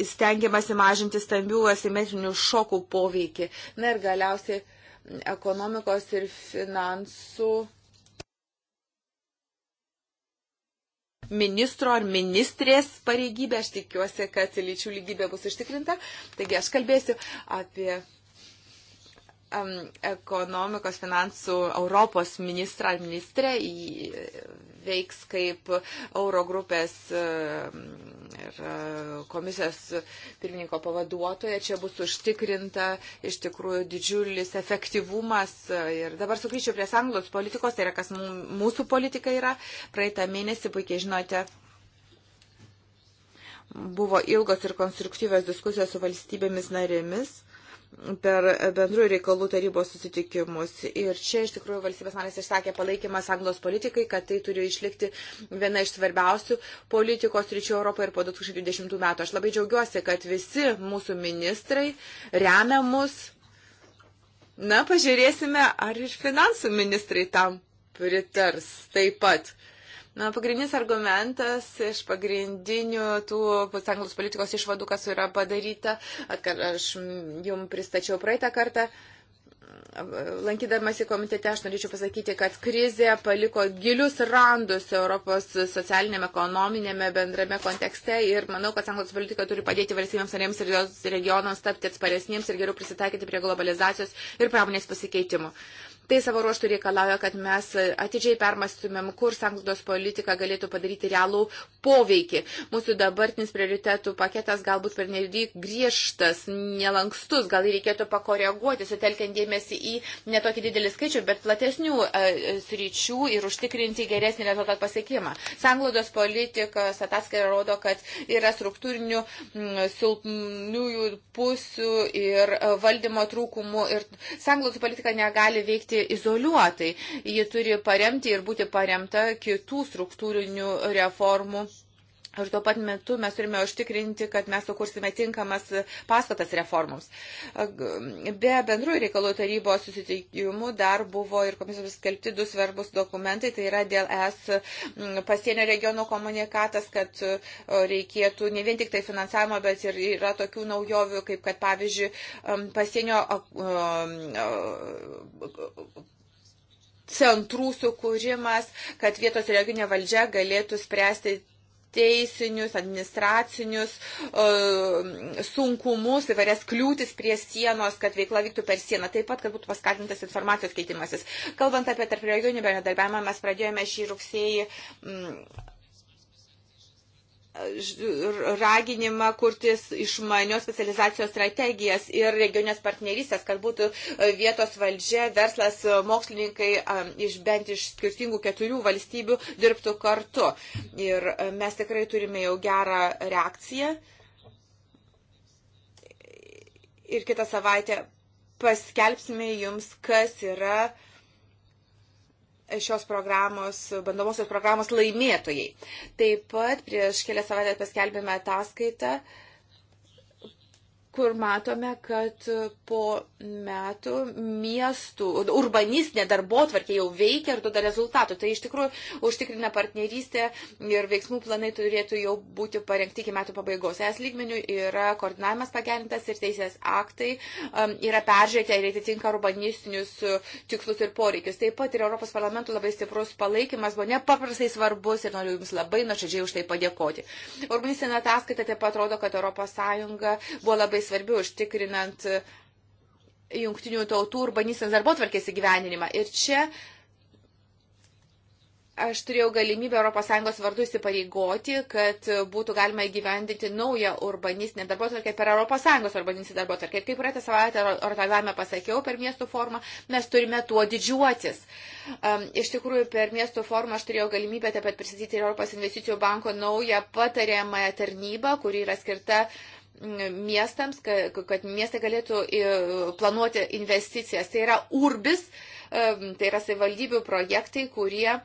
stengiamasi mažinti stambių asimetrinių šokų poveikį. Na ir galiausiai ekonomikos ir finansų ministro ar ministrės pareigybė. Aš tikiuosi, kad lyčių lygybė bus užtikrinta. Taigi aš kalbėsiu apie ekonomikos finansų Europos ministra ar ministrė veiks kaip Eurogrupės ir e, komisijos pirmininko pavaduotoja. Čia bus užtikrinta iš tikrųjų didžiulis efektyvumas. Ir dabar sugrįšiu prie sanglos politikos, tai yra kas mūsų politika yra. Praeitą mėnesį, puikiai žinote, buvo ilgos ir konstruktyvios diskusijos su valstybėmis narėmis per bendrųjų reikalų tarybos susitikimus. Ir čia iš tikrųjų valstybės narės išsakė palaikymą anglos politikai, kad tai turi išlikti viena iš svarbiausių politikos ryčių Europoje ir po 2020 metų. Aš labai džiaugiuosi, kad visi mūsų ministrai remia mus. Na, pažiūrėsime, ar ir finansų ministrai tam pritars taip pat. Na, pagrindinis argumentas iš pagrindinių tų sąjungos politikos išvadų, kas yra padaryta, kad aš jums pristačiau praeitą kartą. Lankydamasi komitete aš norėčiau pasakyti, kad krizė paliko gilius randus Europos socialinėme, ekonominėme, bendrame kontekste ir manau, kad sankcijos politika turi padėti valstybėms narėms ir jos regionams tapti atsparesniems ir geriau prisitaikyti prie globalizacijos ir pramonės pasikeitimų. Uh, Tai savo ruoštų reikalauja, kad mes atidžiai permastumėm, kur sanglaudos politika galėtų padaryti realų poveikį. Mūsų dabartinis prioritetų paketas galbūt per nevyk griežtas, nelankstus, gal reikėtų pakoreguoti, sutelkiant dėmesį į netokį didelį skaičių, bet platesnių e, e, sričių ir užtikrinti geresnį rezultatų pasiekimą. Sanglaudos politikos ataskaita rodo, kad yra struktūrinių silpniųjų pusių ir e, valdymo trūkumų ir sanglaudos politika negali veikti veikti izoliuotai. Ji turi paremti ir būti paremta kitų struktūrinių reformų Ir tuo pat metu mes turime užtikrinti, kad mes sukursime tinkamas pastatas reformoms. Be bendrųjų reikalų tarybos susitikimų dar buvo ir komisijos skelbti du svarbus dokumentai. Tai yra dėl es pasienio regionų komunikatas, kad e, reikėtų ne vien tik tai finansavimo, bet ir yra tokių naujovių, kaip kad pavyzdžiui pasienio centrų sukūrimas, kad vietos regioninė valdžia galėtų spręsti teisinius, administracinius e, sunkumus, įvairias kliūtis prie sienos, kad veikla vyktų per sieną, taip pat, kad būtų paskatintas informacijos keitimasis. Kalbant apie tarp regioninį bendradarbiavimą, mes pradėjome šį rugsėjį raginimą kurtis išmanios specializacijos strategijas ir regionės partnerystės, kad būtų e, vietos valdžia, verslas, e, mokslininkai iš bent iš skirtingų keturių valstybių dirbtų kartu. Ir e, mes tikrai turime jau gerą reakciją. Ir kitą savaitę paskelbsime jums, kas yra uh, šios programos, bandomosios programos laimėtojai. Taip pat prieš kelias savaitės paskelbėme ataskaitą kur matome, kad po metų miestų urbanistinė darbo tvarkė jau veikia ir duoda rezultatų. Tai iš tikrųjų užtikrina partnerystę ir veiksmų planai turėtų jau būti parengti iki metų pabaigos. Es lygmenių yra koordinavimas pagerintas ir teisės aktai um, yra peržiūrėti ir atitinka urbanistinius uh, tikslus ir poreikius. Taip pat ir Europos parlamentų labai stiprus palaikymas buvo nepaprastai svarbus ir noriu Jums labai nuoširdžiai už tai padėkoti. Urbanistinė ataskaita taip pat rodo, kad ES buvo labai svarbi užtikrinant e, jungtinių tautų urbanistinės darbo tvarkės įgyveninimą. Ir čia aš turėjau galimybę ES vardu įsipareigoti, kad būtų galima įgyvendinti naują urbanistinę darbo tvarkę per ES urbanistinę darbo tvarkę. Ir kaip praeitą savaitę Rotavame pasakiau per miestų formą, mes turime tuo didžiuotis. Um, iš tikrųjų, per miestų formą aš turėjau galimybę taip pat pristatyti ir Europos investicijų banko naują patariamąją tarnybą, kuri yra skirta uh, miestams, kad, kad miestai galėtų e, planuoti investicijas. Tai yra urbis, e, tai yra savivaldybių projektai, kurie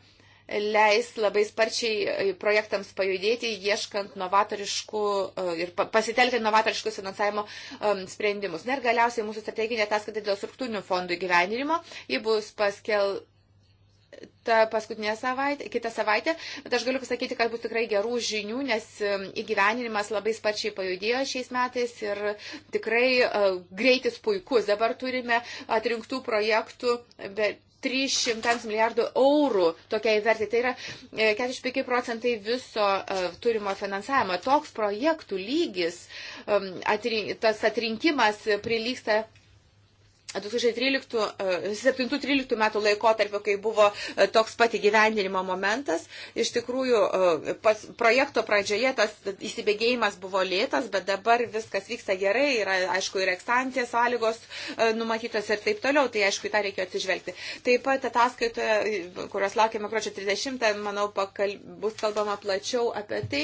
leis labai sparčiai e, projektams pajudėti, ieškant novatoriškų ir pasitelkiant novatoriškus finansavimo sprendimus. Na ir galiausiai mūsų strateginė ataskaita dėl struktūrinių fondų gyvenimo, ji bus paskel, ta paskutinė savaitė, kitą savaitę, bet aš galiu pasakyti, kad bus tikrai gerų žinių, nes um, įgyveninimas labai sparčiai pajudėjo šiais metais ir tikrai uh, greitis puikus. Dabar turime atrinktų projektų, bet 300 milijardų eurų tokiai vertė. Tai yra 45 e, procentai viso e, turimo finansavimo. Toks projektų lygis, um, tas atrinkimas prilyksta 2007-2013 e, metų laikotarpio, kai buvo e, toks pat įgyvendinimo momentas, iš tikrųjų e, pas, projekto pradžioje tas įsibėgėjimas buvo lėtas, bet dabar viskas vyksta gerai, yra aišku ir ekstantės sąlygos numatytos ir taip toliau, tai aišku, į tą reikėjo atsižvelgti. Taip pat ataskaitoje, kurios laukiame gruodžio 30, manau, pakal, bus kalbama plačiau apie tai,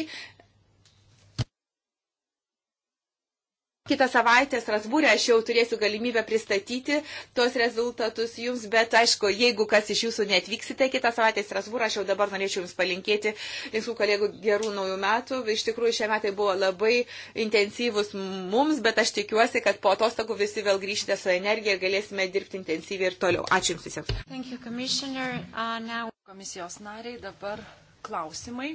Kitą savaitę Strasbūrė aš jau turėsiu galimybę pristatyti tuos rezultatus jums, bet aišku, jeigu kas iš jūsų netvyksite kitą savaitę į Strasbūrą, aš jau dabar norėčiau jums palinkėti visų kolegų gerų naujų metų. Iš tikrųjų, šie metai buvo labai intensyvus mums, bet aš tikiuosi, kad po atostogų visi vėl grįžite su energija ir galėsime dirbti intensyviai ir toliau. Ačiū Jums visiems. Thank you, Commissioner. Uh, now... Komisijos nariai, dabar klausimai.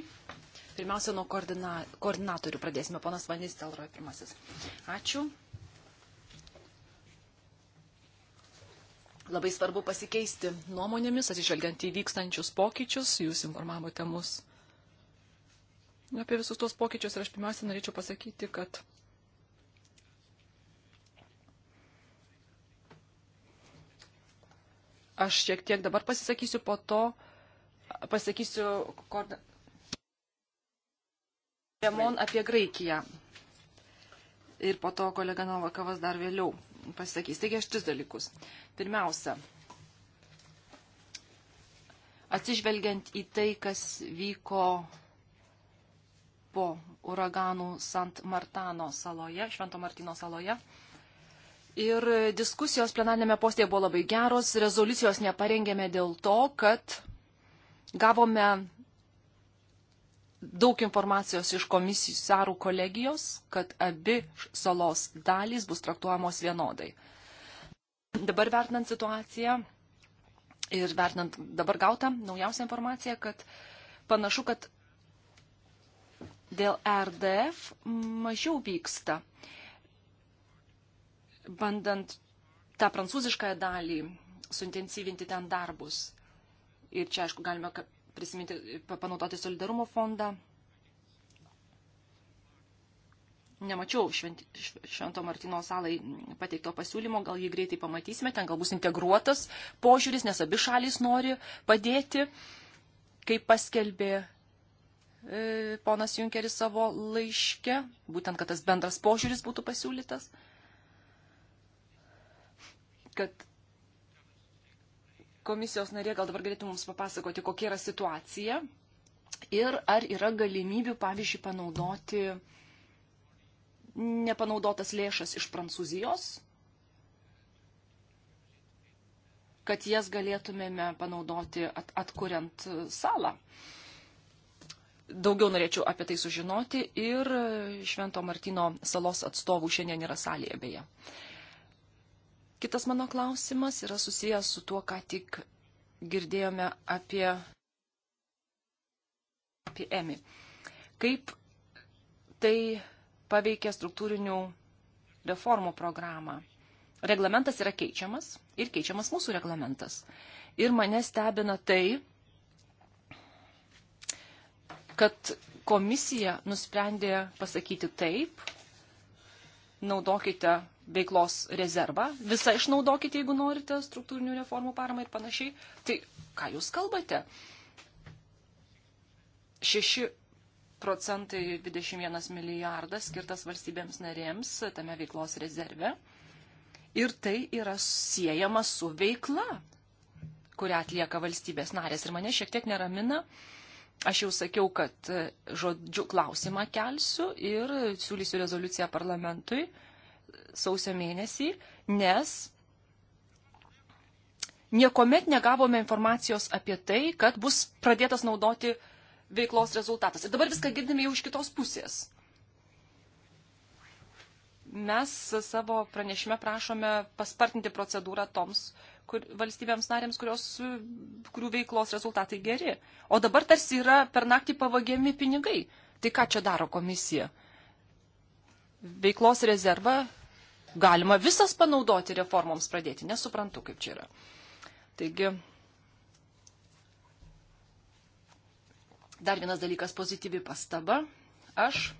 Pirmiausia, nuo koordina, koordinatorių pradėsime. Ponas Vanys Telroj pirmasis. Ačiū. Labai svarbu pasikeisti nuomonėmis, atsižvelgiant į vykstančius pokyčius. Jūs informavote mus apie visus tuos pokyčius ir aš pirmiausia norėčiau pasakyti, kad aš šiek tiek dabar pasisakysiu po to, pasakysiu Demon apie Graikiją. Ir po to kolega Novakovas dar vėliau pasakys. Taigi aš tris dalykus. Pirmiausia, atsižvelgiant į tai, kas vyko po uraganų Sant Martano saloje, Švento Martino saloje. Ir diskusijos plenarnėme postėje buvo labai geros, rezoliucijos neparengėme dėl to, kad gavome daug informacijos iš komisarų kolegijos, kad abi salos dalys bus traktuojamos vienodai. Dabar vertinant situaciją ir vertinant dabar gautą naujausią informaciją, kad panašu, kad dėl RDF mažiau vyksta. Bandant tą prancūziškąją dalį suintensyvinti ten darbus. Ir čia, aišku, galime prisiminti, panaudoti solidarumo fondą. Nemačiau šventi, Švento Martino salai pateikto pasiūlymo, gal jį greitai pamatysime, ten gal bus integruotas požiūris, nes abi šalys nori padėti, kaip paskelbė e, ponas Junkeris savo laiške, būtent, kad tas bendras požiūris būtų pasiūlytas, kad komisijos narė gal dabar galėtų mums papasakoti, kokia yra situacija ir ar yra galimybių, pavyzdžiui, panaudoti nepanaudotas lėšas iš Prancūzijos, kad jas galėtumėme panaudoti at, atkuriant salą. Daugiau norėčiau apie tai sužinoti ir Švento Martino salos atstovų šiandien yra salėje beje. Kitas mano klausimas yra susijęs su tuo, ką tik girdėjome apie, apie EMI. Kaip tai paveikia struktūrinių reformų programą? Reglamentas yra keičiamas ir keičiamas mūsų reglamentas. Ir mane stebina tai, kad komisija nusprendė pasakyti taip, naudokite veiklos rezervą, visą išnaudokite, jeigu norite, struktūrinių reformų paramą ir panašiai. Tai ką jūs kalbate? 6 procentai 21 milijardas skirtas valstybėms narėms tame veiklos rezerve. Ir tai yra siejama su veikla, kurią atlieka valstybės narės. Ir mane šiek tiek neramina, aš jau sakiau, kad žodžių klausimą kelsiu ir siūlysiu rezoliuciją parlamentui sausio mėnesį, nes niekuomet negavome informacijos apie tai, kad bus pradėtas naudoti veiklos rezultatas. Ir dabar viską girdime jau iš kitos pusės. Mes savo pranešime prašome paspartinti procedūrą toms kur, valstybėms narėms, kurios, kurių veiklos rezultatai geri. O dabar tarsi yra per naktį pavagiami pinigai. Tai ką čia daro komisija? Veiklos rezervą galima visas panaudoti reformoms pradėti. Nesuprantu, kaip čia yra. Taigi, dar vienas dalykas pozityvi pastaba. Aš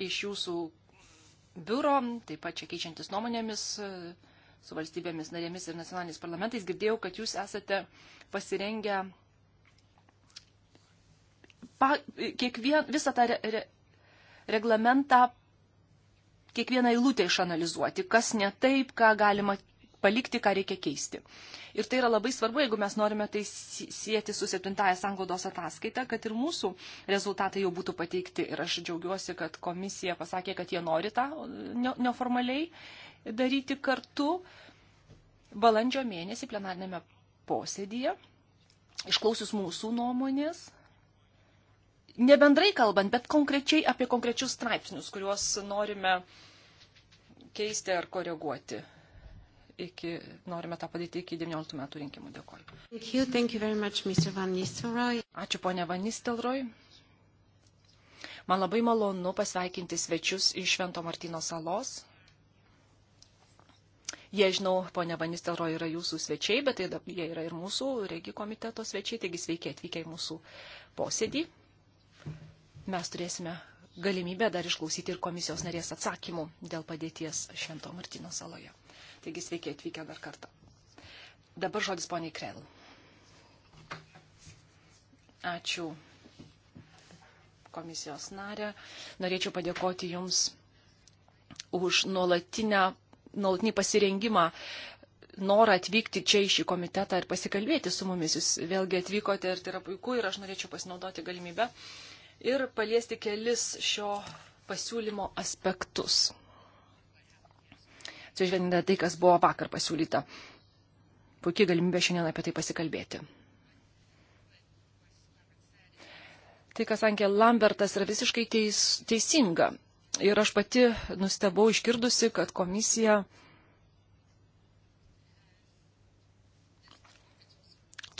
iš jūsų biuro, taip pat čia keičiantis nuomonėmis su valstybėmis narėmis ir nacionaliniais parlamentais, girdėjau, kad jūs esate pasirengę pa, kiekvien, visą tą re, re, reglamentą kiekvieną eilutę išanalizuoti, kas ne taip, ką galima palikti, ką reikia keisti. Ir tai yra labai svarbu, jeigu mes norime tai sieti su septintaja sangodos ataskaita, kad ir mūsų rezultatai jau būtų pateikti. Ir aš džiaugiuosi, kad komisija pasakė, kad jie nori tą neformaliai daryti kartu balandžio mėnesį plenarnėme posėdyje. Išklausius mūsų nuomonės, ne bendrai kalbant, bet konkrečiai apie konkrečius straipsnius, kuriuos norime keisti ar koreguoti. Iki, norime tą padaryti iki 19 metų rinkimų. Dėkoju. Thank you, thank you much, Ačiū ponia Van Nistelroj. Man labai malonu pasveikinti svečius iš Švento Martino salos. Jie, žinau, ponia Vanistero yra jūsų svečiai, bet tai, jie yra ir mūsų regi komiteto svečiai, taigi sveiki atvykę į mūsų posėdį mes turėsime galimybę dar išklausyti ir komisijos narės atsakymų dėl padėties Švento Martino saloje. Taigi sveiki atvykę dar kartą. Dabar žodis poniai Krell. Ačiū komisijos narė. Norėčiau padėkoti Jums už nuolatinį pasirengimą, norą atvykti čia į šį komitetą ir pasikalbėti su mumis. Jūs vėlgi atvykote ir tai yra puiku ir aš norėčiau pasinaudoti galimybę uh, ir paliesti kelis šio pasiūlymo aspektus. Atsižvelgiant tai, kas buvo vakar pasiūlyta. Puikiai galimybė šiandien apie tai pasikalbėti. Tai, kas Ankė Lambertas, yra visiškai teis, teisinga. Ir aš pati nustebau išgirdusi, kad komisija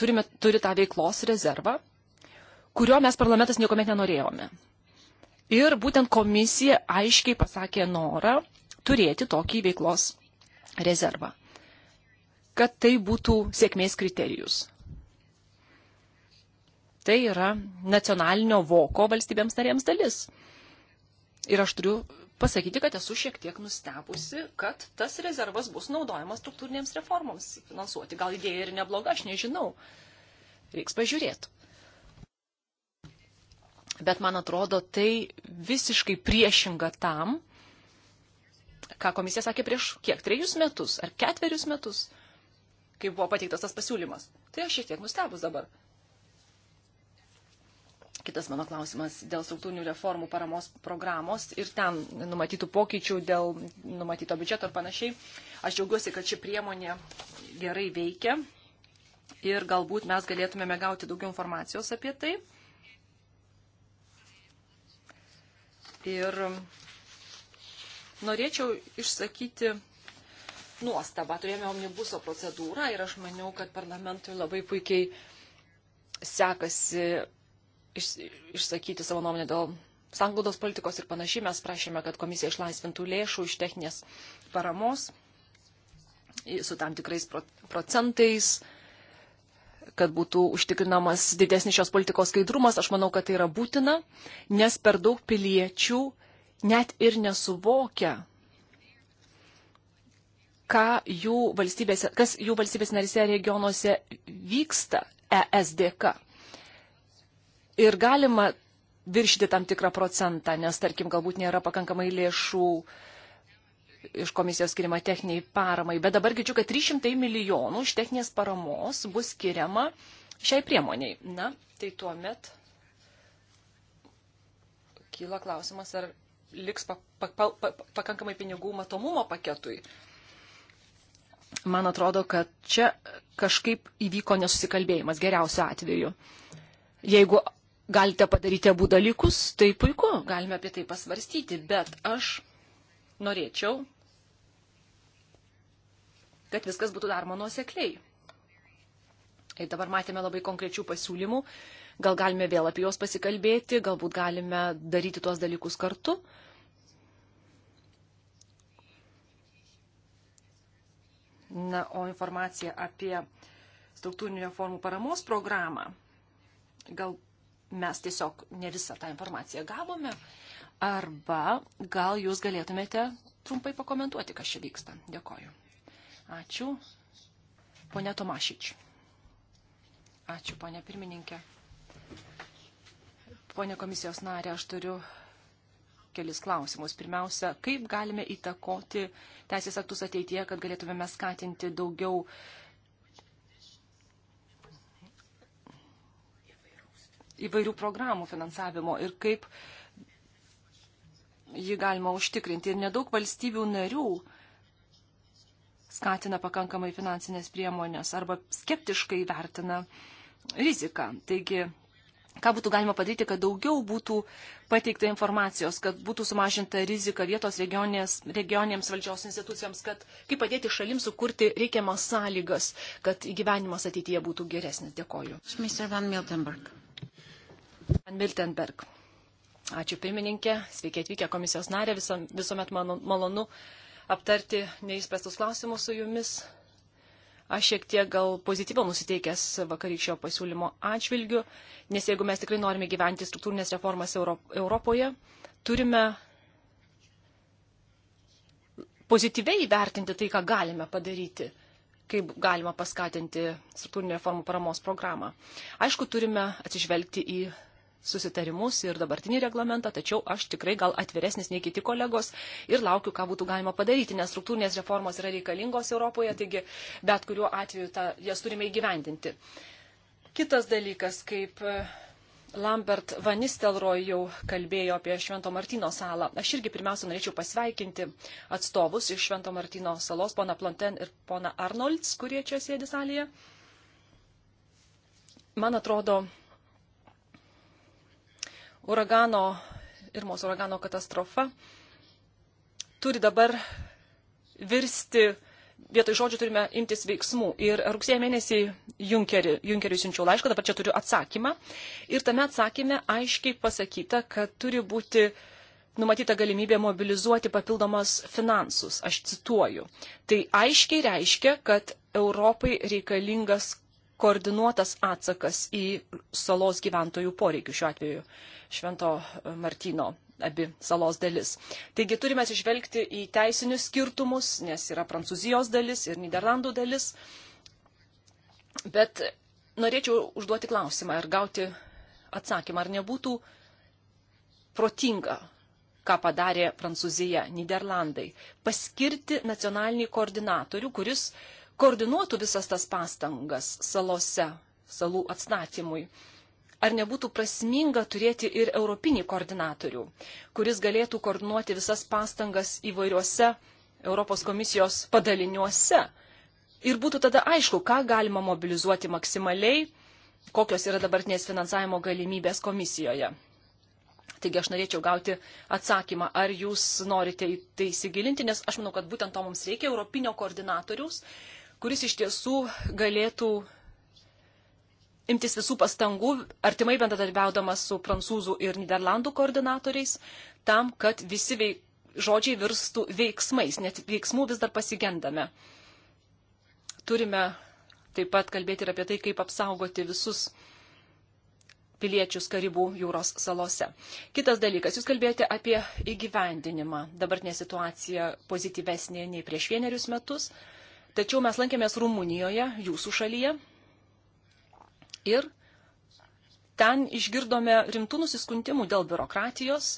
turime, turi tą veiklos rezervą, kurio mes parlamentas niekuomet nenorėjome. Ir būtent komisija aiškiai pasakė norą turėti tokį veiklos rezervą, kad tai būtų sėkmės kriterijus. Tai yra nacionalinio voko valstybėms narėms dalis. Ir aš turiu pasakyti, kad esu šiek tiek nustebusi, kad tas rezervas bus naudojamas struktūrinėms reformoms finansuoti. Gal idėja ir nebloga, aš nežinau. Reiks pažiūrėti. Bet man atrodo, tai visiškai priešinga tam, ką komisija sakė prieš kiek, trejus metus ar ketverius metus, kai buvo pateiktas tas pasiūlymas. Tai aš šiek tiek nustebus dabar. Kitas mano klausimas dėl struktūrinių reformų paramos programos ir ten numatytų pokyčių dėl numatyto biudžeto ir panašiai. Aš džiaugiuosi, kad ši priemonė gerai veikia ir galbūt mes galėtumėme gauti daugiau informacijos apie tai. Ir norėčiau išsakyti nuostabą. Turėjome omnibuso procedūrą ir aš maniau, kad parlamentui labai puikiai sekasi iš, išsakyti savo nuomonę dėl sanglaudos politikos ir panašiai. Mes prašėme, kad komisija išlaisvintų lėšų iš techninės paramos su tam tikrais procentais kad būtų užtikrinamas didesnis šios politikos skaidrumas. Aš manau, kad tai yra būtina, nes per daug piliečių net ir nesuvokia, jų kas jų valstybės narise regionuose vyksta ESDK. Ir galima viršyti tam tikrą procentą, nes, tarkim, galbūt nėra pakankamai lėšų uh, iš komisijos skiriama techniniai paramai, bet dabar girdžiu, kad 300 milijonų iš techninės paramos bus skiriama šiai priemoniai. Na, tai tuo met kyla klausimas, ar liks pa, pa, pa, pa, pakankamai pinigų matomumo paketui. Man atrodo, kad čia kažkaip įvyko nesusikalbėjimas geriausiu atveju. Jeigu galite padaryti abu dalykus, tai puiku, galime apie tai pasvarstyti, bet aš norėčiau, kad viskas būtų daroma nuosekliai. Ir dabar matėme labai konkrečių pasiūlymų, gal galime vėl apie juos pasikalbėti, galbūt galime daryti tuos dalykus kartu. Na, o informacija apie struktūrinių reformų paramos programą, gal mes tiesiog ne visą tą informaciją gavome, Arba gal jūs galėtumėte trumpai pakomentuoti, kas čia vyksta. Dėkoju. Ačiū. Pone Tomašič. Ačiū, ponė pirmininkė. Pone komisijos narė, aš turiu kelis klausimus. Pirmiausia, kaip galime įtakoti teisės aktus ateityje, kad galėtumėme skatinti daugiau įvairių programų finansavimo ir kaip uh, jį galima užtikrinti. Ir nedaug valstybių narių skatina pakankamai finansinės priemonės arba skeptiškai vertina riziką. Taigi, ką būtų galima padaryti, kad daugiau būtų pateikta informacijos, kad būtų sumažinta rizika vietos regionės, regionėms valdžios institucijoms, kad kaip padėti šalims sukurti reikiamas sąlygas, kad įgyvenimas ateityje būtų geresnis. Dėkoju. Mr. Van Miltenberg. Van Miltenberg. Ačiū pirmininkė, sveiki atvykę komisijos narė, Visom, visuomet man, malonu aptarti neįspręstus klausimus su jumis. Aš šiek tiek gal pozityviau nusiteikęs vakarykščio pasiūlymo atžvilgiu, nes jeigu mes tikrai norime gyventi struktūrinės reformas Europoje, turime pozityviai vertinti tai, ką galime padaryti kaip galima paskatinti struktūrinio reformų paramos programą. Aišku, turime atsižvelgti į susitarimus ir dabartinį reglamentą, tačiau aš tikrai gal atviresnis nei kiti kolegos ir laukiu, ką būtų galima padaryti, nes struktūrinės reformos yra reikalingos Europoje, taigi bet kuriuo atveju ta, jas turime įgyvendinti. Kitas dalykas, kaip e, Lambert Vanistelroj jau kalbėjo apie Švento Martino salą. Aš irgi pirmiausia norėčiau pasveikinti atstovus iš Švento Martino salos, pona Planten ir pona Arnolds, kurie čia sėdi salėje. Man atrodo, uragano, Irmos uragano katastrofa turi dabar virsti, vietoj žodžių turime imtis veiksmų. Ir rugsėjo mėnesį Junkerį, Junkeriui siunčiau laišką, dabar čia turiu atsakymą. Ir tame atsakyme aiškiai pasakyta, kad turi būti numatyta galimybė mobilizuoti papildomas finansus. Aš cituoju. Tai aiškiai reiškia, kad Europai reikalingas koordinuotas atsakas į salos gyventojų poreikių, šiuo atveju Švento Martino abi salos dalis. Taigi turime atsižvelgti į teisinius skirtumus, nes yra Prancūzijos dalis ir Niderlandų dalis. Bet norėčiau užduoti klausimą ir gauti atsakymą, ar nebūtų protinga, ką padarė Prancūzija, Niderlandai, paskirti nacionalinį koordinatorių, kuris uh, koordinuotų visas tas pastangas salose, salų atstatymui. Ar nebūtų prasminga turėti ir europinį koordinatorių, kuris galėtų koordinuoti visas pastangas įvairiuose Europos komisijos padaliniuose? Ir būtų tada aišku, ką galima mobilizuoti maksimaliai, kokios yra dabartinės finansavimo galimybės komisijoje. Taigi aš norėčiau gauti atsakymą, ar jūs norite į tai įsigilinti, nes aš manau, kad būtent to mums reikia europinio koordinatoriaus, kuris iš tiesų galėtų imtis visų pastangų, artimai bendradarbiaudamas su prancūzų ir Niderlandų koordinatoriais, tam, kad visi veik, žodžiai virstų veiksmais, net veiksmų vis dar pasigendame. Turime taip pat kalbėti ir apie tai, kaip apsaugoti visus piliečius Karibų jūros salose. Kitas dalykas, jūs kalbėjote apie įgyvendinimą. Dabartinė situacija pozityvesnė nei prieš vienerius metus. Uh, Tačiau mes lankėmės Rumunijoje, jūsų šalyje. Ir ten išgirdome rimtų nusiskundimų dėl biurokratijos,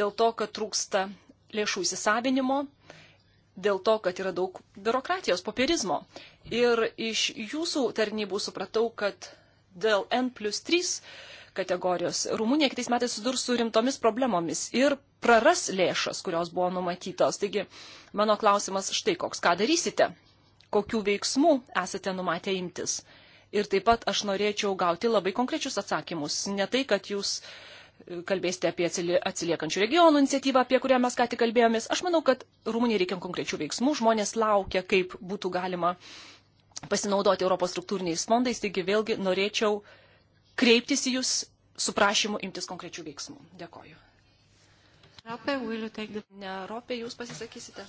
dėl to, kad trūksta lėšų įsisavinimo, dėl to, kad yra daug biurokratijos, popierizmo. Ir iš jūsų tarnybų supratau, kad dėl N plus 3 kategorijos Rumunija kitais metais sudurs su rimtomis problemomis ir praras lėšas, kurios buvo numatytos. Taigi, mano klausimas štai koks, ką darysite kokių veiksmų esate numatę imtis. Ir taip pat aš norėčiau gauti labai konkrečius atsakymus. Ne tai, kad jūs e, kalbėsite apie atsiliekančių regionų iniciatyvą, apie kurią mes ką tik kalbėjomės. Aš manau, kad Rumunijai reikia konkrečių veiksmų. Žmonės laukia, kaip būtų galima pasinaudoti Europos struktūriniais fondais. Taigi vėlgi norėčiau kreiptis į jūs su prašymu imtis konkrečių veiksmų. Dėkoju. Ropė, the... ne, Ropė, jūs pasisakysite.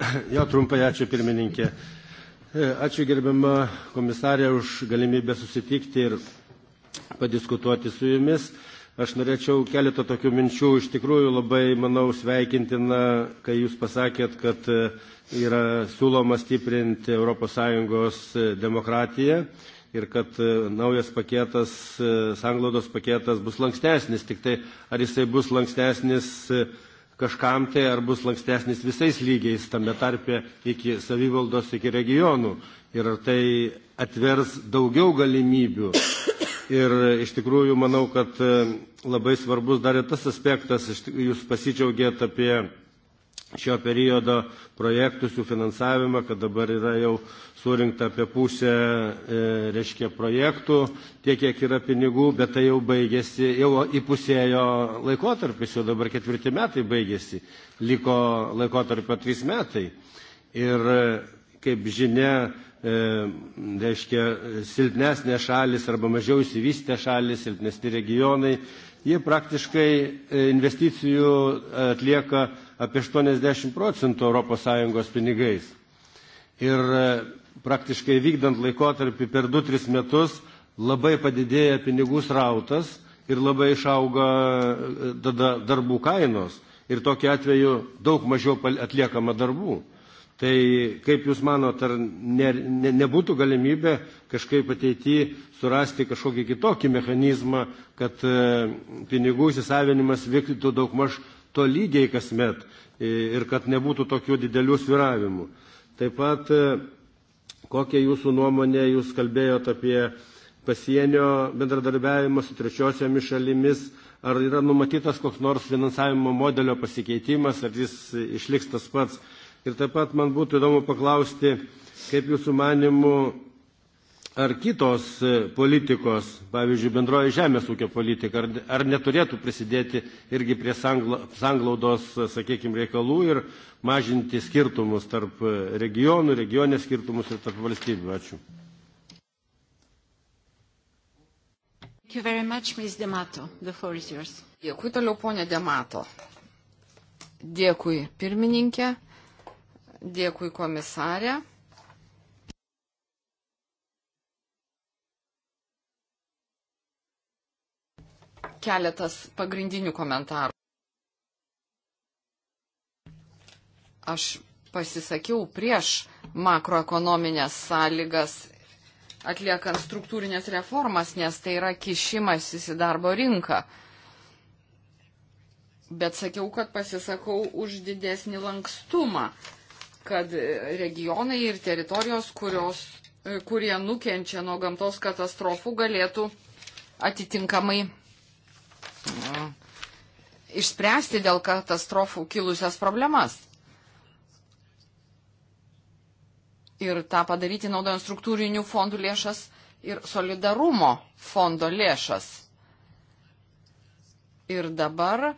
Jo, trumpai ačiū pirmininkė. E, ačiū gerbiama komisarė už galimybę susitikti ir padiskutuoti su jumis. Aš norėčiau keletą tokių minčių. Iš tikrųjų labai, manau, sveikintina, kai jūs pasakėt, kad e, yra siūloma stiprinti ES e, demokratiją ir kad naujas paketas, sanglaudos paketas bus lankstesnis. Tik tai ar jisai bus lankstesnis kažkam tai ar bus lankstesnis visais lygiais, tame tarpe iki savivaldos, iki regionų. Ir ar tai atvers daugiau galimybių. Ir iš tikrųjų manau, kad e, labai svarbus dar ir tas aspektas, jūs pasidžiaugėt apie šio periodo projektų sufinansavimą, kad dabar yra jau surinkta apie pusę, e, reiškia, projektų, tiek, kiek yra pinigų, bet tai jau baigėsi, jau įpusėjo laikotarpis, jau dabar ketvirti metai baigėsi, liko laikotarpio trys metai. Ir kaip žinia, e, reiškia, silpnesnės šalis arba mažiau įsivystę šalis, silpnesni regionai, jie praktiškai e, investicijų atlieka apie 80 procentų ES pinigais. Ir e, praktiškai vykdant laikotarpį per 2-3 metus labai padidėja pinigų srautas ir labai išauga e, tada darbų kainos. Ir tokiu atveju daug mažiau atliekama darbų. Tai kaip Jūs manot, ar ne, ne, nebūtų galimybė kažkaip ateityje surasti kažkokį kitokį mechanizmą, kad e, pinigų įsisavinimas vyktų daug maž to lygiai kasmet e, ir kad nebūtų tokių didelių sviravimų. Taip pat, e, kokią jūsų nuomonę jūs kalbėjote apie pasienio bendradarbiavimą su trečiosiomis šalimis, ar yra numatytas koks nors finansavimo modelio pasikeitimas, ar jis išliks tas pats. Ir taip pat man būtų įdomu paklausti, kaip jūsų manimų ar kitos e, politikos, pavyzdžiui, bendroji žemės ūkio politika, ar, ar neturėtų prisidėti irgi prie sanglaudos, e, sakykime, reikalų ir mažinti skirtumus tarp e, regionų, regionės skirtumus ir tarp valstybių. Ačiū. Dėkui toliau, ponė Demato. Dėkui pirmininkė, dėkui komisarė. keletas pagrindinių komentarų. Aš pasisakiau prieš makroekonominės sąlygas atliekant struktūrinės reformas, nes tai yra kišimasis į darbo rinką. Bet sakiau, kad pasisakau už didesnį lankstumą, kad regionai ir teritorijos, kurios, kurie nukenčia nuo gamtos katastrofų, galėtų atitinkamai išspręsti dėl katastrofų kilusias problemas. Ir tą padaryti naudojant struktūrinių fondų lėšas ir solidarumo fondo lėšas. Ir dabar,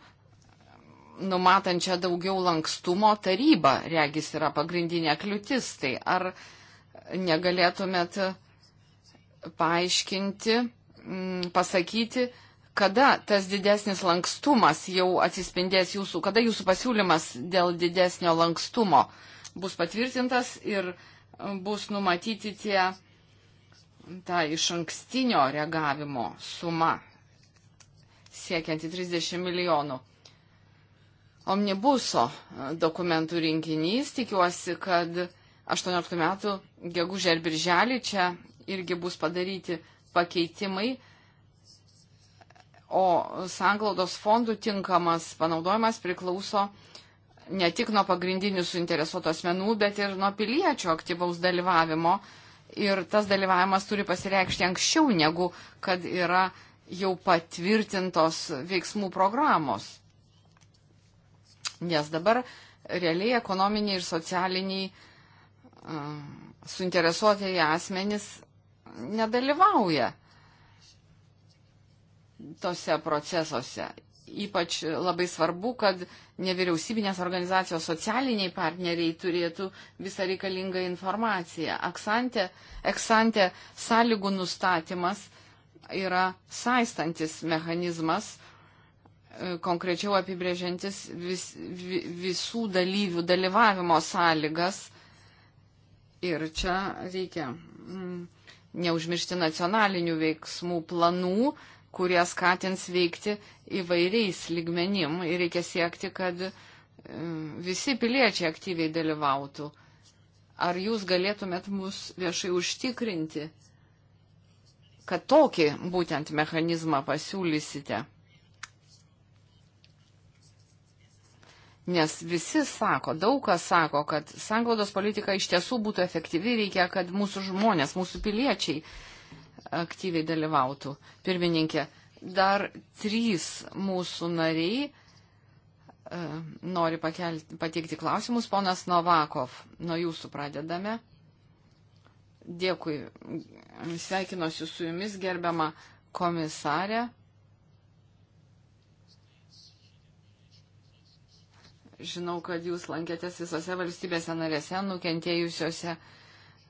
numatančia daugiau lankstumo taryba, regis yra pagrindinė kliūtis. Tai ar negalėtumėt paaiškinti, pasakyti, kada tas didesnis lankstumas jau atsispindės jūsų, kada jūsų pasiūlymas dėl didesnio lankstumo bus patvirtintas ir um, bus numatyti tie ta iš ankstinio reagavimo suma siekianti 30 milijonų. Omnibuso uh, dokumentų rinkinys, tikiuosi, kad 18 metų gegužė ir birželį čia irgi bus padaryti pakeitimai o sanglaudos fondų tinkamas panaudojimas priklauso ne tik nuo pagrindinių suinteresuotų asmenų, bet ir nuo piliečių aktyvaus dalyvavimo. Ir tas dalyvavimas turi pasireikšti anksčiau, negu kad yra jau patvirtintos veiksmų programos. Nes dabar realiai ekonominiai ir socialiniai uh, suinteresuotieji asmenys nedalyvauja tose procesuose. Ypač labai svarbu, kad nevyriausybinės organizacijos socialiniai partneriai turėtų visą reikalingą informaciją. Aksantė, eksantė sąlygų nustatymas yra saistantis mechanizmas, e, konkrečiau apibrėžiantis vis, visų dalyvių dalyvavimo sąlygas. Ir čia reikia mm, neužmiršti nacionalinių veiksmų planų, kurie skatins veikti įvairiais lygmenim ir reikia siekti, kad e, visi piliečiai aktyviai dalyvautų. Ar jūs galėtumėt mus viešai užtikrinti, kad tokį būtent mechanizmą pasiūlysite? Nes visi sako, daug kas sako, kad sanglaudos politika iš tiesų būtų efektyvi, reikia, kad mūsų žmonės, mūsų piliečiai aktyviai dalyvautų. Pirmininkė, dar trys mūsų nariai e, nori pakelti, pateikti klausimus. Ponas Novakov, nuo jūsų pradedame. Dėkui. Sveikinuosi su jumis, gerbiama komisarė. Žinau, kad jūs lankėtės visose valstybėse narėse, nukentėjusiose uh,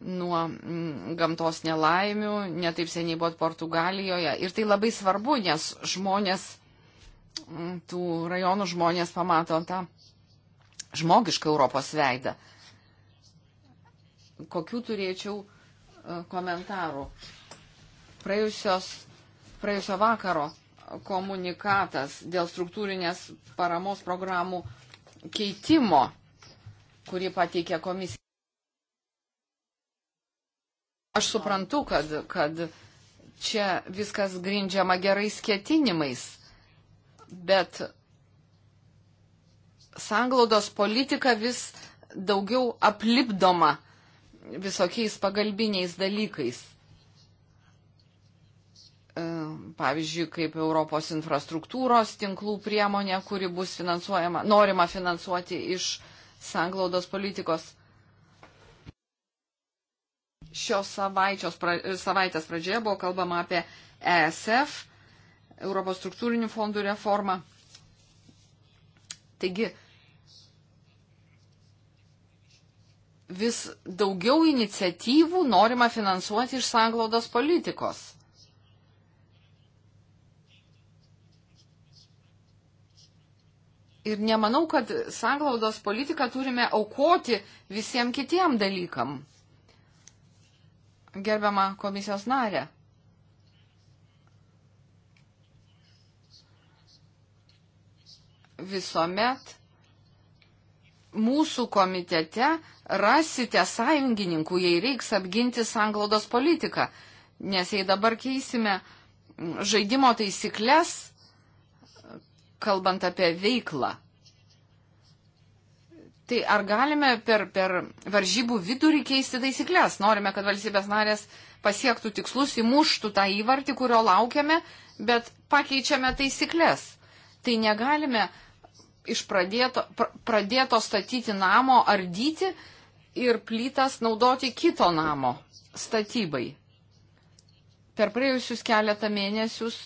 nuo mm, gamtos nelaimių, netaip seniai buvot Portugalijoje. Ir tai labai svarbu, nes žmonės, mm, tų rajonų žmonės pamato tą žmogišką Europos veidą. Kokių turėčiau e, komentarų? Praėjusios, praėjusio vakaro komunikatas dėl struktūrinės paramos programų keitimo, kurį pateikė komisija. Aš suprantu, kad, kad čia viskas grindžiama gerais ketinimais, bet sanglaudos politika vis daugiau aplipdoma visokiais pagalbiniais dalykais. E, pavyzdžiui, kaip Europos infrastruktūros tinklų priemonė, kuri bus finansuojama, norima finansuoti iš sanglaudos politikos šios pra, savaitės pradžioje buvo kalbama apie ESF, Europos struktūrinių fondų reformą. Taigi vis daugiau iniciatyvų norima finansuoti iš sanglaudos politikos. Ir nemanau, kad sanglaudos politiką turime aukoti visiems kitiem dalykam. Gerbiama komisijos narė. Visuomet mūsų komitete rasite sąjungininkų, jei reiks apginti sanglaudos politiką. Nes jei dabar keisime žaidimo taisyklės, kalbant apie veiklą, Tai ar galime per, per varžybų vidurį keisti taisyklės? Norime, kad valstybės narės pasiektų tikslus, įmuštų tą įvartį, kurio laukiame, bet pakeičiame taisyklės. Tai negalime iš pradėto, pr pradėto statyti namo ardyti ir plytas naudoti kito namo statybai. Per praėjusius keletą, mėnesius,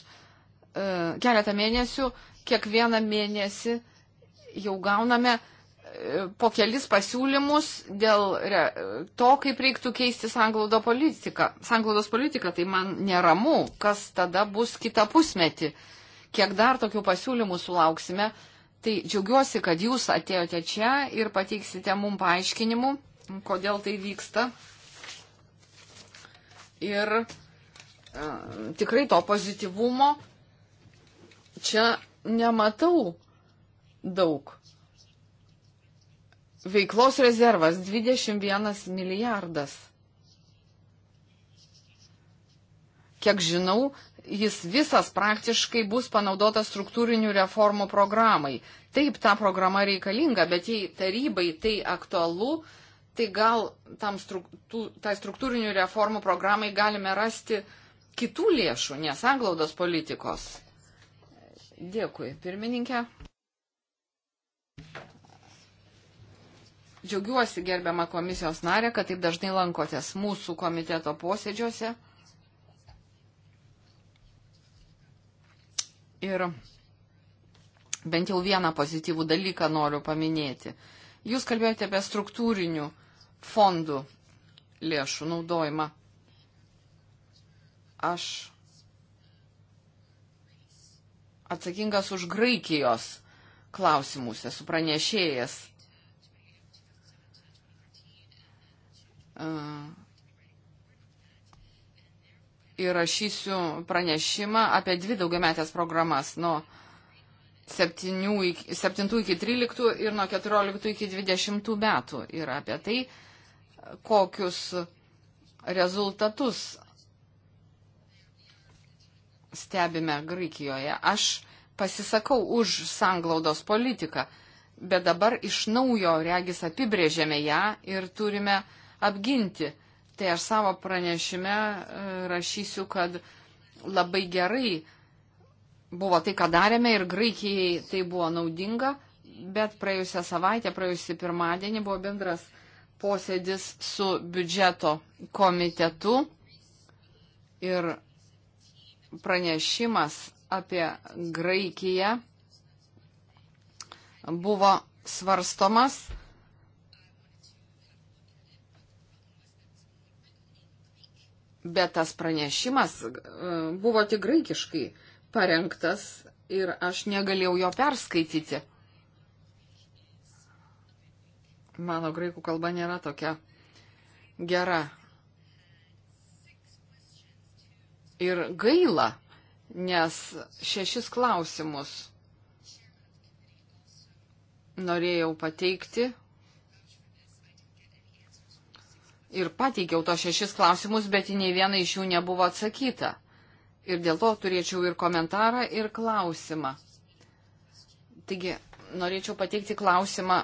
e, keletą mėnesių, kiekvieną mėnesį jau gauname po kelis pasiūlymus dėl to, kaip reiktų keisti sanglaudos politiką. Sanglaudos politiką, tai man neramu, kas tada bus kitą pusmetį. Kiek dar tokių pasiūlymų sulauksime, tai džiaugiuosi, kad jūs atėjote čia ir pateiksite mum paaiškinimų, kodėl tai vyksta. Ir e, tikrai to pozityvumo čia nematau daug. Veiklos rezervas 21 milijardas. Kiek žinau, jis visas praktiškai bus panaudotas struktūrinių reformų programai. Taip, ta programa reikalinga, bet jei tarybai tai aktualu, tai gal tam struktų, tai struktūrinių reformų programai galime rasti kitų lėšų, nesanglaudos politikos. Dėkui, pirmininkė. Džiaugiuosi, gerbiama komisijos narė, kad taip dažnai lankotės mūsų komiteto posėdžiuose. Ir bent jau vieną pozityvų dalyką noriu paminėti. Jūs kalbėjote apie struktūrinių fondų lėšų naudojimą. Aš atsakingas už Graikijos klausimus, esu pranešėjas įrašysiu pranešimą apie dvi daugiametės programas nuo 7 iki, 7 iki 13 ir nuo 14 iki 20 metų ir apie tai, kokius rezultatus stebime Graikijoje. Aš pasisakau už sanglaudos politiką, bet dabar iš naujo regis apibrėžėme ją ir turime uh, apginti. Tai aš savo pranešime e, rašysiu, kad labai gerai buvo tai, ką darėme ir Graikijai tai buvo naudinga, bet praėjusią savaitę, praėjusią pirmadienį buvo bendras posėdis su biudžeto komitetu ir pranešimas apie Graikiją buvo svarstomas Bet tas pranešimas e, buvo tik graikiškai parengtas ir aš negalėjau jo perskaityti. Mano graikų kalba nėra tokia gera. Ir gaila, nes šešis klausimus norėjau pateikti ir pateikiau to šešis klausimus, bet į nei vieną iš jų nebuvo atsakyta. Ir dėl to turėčiau ir komentarą, ir klausimą. Taigi, norėčiau pateikti klausimą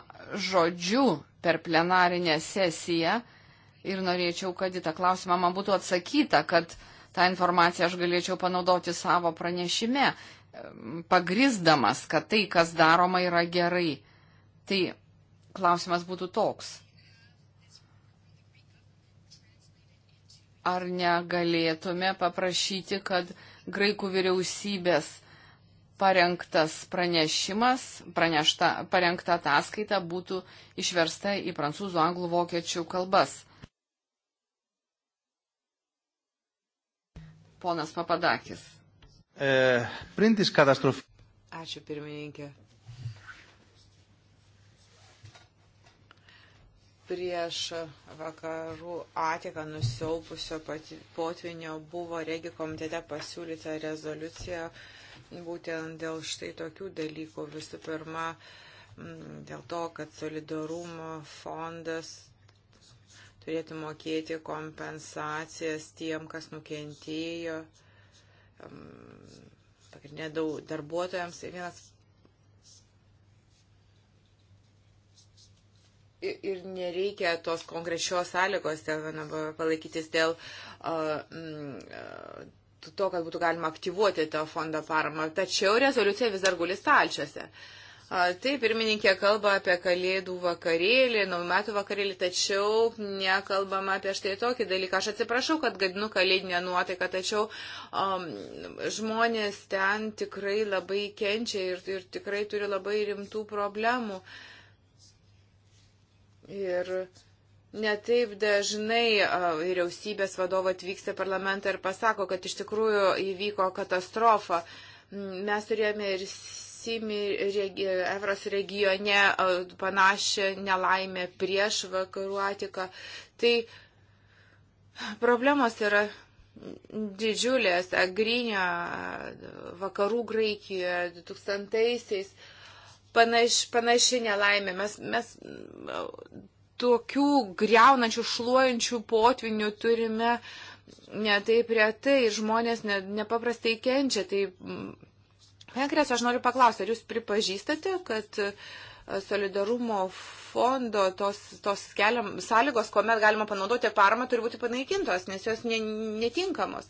žodžiu per plenarinę sesiją ir norėčiau, kad į tą klausimą man būtų atsakyta, kad tą informaciją aš galėčiau panaudoti savo pranešime, pagrizdamas, kad tai, kas daroma, yra gerai. Tai klausimas būtų toks. ar negalėtume paprašyti, kad graikų vyriausybės parengtas pranešimas, pranešta, parengta ataskaita būtų išversta į prancūzų, anglų, vokiečių kalbas. Ponas Papadakis. E, Ačiū pirmininkė. prieš vakarų atiką nusiaupusio potvinio buvo regi komitete pasiūlyta rezoliucija būtent dėl štai tokių dalykų. Visų pirma, mm, dėl to, kad solidarumo fondas turėtų mokėti kompensacijas tiem, kas nukentėjo, mm, pagrindinė darbuotojams. Vienas ir nereikia tos konkrečios sąlygos dėl, palaikytis dėl uh, uh, to, kad būtų galima aktyvuoti tą fondą paramą. Tačiau rezoliucija vis dar guli stalčiuose. Uh, Taip, pirmininkė kalba apie kalėdų vakarėlį, naujų metų vakarėlį, tačiau nekalbama apie štai tokį dalyką. Aš atsiprašau, kad gadinu kalėdinę nuotaiką, tačiau um, žmonės ten tikrai labai kenčia ir, ir tikrai turi labai rimtų problemų. Uh, Ir Netaip dažnai vyriausybės vadovai atvyksta parlamentą ir pasako, kad iš tikrųjų įvyko katastrofa. Mes turėjome ir Simi regi, Evros regione panašią nelaimę prieš vakarų atiką. Tai problemos yra didžiulės. Agrinio vakarų Graikijoje 2000-aisiais panaš, panaši nelaimė. Mes, mes tokių greunančių, šluojančių potvinių turime netaip retai ir žmonės ne, nepaprastai kenčia. Tai, Henkrės, mm, aš noriu paklausti, ar jūs pripažįstate, kad uh, solidarumo fondo tos, tos keliam, sąlygos, kuomet galima panaudoti paramą, turi būti panaikintos, nes jos ne, netinkamos.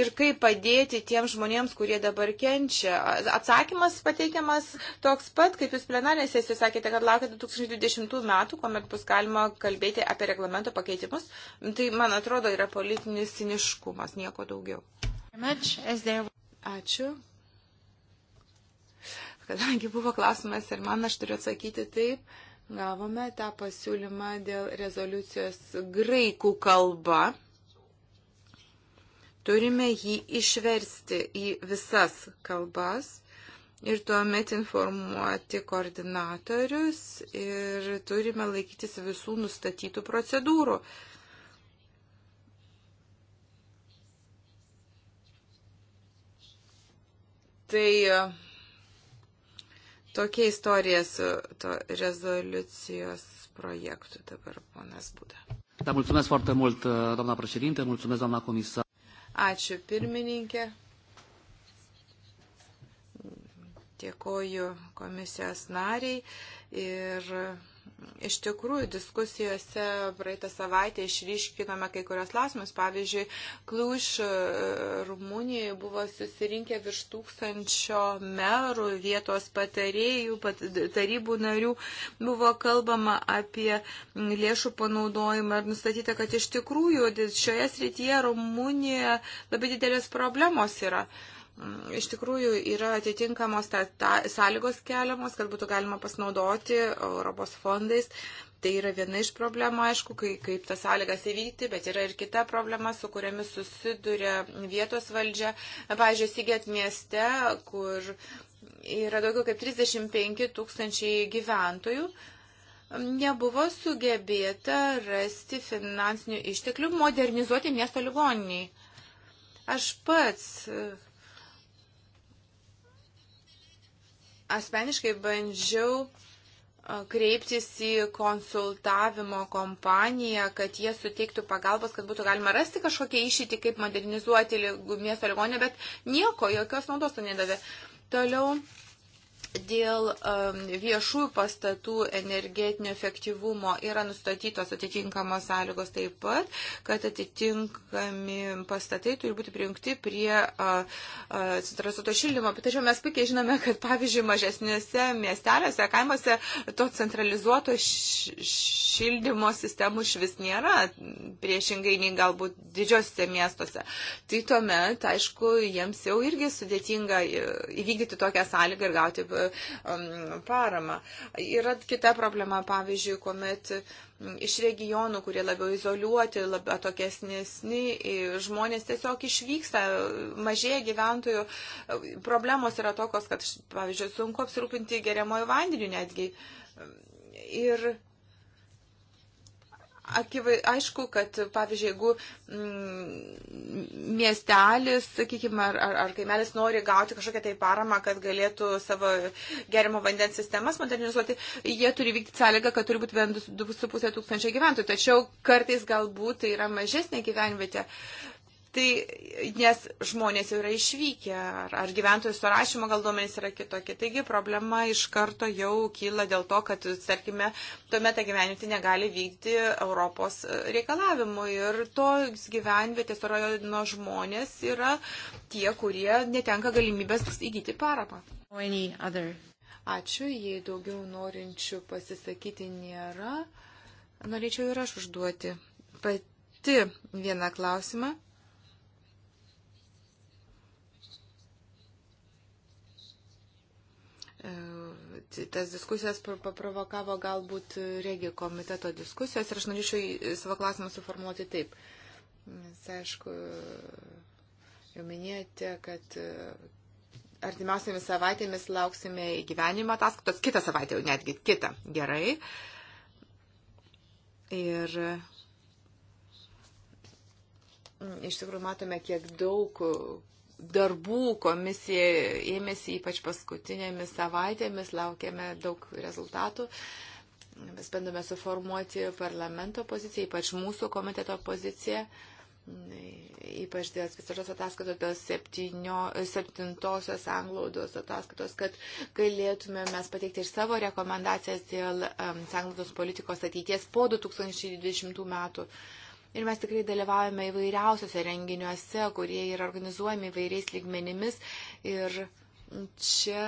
Ir kaip padėti tiems žmonėms, kurie dabar kenčia. Atsakymas pateikiamas toks pat, kaip jūs plenarėse, jūs sakėte, kad laukia 2020 metų, kuomet bus galima kalbėti apie reglamento pakeitimus. Tai, man atrodo, yra politinis siniškumas, nieko daugiau. Ačiū kadangi buvo klausimas ir man aš turiu atsakyti taip, gavome tą pasiūlymą dėl rezoliucijos graikų kalba. Turime jį išversti į visas kalbas ir tuomet informuoti koordinatorius ir turime laikytis visų nustatytų procedūrų. Tai Tokia istorija su to rezoliucijos proiectu dabar, ponas Būda. Da, mulțumesc foarte mult, uh, doamna președinte, mulțumesc, doamna comisar. Ačiū, pirmininkė. Dėkoju komisijos nariai ir Iš tikrųjų, diskusijose praeitą savaitę išryškinome kai kurios klausimus. Pavyzdžiui, Kluš Rumunijoje buvo susirinkę virš tūkstančio merų, vietos patarėjų, pat, tarybų narių. Buvo kalbama apie lėšų panaudojimą ir nustatyta, kad iš tikrųjų šioje srityje Rumunijoje labai didelės problemos yra. Uh, Mm, iš tikrųjų yra atitinkamos ta, ta, sąlygos keliamos, kad būtų galima pasinaudoti Europos fondais. Tai yra viena iš problemų, aišku, kai, kaip tas sąlygas įvykti, bet yra ir kita problema, su kuriamis susiduria vietos valdžia. Pavyzdžiui, Sigėt mieste, kur yra daugiau kaip 35 tūkstančiai gyventojų, nebuvo sugebėta rasti finansinių išteklių modernizuoti miesto ligoniniai. Aš pats asmeniškai bandžiau kreiptis į konsultavimo kompaniją, kad jie suteiktų pagalbos, kad būtų galima rasti kažkokią išeitį, kaip modernizuoti miesto ligonę, bet nieko, jokios naudos to nedavė. Toliau Dėl um, viešųjų pastatų energetinio efektyvumo yra nustatytos atitinkamos sąlygos taip pat, kad atitinkami pastatai turi būti prijungti prie uh, uh, centralizuoto šildymo. Tačiau mes puikiai žinome, kad pavyzdžiui mažesnėse miestelėse, kaimuose to centralizuoto šildymo sistemų iš vis nėra, priešingai nei galbūt didžiosiuose miestuose. Tai tuomet, aišku, jiems jau irgi sudėtinga e, įvykdyti tokią sąlygą ir gauti e, Um, paramą. Yra kita problema, pavyzdžiui, kuomet mm, iš regionų, kurie labiau izoliuoti, labiau atokesnisni, žmonės tiesiog išvyksta, mažėja gyventojų. Problemos yra tokios, kad, pavyzdžiui, sunku apsirūpinti geriamojo vandeniu netgi. Ir Akivai, aišku, kad, pavyzdžiui, jeigu mm, miestelis, sakykime, ar, ar, ar kaimelis nori gauti kažkokią tai paramą, kad galėtų savo gerimo vandens sistemas modernizuoti, jie turi vykti sąlygą, kad turi būti bent 2,5 tūkstančio gyventojų. Tačiau kartais galbūt tai yra mažesnė gyvenvietė. Uh, Tai nes žmonės jau yra išvykę, ar, ar gyventojų surašymo gal duomenys yra kitokie. Taigi problema iš karto jau kyla dėl to, kad, tarkime, tuomet ta gyvenvietė negali vykti Europos e, reikalavimų. Ir tos gyvenvietės rajono žmonės yra tie, kurie netenka galimybės įgyti paramą. Ačiū, jei daugiau norinčių pasisakyti nėra, norėčiau ir aš užduoti pati vieną klausimą. E, tas diskusijas paprovokavo galbūt regi komiteto diskusijos ir aš norėčiau savo klausimą suformuoti taip. Nes aišku, jau minėjote, kad e, artimiausiamis savaitėmis lauksime įgyvenimo ataskaitos, kitą savaitę jau netgi kitą. Gerai. Ir e, iš tikrųjų matome, kiek daug darbų komisija ėmėsi ypač paskutinėmis savaitėmis, laukėme daug rezultatų. Mes bandome suformuoti parlamento poziciją, ypač mūsų komiteto poziciją, ypač dėl specialios ataskaitos, dėl septynio, septintosios anglaudos ataskaitos, kad galėtume mes pateikti ir savo rekomendacijas dėl um, anglaudos politikos ateities po 2020 metų. Uh, Ir mes tikrai dalyvaujame įvairiausiose renginiuose, kurie yra organizuojami įvairiais lygmenimis. Ir čia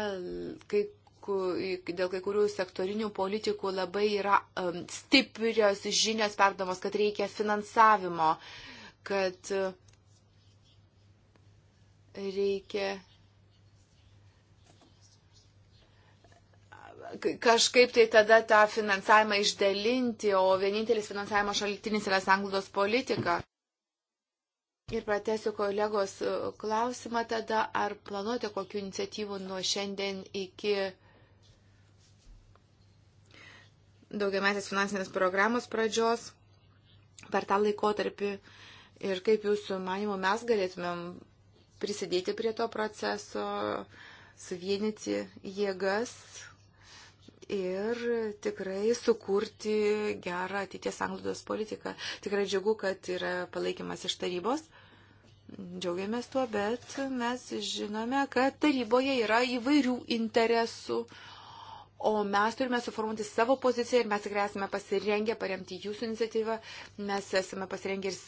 kai dėl kai kurių sektorinių politikų labai yra um, stiprios žinios perdomos, kad reikia finansavimo, kad reikia kažkaip tai tada tą finansavimą išdalinti, o vienintelis finansavimo šaltinis yra sanglaudos politika. Ir pratesiu kolegos e, klausimą tada, ar planuote kokiu iniciatyvu nuo šiandien iki daugiametės finansinės programos pradžios per tą laikotarpį ir kaip jūsų manimo mes galėtumėm prisidėti prie to proceso, suvienyti jėgas, ir tikrai sukurti gerą ateities anglodos politiką. Tikrai džiugu, kad yra palaikymas iš tarybos. Džiaugiamės tuo, bet mes žinome, kad taryboje yra įvairių interesų, o mes turime suformuoti savo poziciją ir mes tikrai esame pasirengę paremti jūsų iniciatyvą, mes esame pasirengę ir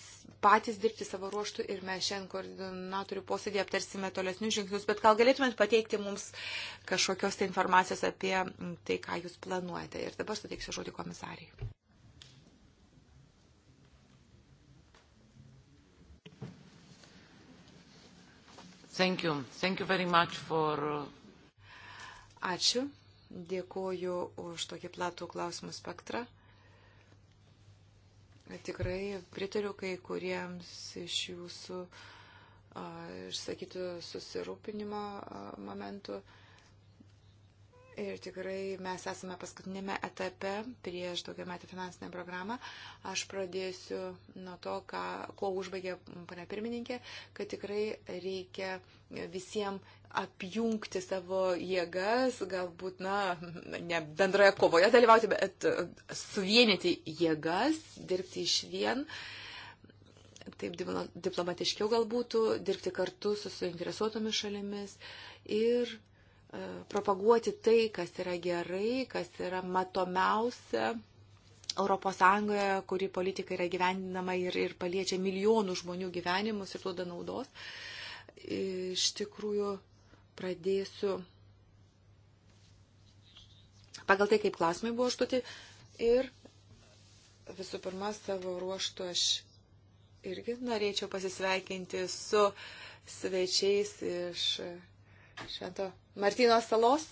patys dirbti savo ruoštų ir mes šiandien koordinatorių posėdį aptarsime tolesnius žingsnius, bet gal galėtumėt pateikti mums kažkokios tai informacijos apie tai, ką jūs planuojate. Ir dabar suteiksiu žodį komisarijai. Thank you. Thank you very much for... Uh, Ačiū. Dėkoju už tokį platų klausimų spektrą. Tikrai pritariu kai kuriems iš jūsų išsakytų susirūpinimo momentų. Uh, Ir tikrai mes esame paskutinėme etape prieš daugia metą finansinę programą. Aš pradėsiu nuo to, ką, kuo užbaigė pana pirmininkė, kad tikrai reikia visiems apjungti savo jėgas, galbūt, na, ne bendroje kovoje dalyvauti, bet suvienyti jėgas, dirbti iš vien taip diplomatiškiau gal būtų dirbti kartu su suinteresuotomis šalimis ir E, propaguoti tai, kas yra gerai, kas yra matomiausia Europos Sąjungoje, kuri politika yra gyvendinama ir, ir paliečia milijonų žmonių gyvenimus ir duoda naudos. Iš tikrųjų, pradėsiu pagal tai, kaip klausimai buvo užduoti. Ir visų pirma, savo ruoštų aš irgi norėčiau pasisveikinti su svečiais iš Švento Martino salos.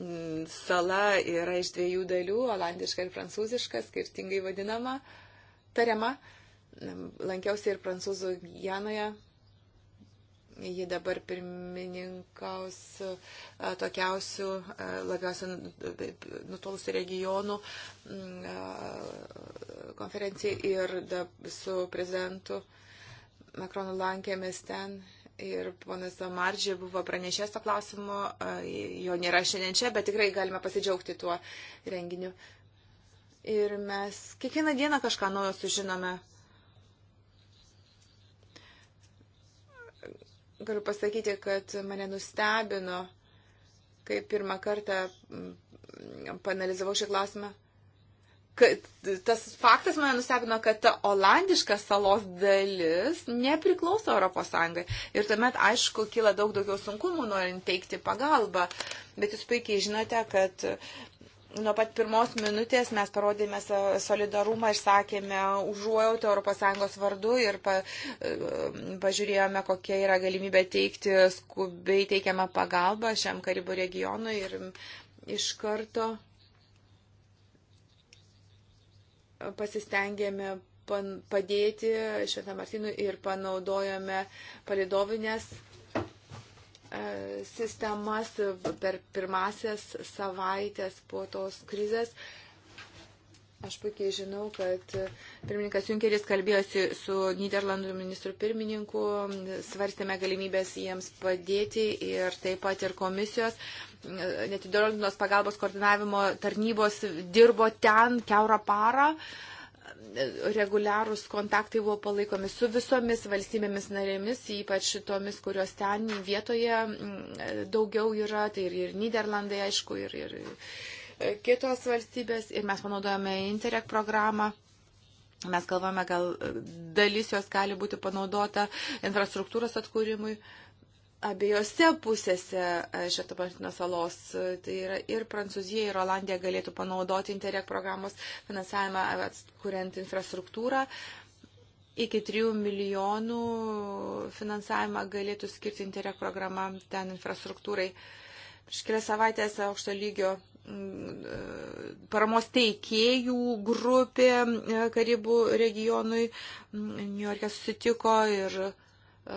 Mm, sala yra iš dviejų dalių, olandiška ir prancūziška, skirtingai vadinama, tariama. Mm, lankiausi ir prancūzų Janoje. Ji dabar pirmininkaus e, tokiausių e, labiausiai e, nutolusių regionų mm, konferencijai ir su prezidentu uh, Makronu lankėmės ten ir ponas Maržė buvo pranešęs to klausimo, jo nėra šiandien čia, bet tikrai galime pasidžiaugti tuo renginiu. Ir mes kiekvieną dieną kažką naujo sužinome. Galiu pasakyti, kad mane nustebino, kai pirmą kartą panalizavau šį klausimą tas faktas mane nustebino, kad ta olandiška salos dalis nepriklauso Europos Sąjungai. Ir tuomet, aišku, kyla daug daugiau sunkumų norint teikti pagalbą. Bet jūs puikiai žinote, kad nuo pat pirmos minutės mes parodėme solidarumą, išsakėme užuojautą ES vardu ir pa, pažiūrėjome, kokia yra galimybė teikti skubiai teikiamą pagalbą šiam Karibų regionui ir iš karto pasistengėme padėti Šventą Martinui ir panaudojome palidovinės e, sistemas per pirmasias savaitės po tos krizės. Aš puikiai žinau, kad pirmininkas Junkeris kalbėjosi su Niderlandų ministru pirmininku, svarstėme galimybės jiems padėti ir taip pat ir komisijos netidėliotinos pagalbos koordinavimo tarnybos dirbo ten keurą parą. Reguliarūs kontaktai buvo palaikomi su visomis valstybėmis narėmis, ypač tomis, kurios ten vietoje mm, daugiau yra, tai ir, ir Niderlandai, aišku, ir, ir e, kitos valstybės. Ir mes panaudojame Interreg programą mes galvame, gal dalis jos gali būti panaudota infrastruktūros atkūrimui. Uh, abiejose pusėse e, šito Valentino salos, e, tai yra ir Prancūzija, ir Olandija galėtų panaudoti Interreg programos finansavimą, kuriant infrastruktūrą. Iki 3 milijonų finansavimą galėtų skirti Interreg programą ten infrastruktūrai. Prieš kelias savaitės aukšto lygio e, paramos teikėjų grupė Karibų regionui New York'e susitiko ir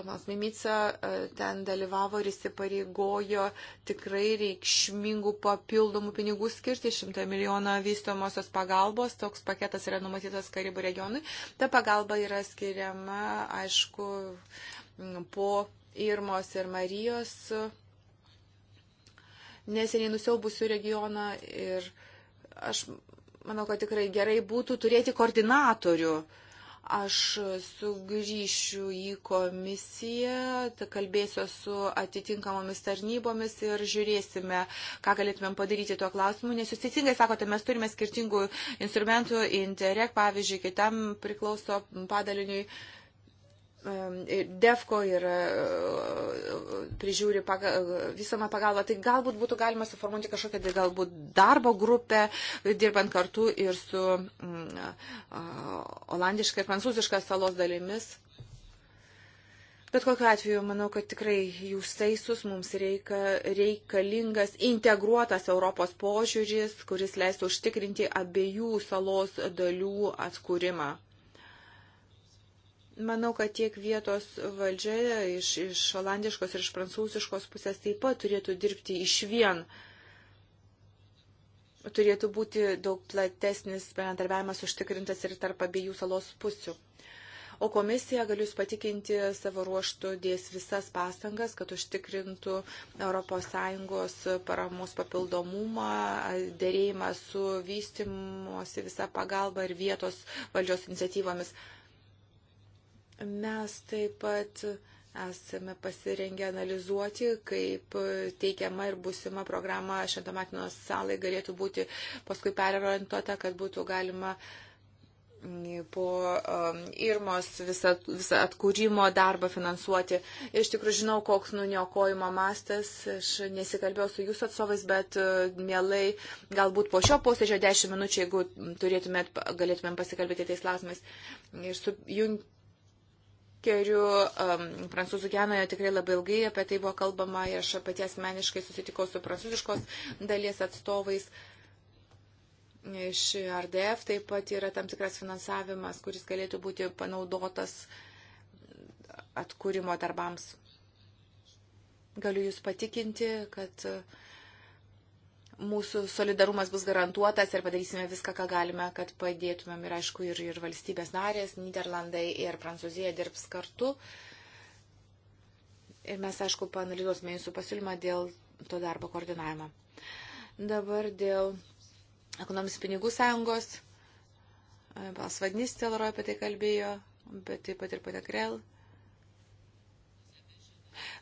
Mas Mimica e, ten dalyvavo ir įsipareigojo tikrai reikšmingų papildomų pinigų skirti 100 milijoną vystomosios pagalbos. Toks paketas yra numatytas Karibų regionui. Ta pagalba yra skiriama, aišku, po Irmos ir Marijos e, neseniai nusiaubusių regioną ir aš manau, kad tikrai gerai būtų turėti koordinatorių uh, Aš sugrįšiu į komisiją, kalbėsiu su atitinkamomis tarnybomis ir žiūrėsime, ką galėtumėm padaryti tuo klausimu, nes jūs teisingai sakote, mes turime skirtingų instrumentų, Interreg, pavyzdžiui, kitam priklauso padaliniui. Uh, DEFCO ir e, prižiūri paga, visamą pagalbą. Tai galbūt būtų galima suformuoti kažkokią tai galbūt darbo grupę, dirbant kartu ir su mm, e, olandiška ir prancūziška salos dalimis. Bet kokiu atveju, manau, kad tikrai jūs teisus, mums reika, reikalingas integruotas Europos požiūris, kuris leistų užtikrinti abiejų salos dalių atskūrimą. Manau, kad tiek vietos valdžia iš, iš olandiškos ir iš prancūziškos pusės taip pat turėtų dirbti iš vien. Turėtų būti daug platesnis bendarbiavimas užtikrintas ir tarp abiejų salos pusių. O komisija, galiu Jūs patikinti, savo ruoštų dės visas pastangas, kad užtikrintų ES paramos papildomumą, dėrėjimą su vystimuosi visą pagalbą ir vietos valdžios iniciatyvomis. Mes taip pat esame pasirengę analizuoti, kaip teikiama ir būsima programa Šentomatino salai galėtų būti paskui perorientuota, kad būtų galima mm, po um, Irmos visą, visą atkūrimo darbą finansuoti. Iš tikrųjų žinau, koks nuniokojimo mastas. Aš nesikalbėjau su jūsų atstovais, bet uh, mielai galbūt po šio posėdžio 10 minučių, jeigu turėtumėt, galėtumėm pasikalbėti tais klausimais. Ir su jung, Keriu, um, Prancūzų Gianoje tikrai labai ilgai apie tai buvo kalbama ir aš pati asmeniškai susitikau su prancūziškos dalies atstovais. Iš RDF taip pat yra tam tikras finansavimas, kuris galėtų būti panaudotas atkūrimo darbams. Galiu Jūs patikinti, kad uh, mūsų solidarumas bus garantuotas ir padarysime viską, ką galime, kad padėtumėm ir aišku, ir, ir valstybės narės, Niderlandai ir Prancūzija dirbs kartu. Ir mes, aišku, panalizuosime jūsų pasiūlymą dėl to darbo koordinavimo. Dabar dėl ekonomis pinigų sąjungos. Pasvadnis Telro apie tai kalbėjo, bet taip pat ir patekrel.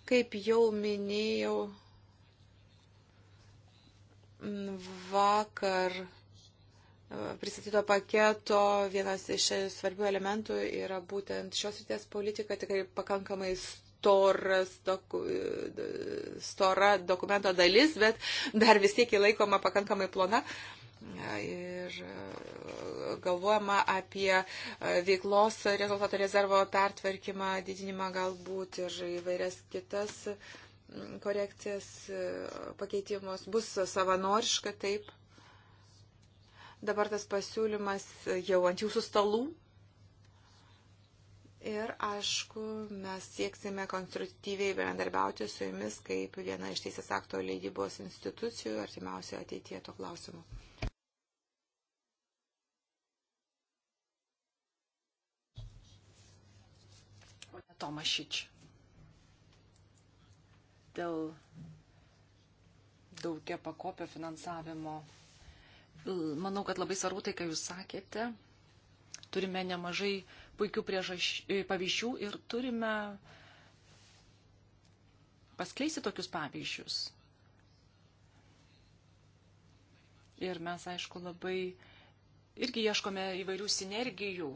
Kaip jau minėjau, vakar e, pristatyto paketo vienas iš svarbių elementų yra būtent šios ryties politika, tikrai pakankamai storas, doku, e, stora dokumento dalis, bet dar vis tiek įlaikoma pakankamai plona. E, ir galvojama apie veiklos rezultato rezervo pertvarkymą, didinimą galbūt ir įvairias kitas uh, korekcijas, e, pakeitimus, bus savanoriška taip. Dabar tas pasiūlymas jau ant jūsų stalų. Ir aišku, mes sieksime konstruktyviai bendarbiauti su jumis kaip viena iš teisės akto leidybos institucijų artimiausioje ateityje to klausimu. Tomašič dėl daugia pakopio finansavimo. Manau, kad labai svarbu tai, ką Jūs sakėte. Turime nemažai puikių priežaš... pavyzdžių ir turime paskleisti tokius pavyzdžius. Ir mes, aišku, labai irgi ieškome įvairių sinergijų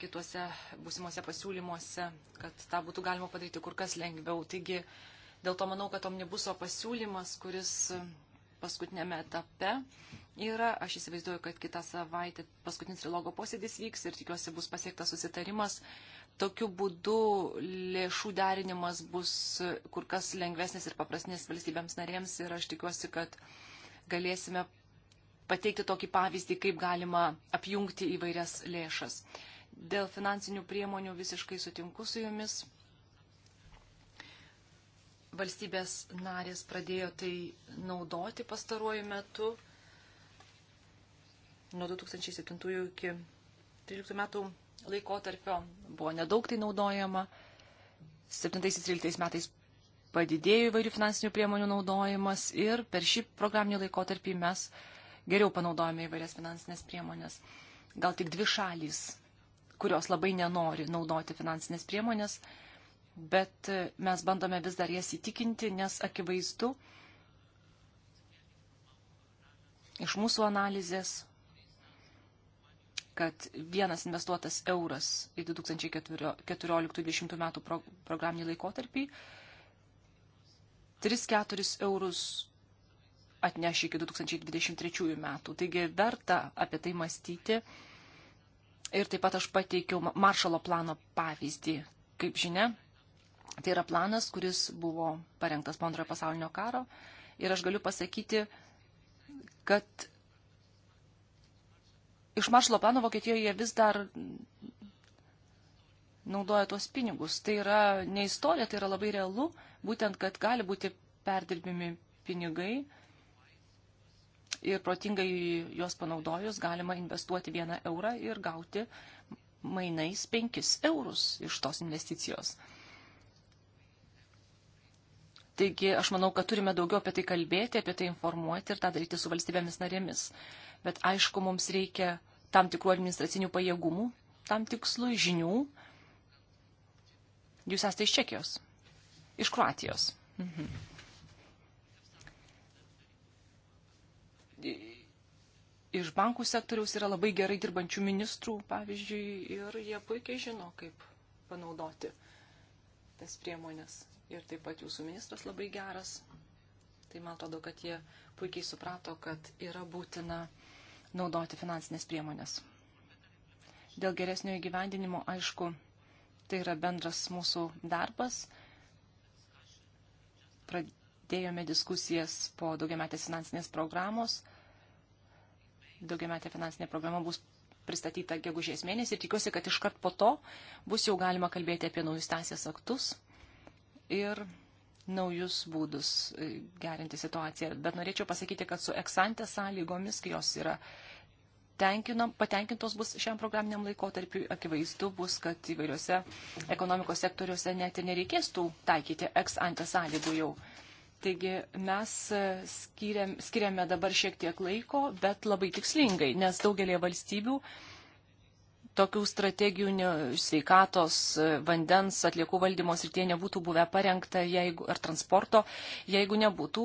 kituose būsimuose pasiūlymuose, kad tą būtų galima padaryti kur kas lengviau. Taigi, uh, Dėl to manau, kad omnibuso pasiūlymas, kuris paskutinėme etape yra, aš įsivaizduoju, kad kitą savaitę paskutinis trilogo posėdis vyks ir tikiuosi bus pasiektas susitarimas. Tokiu būdu lėšų derinimas bus kur kas lengvesnis ir paprasnės valstybėms narėms ir aš tikiuosi, kad galėsime pateikti tokį pavyzdį, kaip galima apjungti įvairias lėšas. Dėl finansinių priemonių visiškai sutinku su jumis valstybės narės pradėjo tai naudoti pastaruoju metu. Nuo 2007 iki 2013 metų laikotarpio buvo nedaug tai naudojama. 2007-2013 metais padidėjo įvairių finansinių priemonių naudojimas ir per šį programinį laikotarpį mes geriau panaudojame įvairias finansinės priemonės. Gal tik dvi šalys, kurios labai nenori naudoti finansinės priemonės, bet e, mes bandome vis dar jas įtikinti, nes akivaizdu iš mūsų analizės, kad vienas investuotas euras į 2014-2020 metų programinį laikotarpį 3-4 eurus atneš iki 2023 metų. Taigi verta apie tai mąstyti. Ir taip pat aš pateikiau maršalo plano pavyzdį. Kaip žinia, Tai yra planas, kuris buvo parengtas po antrojo pasaulinio karo. Ir aš galiu pasakyti, kad iš maršalo plano Vokietijoje vis dar naudoja tuos pinigus. Tai yra ne istorija, tai yra labai realu, būtent, kad gali būti perdirbimi pinigai ir protingai juos panaudojus galima investuoti vieną eurą ir gauti mainais penkis eurus iš tos investicijos. Taigi aš manau, kad turime daugiau apie tai kalbėti, apie tai informuoti ir tą daryti su valstybėmis narėmis. Bet aišku, mums reikia tam tikrų administracinių pajėgumų, tam tikslui žinių. Jūs esate iš Čekijos, iš Kroatijos. Mhm. Iš bankų sektoriaus yra labai gerai dirbančių ministrų, pavyzdžiui, ir jie puikiai žino, kaip panaudoti tas priemonės ir taip pat jūsų ministras labai geras. Tai man atrodo, kad jie puikiai suprato, kad yra būtina naudoti finansinės priemonės. Dėl geresnio įgyvendinimo, aišku, tai yra bendras mūsų darbas. Pradėjome diskusijas po daugiametės finansinės programos. Daugiametė finansinė programa bus pristatyta gegužės mėnesį ir tikiuosi, kad iškart po to bus jau galima kalbėti apie naujus teisės aktus ir naujus būdus e, gerinti situaciją. Bet norėčiau pasakyti, kad su eksantė sąlygomis, kai jos yra patenkintos bus šiam programiniam laikotarpiu, akivaizdu bus, kad įvairiuose ekonomikos sektoriuose net ir nereikės tų taikyti eksantė sąlygų jau. Taigi mes e, skiriam, skiriame dabar šiek tiek laiko, bet labai tikslingai, nes daugelie valstybių uh, tokių strategijų ne, sveikatos, e, vandens, atliekų valdymo srityje nebūtų buvę parengta jeigu, ar transporto, jeigu nebūtų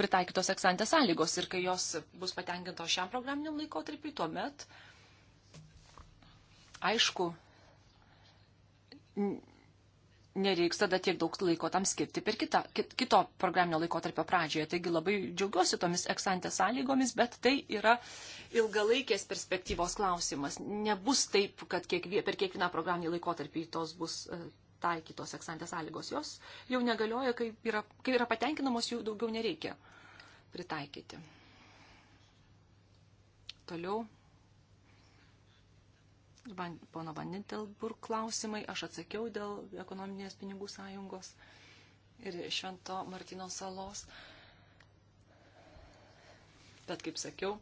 pritaikytos eksantės sąlygos. Ir kai jos bus patenkintos šiam programiniam laikotarpiu, tuomet, aišku, nereiks tada tiek daug laiko tam skirti per kitą, kit, kito programinio laikotarpio pradžioje. Taigi labai džiaugiuosi tomis eksantės sąlygomis, bet tai yra ilgalaikės perspektyvos klausimas. Nebus taip, kad kiekvie, per kiekvieną programinį laikotarpį tos bus e, taikytos eksantės sąlygos. Jos jau negalioja, kai yra, kai yra patenkinamos, jų daugiau nereikia pritaikyti. Toliau Pono Vanintelburg klausimai, aš atsakiau dėl ekonominės pinigų sąjungos ir Švento Martino salos. Bet, kaip sakiau,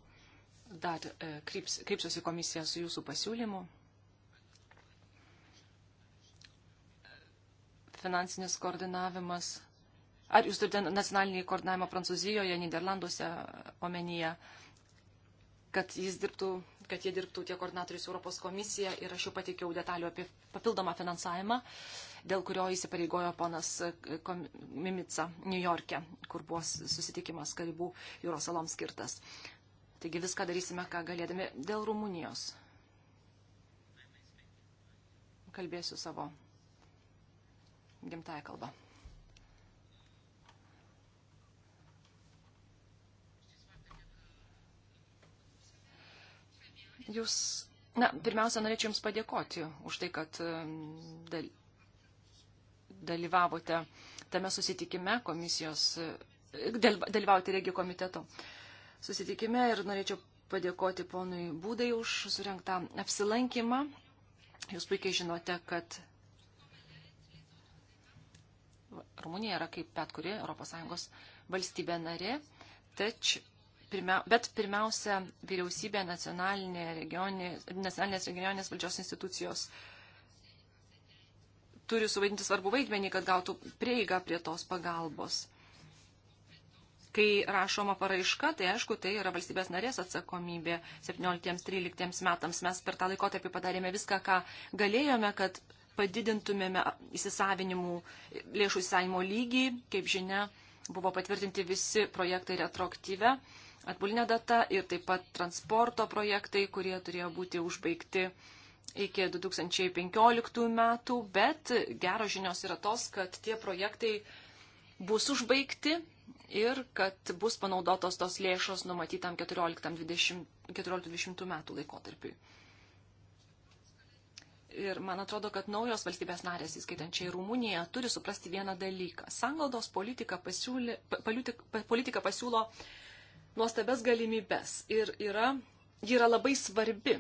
dar e, kryps, kreipsiuosi komisiją su jūsų pasiūlymu. Finansinis koordinavimas. Ar jūs turite nacionalinį koordinavimą Prancūzijoje, Niderlanduose omenyje, kad jis dirbtų kad jie dirbtų tie koordinatoriai su Europos komisija ir aš jau pateikiau detalių apie papildomą finansavimą, dėl kurio įsipareigojo ponas e, Mimica New York'e, kur buvo susitikimas Karibų jūros saloms skirtas. Taigi viską darysime, ką galėdami dėl Rumunijos. Kalbėsiu savo gimtąją kalbą. Jūs, na, pirmiausia, norėčiau Jums padėkoti už tai, kad dalyvavote tame susitikime komisijos, e, dalyvauti regijų komiteto susitikime ir norėčiau padėkoti ponui Būdai už surinktą apsilankymą. Jūs puikiai žinote, kad Rumunija yra kaip bet kuri ES valstybė narė, tač, pirmia, bet pirmiausia, vyriausybė, nacionalinė regionė, nacionalinės regioninės valdžios institucijos turi suvaidinti svarbu vaidmenį, kad gautų prieigą prie tos pagalbos. Kai rašoma paraiška, tai aišku, tai yra valstybės narės atsakomybė 17-13 metams. Mes per tą laikotarpį padarėme viską, ką galėjome, kad padidintumėme įsisavinimų, lėšų įsisavinimo lygį. Kaip žinia, buvo patvirtinti visi projektai retroaktyve atbulinė data ir taip pat transporto projektai, kurie turėjo būti užbaigti iki 2015 metų, bet geros žinios yra tos, kad tie projektai bus užbaigti ir kad bus panaudotos tos lėšos numatytam 14-20 metų laikotarpiui. Ir man atrodo, kad naujos valstybės narės, įskaitant čia ir Rumuniją, turi suprasti vieną dalyką. Sangaldos politika, pasiūlė, politika, politika pasiūlo nuostabes galimybes ir yra, ji yra labai svarbi.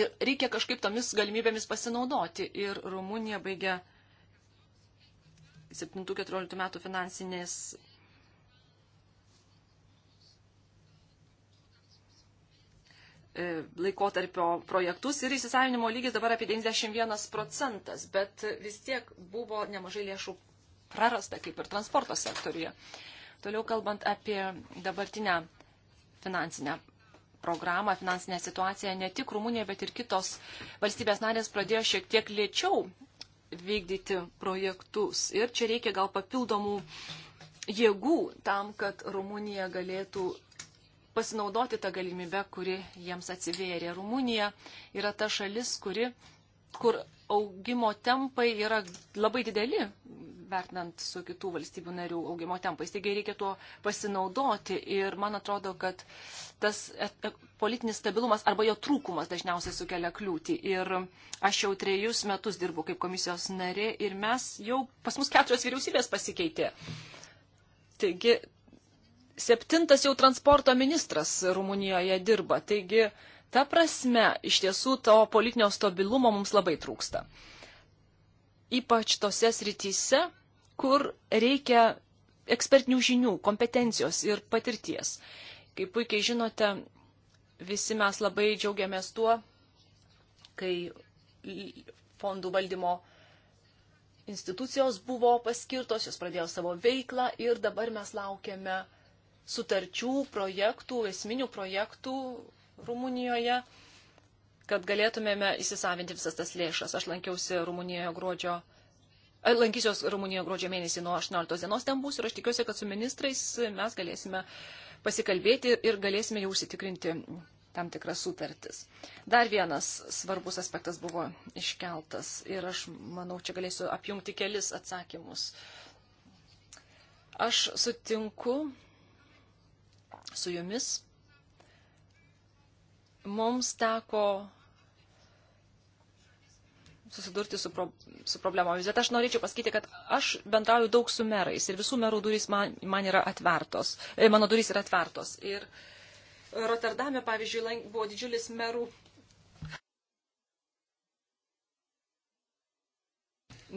Ir reikia kažkaip tomis galimybėmis pasinaudoti. Ir Rumunija baigia 7-14 metų finansinės e, laikotarpio projektus ir įsisavinimo lygis dabar apie 91 procentas, bet vis tiek buvo nemažai lėšų prarasta, kaip ir transporto sektoriuje. Toliau kalbant apie dabartinę finansinę programą, finansinę situaciją, ne tik Rumunija, bet ir kitos valstybės narės pradėjo šiek tiek lėčiau vykdyti projektus. Ir čia reikia gal papildomų jėgų tam, kad Rumunija galėtų pasinaudoti tą galimybę, kuri jiems atsivėrė. Rumunija yra ta šalis, kuri, kur augimo tempai yra labai dideli, vertinant su kitų valstybių narių augimo tempais. Taigi reikia tuo pasinaudoti ir man atrodo, kad tas e, e, politinis stabilumas arba jo trūkumas dažniausiai sukelia kliūtį. Ir aš jau trejus metus dirbu kaip komisijos narė ir mes jau, pas mus keturios vyriausybės pasikeitė. Taigi septintas jau transporto ministras Rumunijoje dirba. Taigi, ta prasme, iš tiesų to politinio stabilumo mums labai trūksta ypač tose srityse, kur reikia ekspertinių žinių, kompetencijos ir patirties. Kaip puikiai žinote, visi mes labai džiaugiamės tuo, kai fondų valdymo institucijos buvo paskirtos, jos pradėjo savo veiklą ir dabar mes laukiame sutarčių projektų, esminių projektų Rumunijoje, kad galėtumėme įsisavinti visas tas lėšas. Aš lankiausi Rumunijoje gruodžio Lankysiuos Rumunijoje gruodžio mėnesį nuo 18 dienos ten būsiu ir aš tikiuosi, kad su ministrais mes galėsime pasikalbėti ir galėsime jau užsitikrinti tam tikras sutartis. Dar vienas svarbus aspektas buvo iškeltas ir aš manau, čia galėsiu apjungti kelis atsakymus. Aš sutinku su jumis. Mums teko susidurti su, pro, su problemomis. Bet aš norėčiau pasakyti, kad aš bendrauju daug su merais ir visų merų durys man, man yra atvertos. E, mano durys yra atvertos. Ir Rotterdame, pavyzdžiui, buvo didžiulis merų.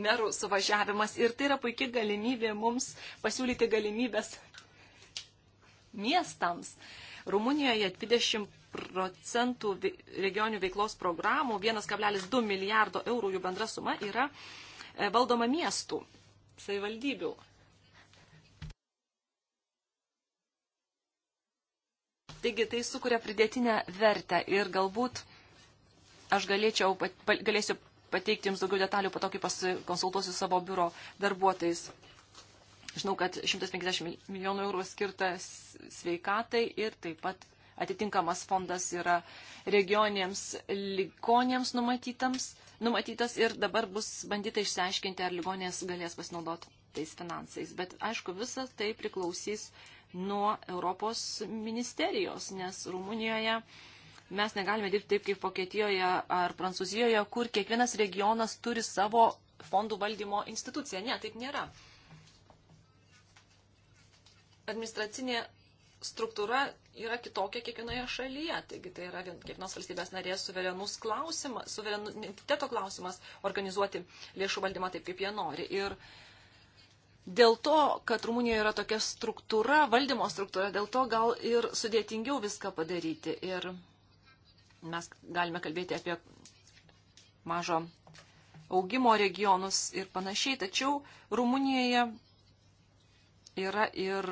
Merų suvažiavimas ir tai yra puikia galimybė mums pasiūlyti galimybės miestams. Rumunijoje 20 procentų regionių veiklos programų, 1,2 milijardo eurų jų bendra suma yra e, valdoma miestų, savivaldybių. Taigi tai sukuria pridėtinę vertę ir galbūt aš galėčiau, galėsiu pateikti jums daugiau detalių, po to, kai pasikonsultuosiu savo biuro darbuotojais. Žinau, kad 150 milijonų eurų skirtas sveikatai ir taip pat atitinkamas fondas yra regioniems ligonėms numatytas ir dabar bus bandyta išsiaiškinti, ar ligonės galės pasinaudoti tais finansais. Bet aišku, visa tai priklausys nuo Europos ministerijos, nes Rumunijoje mes negalime dirbti taip kaip Vokietijoje ar Prancūzijoje, kur kiekvienas regionas turi savo fondų valdymo instituciją. Ne, taip nėra. Administracinė struktūra yra kitokia kiekvienoje šalyje. Taigi tai yra kiekvienos valstybės narės suverenus klausimas, suvereniteto klausimas organizuoti lėšų valdymą taip, kaip jie nori. Ir dėl to, kad Rumunijoje yra tokia struktūra, valdymo struktūra, dėl to gal ir sudėtingiau viską padaryti. Ir mes galime kalbėti apie mažo augimo regionus ir panašiai. Tačiau Rumunijoje yra ir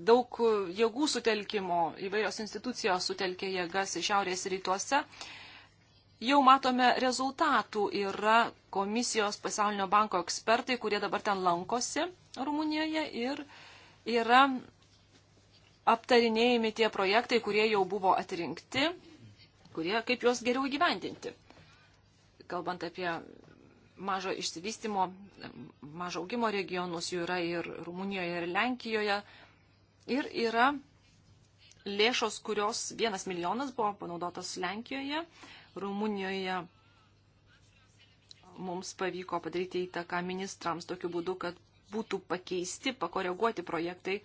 daug jėgų sutelkimo, įvairios institucijos sutelkė jėgas šiaurės rytuose. Jau matome rezultatų, yra komisijos pasaulinio banko ekspertai, kurie dabar ten lankosi Rumunijoje ir yra aptarinėjami tie projektai, kurie jau buvo atrinkti, kurie kaip juos geriau įgyvendinti. Kalbant apie mažo išsivystimo, mažo augimo regionus, jų yra ir Rumunijoje, ir Lenkijoje, Ir yra lėšos, kurios vienas milijonas buvo panaudotas Lenkijoje, Rumunijoje mums pavyko padaryti įtaką ministrams tokiu būdu, kad būtų pakeisti, pakoreguoti projektai,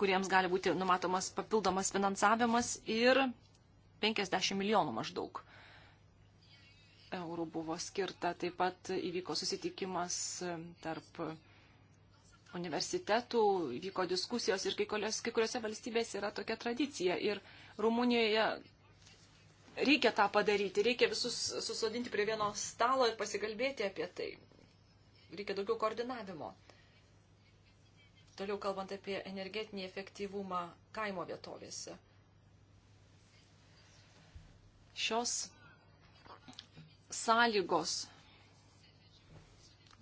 kuriems gali būti numatomas papildomas finansavimas ir 50 milijonų maždaug eurų buvo skirta. Taip pat įvyko susitikimas tarp universitetų vyko diskusijos ir kai, kolios, kai kuriuose valstybėse yra tokia tradicija. Ir Rumunijoje reikia tą padaryti, reikia visus susodinti prie vieno stalo ir pasikalbėti apie tai. Reikia daugiau koordinavimo. Toliau kalbant apie energetinį efektyvumą kaimo vietovėse. Šios sąlygos,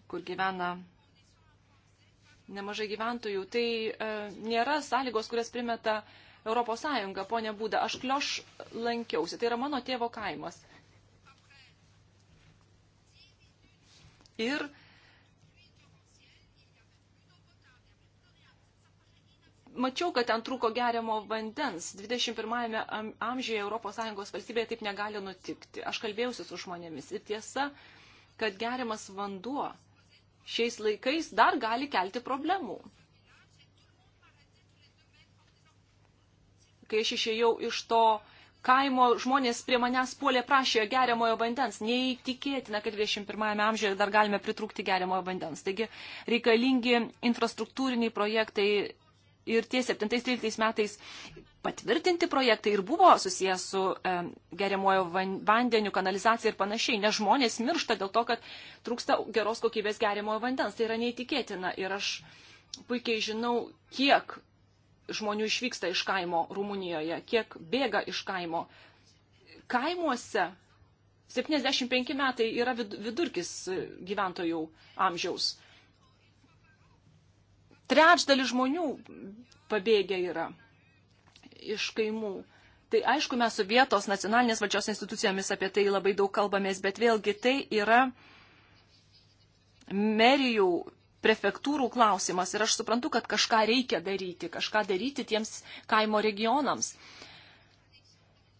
kur gyvena nemažai gyventojų. Tai e, nėra sąlygos, kurias primeta Europos Sąjunga, ponia Būda. Aš klioš lankiausi, tai yra mano tėvo kaimas. Ir mačiau, kad ten trūko geriamo vandens. 21-ame amžiuje ES valstybėje taip negali nutikti. Aš kalbėjausi su žmonėmis. Ir tiesa, kad geriamas vanduo šiais laikais dar gali kelti problemų. Kai aš išėjau iš to kaimo, žmonės prie manęs puolė prašė geriamojo vandens. Neįtikėtina, kad 21 amžiuje dar galime pritrūkti geriamojo vandens. Taigi reikalingi infrastruktūriniai projektai ir tie 7-13 metais patvirtinti projektai ir buvo susijęs su e, geriamojo vandeniu, kanalizacija ir panašiai, nes žmonės miršta dėl to, kad trūksta geros kokybės geriamojo vandens. Tai yra neįtikėtina ir aš puikiai žinau, kiek žmonių išvyksta iš kaimo Rumunijoje, kiek bėga iš kaimo. Kaimuose 75 metai yra vidurkis gyventojų amžiaus trečdalis žmonių pabėgę yra iš kaimų. Tai aišku, mes su vietos nacionalinės valdžios institucijomis apie tai labai daug kalbamės, bet vėlgi tai yra merijų prefektūrų klausimas ir aš suprantu, kad kažką reikia daryti, kažką daryti tiems kaimo regionams.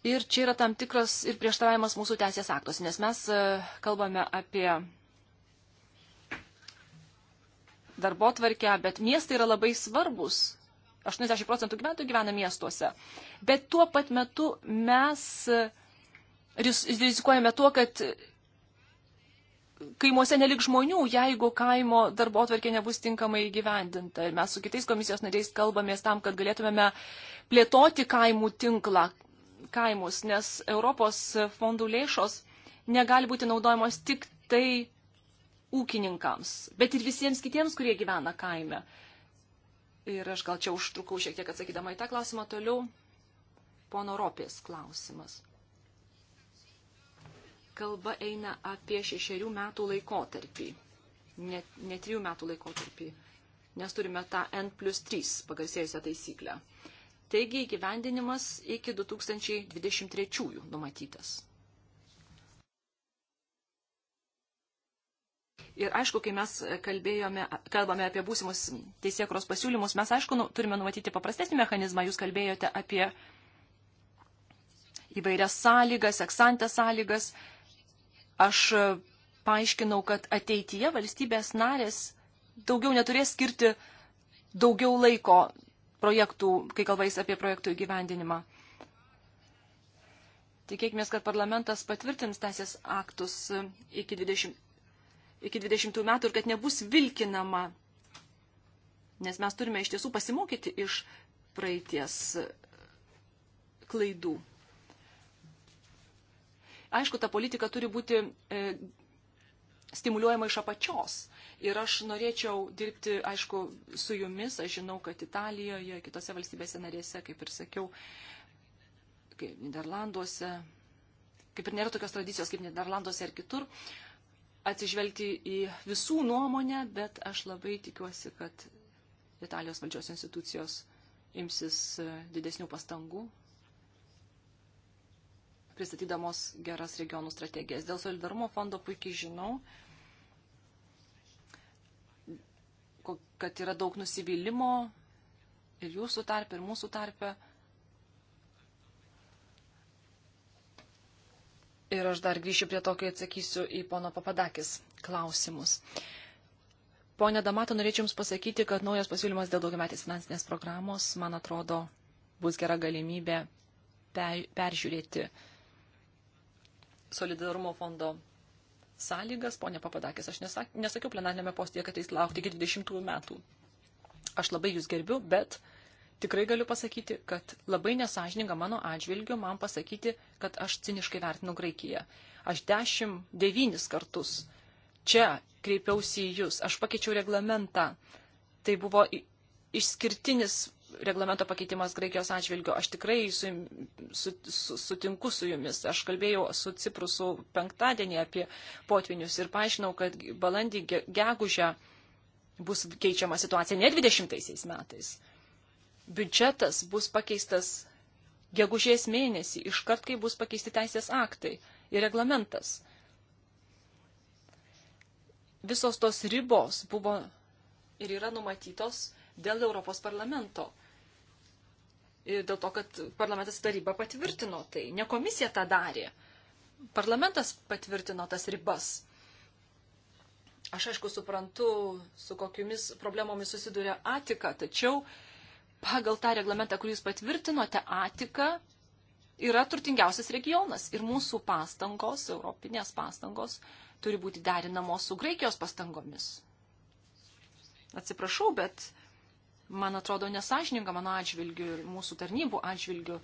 Ir čia yra tam tikras ir prieštaravimas mūsų teisės aktos, nes mes e, kalbame apie darbo tvarkę, bet miestai yra labai svarbus. 80 procentų gyventojų gyvena miestuose. Bet tuo pat metu mes e, rizikuojame tuo, kad kaimuose nelik žmonių, jeigu kaimo darbo atvarkė nebus tinkamai gyvendinta. Ir mes su kitais komisijos nariais kalbamės tam, kad galėtumėme plėtoti kaimų tinklą, kaimus, nes Europos fondų lėšos negali būti naudojamos tik tai ūkininkams, bet ir visiems kitiems, kurie gyvena kaime. Ir aš gal čia užtrukau šiek tiek atsakydama į tą klausimą toliau. Pono Ropės klausimas. Kalba eina apie šešerių metų laikotarpį, ne, ne trijų metų laikotarpį, nes turime tą N plus 3 pagarsėjusią taisyklę. Taigi įgyvendinimas iki 2023 numatytas. Ir aišku, kai mes kalbėjome, kalbame apie būsimus teisėkros pasiūlymus, mes aišku nu, turime numatyti paprastesnį mechanizmą. Jūs kalbėjote apie įvairias sąlygas, eksantės sąlygas. Aš paaiškinau, kad ateityje valstybės narės daugiau neturės skirti daugiau laiko projektų, kai kalbais apie projektų įgyvendinimą. Tikėkime, kad parlamentas patvirtins teisės aktus iki 20, iki 20 metų ir kad nebus vilkinama. Nes mes turime iš tiesų pasimokyti iš praeities klaidų. Aišku, ta politika turi būti e, stimuliuojama iš apačios. Ir aš norėčiau dirbti, aišku, su jumis. Aš žinau, kad Italijoje, kitose valstybėse narėse, kaip ir sakiau, kaip Niderlanduose, kaip ir nėra tokios tradicijos kaip Niderlanduose ar kitur, atsižvelgti į visų nuomonę, bet aš labai tikiuosi, kad Italijos valdžios institucijos imsis e, didesnių pastangų, pristatydamos geras regionų strategijas. Dėl solidarumo fondo puikiai žinau, kad yra daug nusivylimų ir jūsų tarp, ir mūsų tarp, Ir aš dar grįšiu prie to, kai atsakysiu į pono Papadakis klausimus. Pone Damato, norėčiau Jums pasakyti, kad naujas pasiūlymas dėl daugiametės finansinės programos, man atrodo, bus gera galimybė peržiūrėti solidarumo fondo sąlygas. Pone Papadakis, aš nesak, nesakiau plenarnėme postėje, kad jis laukti iki 20 metų. Aš labai Jūs gerbiu, bet uh, tikrai galiu pasakyti, kad labai nesažininga mano atžvilgiu man pasakyti, kad aš ciniškai vertinu Graikiją. Aš dešimt devynis kartus čia kreipiausi į Jūs, aš pakeičiau reglamentą. Tai buvo išskirtinis reglamento pakeitimas Graikijos atžvilgiu. Aš tikrai su, su, su, sutinku su jumis. Aš kalbėjau su Ciprusu penktadienį apie potvinius ir paaiškinau, kad balandį gegužę bus keičiama situacija ne 20 metais biudžetas bus pakeistas gegužės mėnesį, iškart kai bus pakeisti teisės aktai ir reglamentas. Visos tos ribos buvo ir yra numatytos dėl Europos parlamento. Ir dėl to, kad parlamentas taryba patvirtino tai, ne komisija tą darė. Parlamentas patvirtino tas ribas. Aš aišku suprantu, su kokiomis problemomis susiduria Atika, tačiau uh, pagal tą reglamentą, kurį jūs patvirtinote, Atika yra turtingiausias regionas ir mūsų pastangos, europinės pastangos, turi būti derinamos su Graikijos pastangomis. Atsiprašau, bet man atrodo nesažininga mano atžvilgiu ir mūsų tarnybų atžvilgiu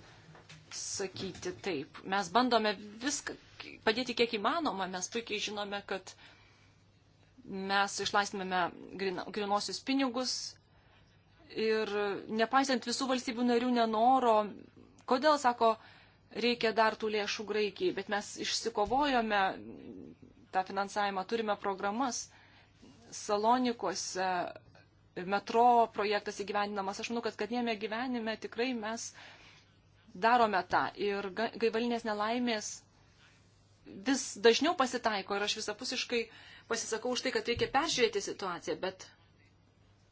sakyti taip. Mes bandome viską padėti kiek įmanoma, mes puikiai žinome, kad mes išlaisviname grinuosius pinigus, ir nepaisant visų valstybių narių nenoro, kodėl, sako, reikia dar tų lėšų Graikijai, bet mes išsikovojome tą finansavimą, turime programas Salonikuose, metro projektas įgyvendinamas. Aš manau, kad kasdienėme gyvenime tikrai mes darome tą ir gaivalinės nelaimės vis dažniau pasitaiko ir aš visapusiškai pasisakau už tai, kad reikia peržiūrėti situaciją, bet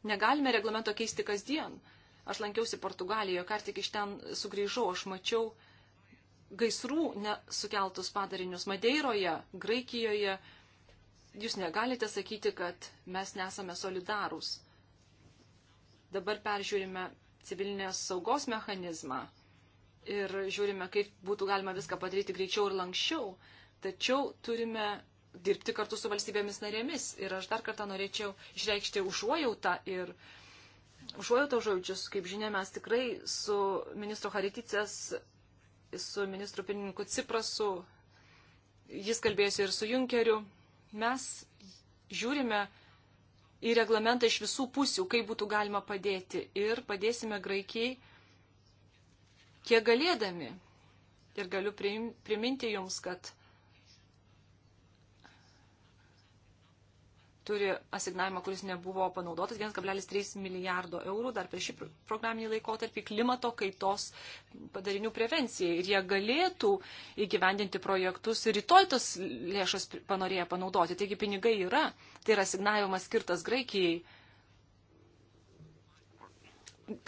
Negalime reglamento keisti kasdien. Aš lankiausi Portugalijoje, ką tik iš ten sugrįžau, aš mačiau gaisrų sukeltus padarinius Madeiroje, Graikijoje. Jūs negalite sakyti, kad mes nesame solidarūs. Dabar peržiūrime civilinės saugos mechanizmą ir žiūrime, kaip būtų galima viską padaryti greičiau ir lankščiau. Tačiau turime dirbti kartu su valstybėmis narėmis. Ir aš dar kartą norėčiau išreikšti užuojautą ir užuojautą žodžius. Kaip žinia, mes tikrai su ministro Hariticės, su ministru pirmininku Ciprasu, jis kalbėjosi ir su Junkeriu, mes žiūrime į reglamentą iš visų pusių, kaip būtų galima padėti ir padėsime Graikijai, kiek galėdami. Ir galiu priminti jums, kad turi asignavimą, kuris nebuvo panaudotas, 1,3 milijardo eurų dar per šį programinį laikotarpį klimato kaitos padarinių prevencijai. Ir jie galėtų įgyvendinti projektus ir rytoj tas lėšas panorėję panaudoti. Taigi pinigai yra, tai yra asignavimas skirtas Graikijai.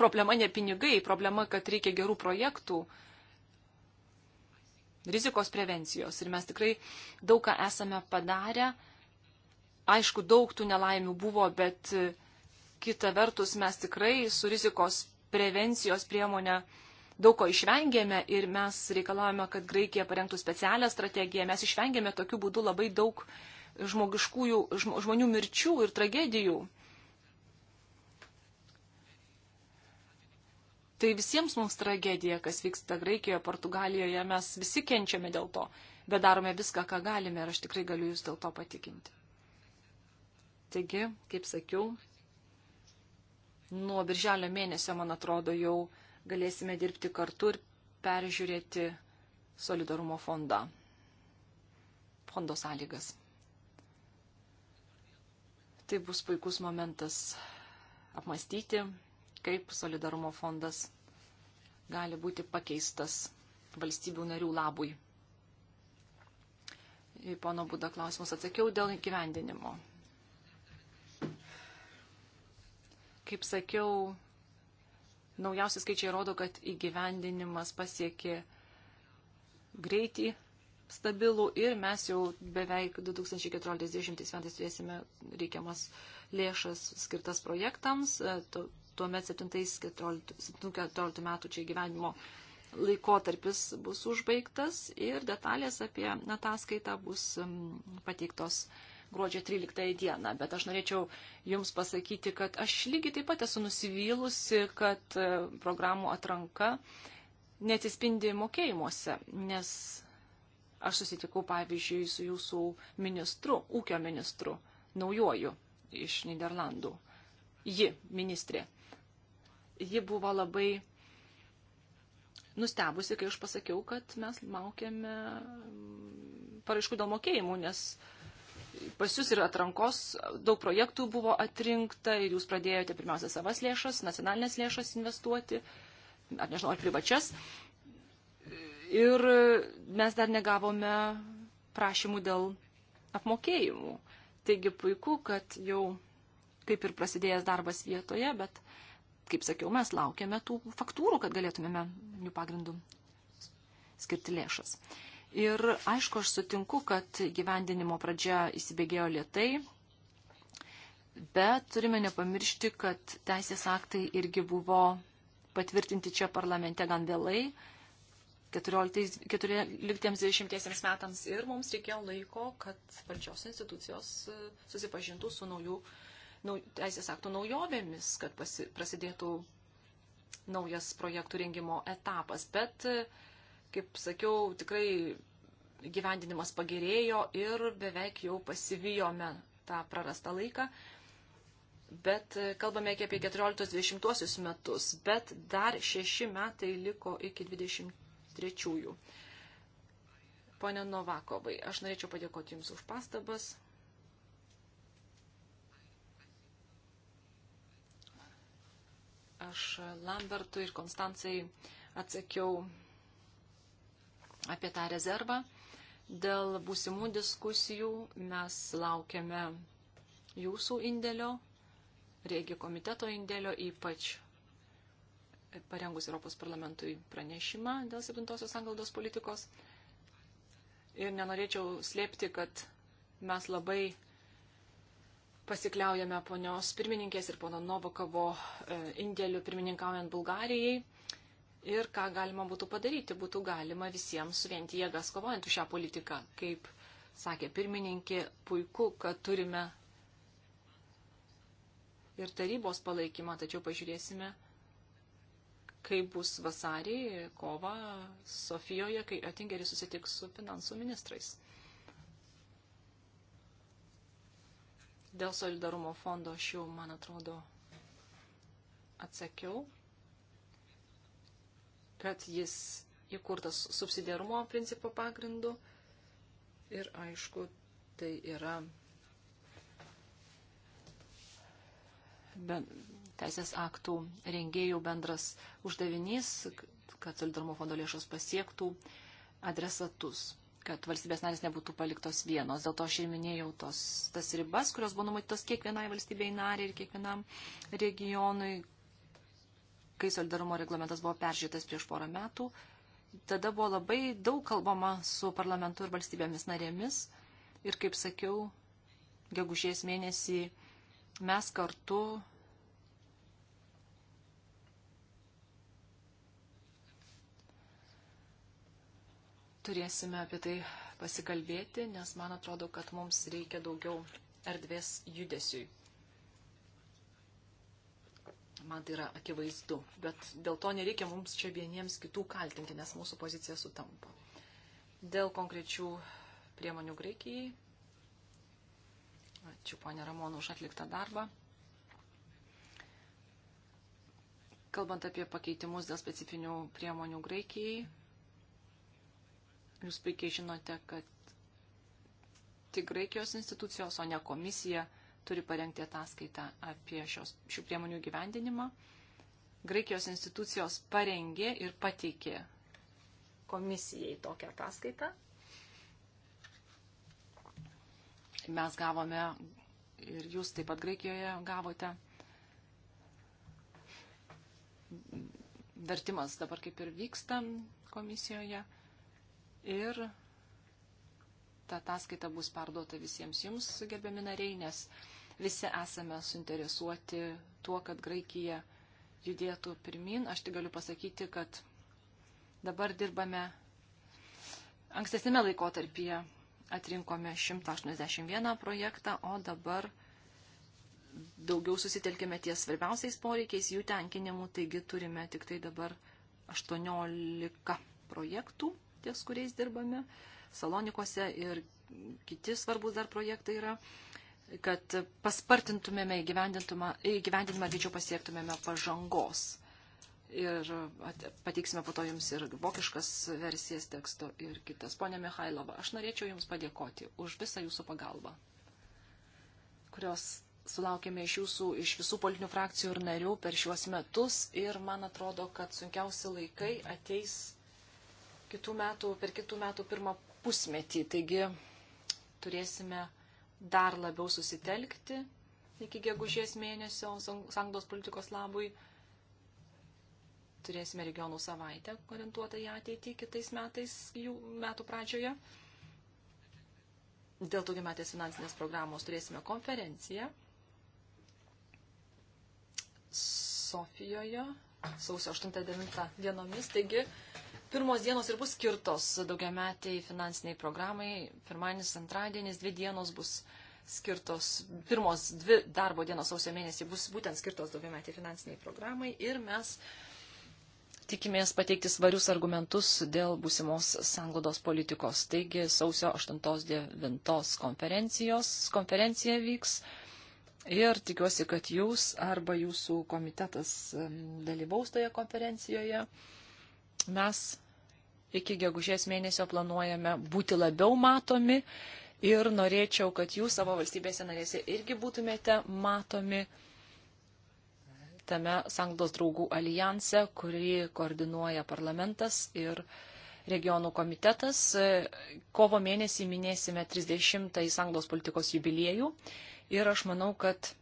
Problema ne pinigai, problema, kad reikia gerų projektų rizikos prevencijos. Ir mes tikrai daug ką esame padarę Aišku, daug tų nelaimių buvo, bet e, kita vertus mes tikrai su rizikos prevencijos priemonė daug ko išvengėme ir mes reikalavome, kad Graikija parengtų specialią strategiją. Mes išvengėme tokiu būdu labai daug žmogiškųjų žmonių mirčių ir tragedijų. Tai visiems mums tragedija, kas vyksta Graikijoje, Portugalijoje, mes visi kenčiame dėl to, bet darome viską, ką galime ir aš tikrai galiu jūs dėl to patikinti. Taigi, kaip sakiau, nuo birželio mėnesio, man atrodo, jau galėsime dirbti kartu ir peržiūrėti solidarumo fondą, fondo sąlygas. Tai bus puikus momentas apmastyti, kaip solidarumo fondas gali būti pakeistas valstybių narių labui. Į pono būdą klausimus atsakiau dėl įgyvendinimo. Kaip sakiau, naujausi skaičiai rodo, kad įgyvendinimas pasiekė greitį stabilų ir mes jau beveik 2014-2020 metais turėsime reikiamas lėšas skirtas projektams. Tuomet 7-14 metų čia gyvenimo laikotarpis bus užbaigtas ir detalės apie ataskaitą bus mm, pateiktos gruodžio 13 dieną, bet aš norėčiau Jums pasakyti, kad aš lygiai taip pat esu nusivylusi, kad e, programų atranka neatsispindi mokėjimuose, nes aš susitikau, pavyzdžiui, su Jūsų ministru, ūkio ministru, naujoju iš Niderlandų. Ji, ministrė. Ji buvo labai nustebusi, kai aš pasakiau, kad mes laukiame mm, paraiškų dėl mokėjimų, nes uh, pas jūs ir atrankos daug projektų buvo atrinkta ir jūs pradėjote pirmiausia savas lėšas, nacionalinės lėšas investuoti, ar nežinau, ar privačias. Ir mes dar negavome prašymų dėl apmokėjimų. Taigi puiku, kad jau kaip ir prasidėjęs darbas vietoje, bet, kaip sakiau, mes laukiame tų faktūrų, kad galėtumėme jų pagrindų skirti lėšas. Uh, Ir aišku, aš sutinku, kad gyvendinimo pradžia įsibėgėjo lietai, bet turime nepamiršti, kad teisės aktai irgi buvo patvirtinti čia parlamente gan vėlai, 14-20 metams ir mums reikėjo laiko, kad valdžios institucijos e, susipažintų su naujų, nau, teisės aktų naujovėmis, kad pasi, prasidėtų naujas projektų rengimo etapas. Bet uh, Kaip sakiau, tikrai gyvendinimas pagerėjo ir beveik jau pasivijome tą prarastą laiką. Bet e, kalbame iki apie 14-20 metus, bet dar šeši metai liko iki 23-ųjų. Pone Novakovai, aš norėčiau padėkoti Jums už pastabas. Aš Lambertui ir Konstancijai atsakiau apie tą rezervą. Dėl būsimų diskusijų mes laukiame jūsų indėlio, regi komiteto indėlio, ypač parengus Europos parlamentui pranešimą dėl septintosios anglodos politikos. Ir nenorėčiau slėpti, kad mes labai pasikliaujame ponios pirmininkės ir pono Novakovo e, indėlių pirmininkaujant Bulgarijai ir ką galima būtų padaryti. Būtų galima visiems suvienti jėgas kovojant už šią politiką. Kaip sakė pirmininkė, puiku, kad turime ir tarybos palaikymą, tačiau pažiūrėsime, kaip bus vasarį, kova Sofijoje, kai Atingeris susitiks su finansų ministrais. Dėl solidarumo fondo aš jau, man atrodo, atsakiau kad jis įkurtas subsidiarumo principo pagrindu ir aišku, tai yra ben, teisės aktų rengėjų bendras uždavinys, kad solidarumo fondo lėšos pasiektų adresatus kad valstybės narės nebūtų paliktos vienos. Dėl to aš ir minėjau tos, tas ribas, kurios buvo numatytos kiekvienai valstybei nariai ir kiekvienam regionui, kai solidarumo reglamentas buvo peržiūrėtas prieš porą metų, tada buvo labai daug kalbama su parlamentu ir valstybėmis narėmis. Ir kaip sakiau, gegužės mėnesį mes kartu turėsime apie tai pasikalbėti, nes man atrodo, kad mums reikia daugiau erdvės judesiui Man tai yra akivaizdu, bet dėl to nereikia mums čia vieniems kitų kaltinti, nes mūsų pozicija sutampa. Dėl konkrečių priemonių Graikijai. Ačiū, ponė Ramonu, už atliktą darbą. Kalbant apie pakeitimus dėl specifinių priemonių Graikijai, jūs puikiai žinote, kad tik Graikijos institucijos, o ne komisija – turi parengti ataskaitą apie šios, šių priemonių gyvendinimą. Graikijos institucijos parengė ir pateikė komisijai tokią ataskaitą. Mes gavome ir jūs taip pat Graikijoje gavote. Vertimas dabar kaip ir vyksta komisijoje. Ir ta ataskaita bus perduota visiems jums, gerbiami nariai, nes uh, visi esame suinteresuoti tuo, kad Graikija judėtų pirmin. Aš tik galiu pasakyti, kad dabar dirbame ankstesnėme laikotarpyje. Atrinkome 181 projektą, o dabar daugiau susitelkime ties svarbiausiais poreikiais, jų tenkinimu, taigi turime tik tai dabar 18 projektų, ties kuriais dirbame. Salonikose ir kiti svarbus dar projektai yra kad paspartintumėme įgyvendinimą, greičiau pasiektumėme pažangos. Ir pateiksime po to jums ir vokiškas versijas teksto ir kitas. Pone Mihailova, aš norėčiau jums padėkoti už visą jūsų pagalbą, kurios sulaukėme iš jūsų, iš visų politinių frakcijų ir narių per šiuos metus. Ir man atrodo, kad sunkiausi laikai ateis kitų metų, per kitų metų pirmą pusmetį. Taigi turėsime dar labiau susitelkti iki gegužės mėnesio sanglos politikos labui. Turėsime regionų savaitę orientuotą į ateitį kitais metais, jų metų pradžioje. Dėl daugiametės finansinės programos turėsime konferenciją Sofijoje sausio 8-9 dienomis. Taigi pirmos dienos ir bus skirtos daugiametiai finansiniai programai. Pirmanis, antradienis, dvi dienos bus skirtos, pirmos dvi darbo dienos sausio mėnesį bus būtent skirtos daugiametiai finansiniai programai ir mes tikimės pateikti svarius argumentus dėl būsimos sanglodos politikos. Taigi sausio 8-9 konferencijos konferencija vyks ir tikiuosi, kad jūs arba jūsų komitetas dalyvaus toje konferencijoje. Mes iki gegužės mėnesio planuojame būti labiau matomi ir norėčiau, kad jūs savo valstybėse narėse irgi būtumėte matomi tame Sanglos draugų alijanse, kurį koordinuoja parlamentas ir regionų komitetas. Kovo mėnesį minėsime 30-ąjį Sanglos politikos jubiliejų ir aš manau, kad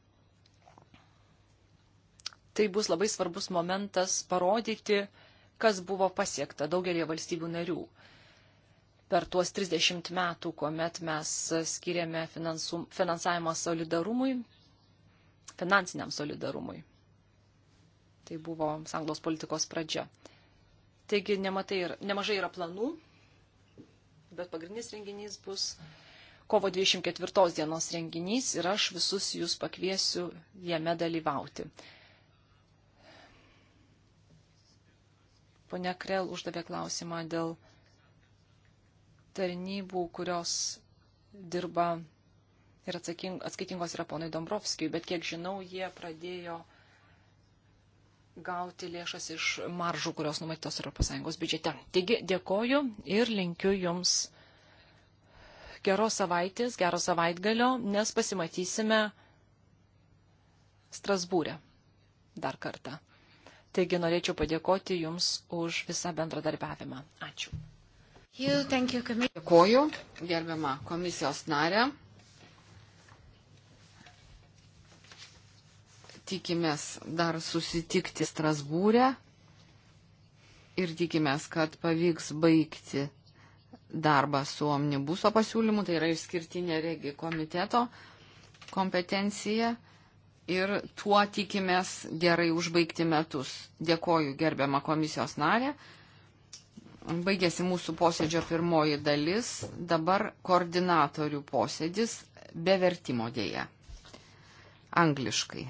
tai bus labai svarbus momentas parodyti, kas buvo pasiekta daugelie valstybių narių per tuos 30 metų, kuomet mes skiriame finansų, finansavimą solidarumui, finansiniam solidarumui. Tai buvo sanglos politikos pradžia. Taigi nematai, nemažai yra planų, bet pagrindinis renginys bus kovo 24 dienos renginys ir aš visus jūs pakviesiu jame dalyvauti. Pone Krell uždavė klausimą dėl tarnybų, kurios dirba ir atsaking, atskaitingos yra ponai Dombrovskijui, bet kiek žinau, jie pradėjo gauti lėšas iš maržų, kurios numatytos ES biudžete. Taigi dėkoju ir linkiu Jums geros savaitės, gero savaitgalio, nes pasimatysime Strasbūrė dar kartą. Taigi norėčiau padėkoti Jums už visą bendradarbiavimą. Ačiū. Dėkoju, gerbiama komisijos narė. Tikimės dar susitikti Strasbūrę ir tikimės, kad pavyks baigti darbą su omnibuso pasiūlymu, tai yra išskirtinė regi komiteto kompetencija ir tuo tikimės gerai užbaigti metus. Dėkoju gerbiamą komisijos narę. Baigėsi mūsų posėdžio pirmoji dalis, dabar koordinatorių posėdis be vertimo dėja. Angliškai.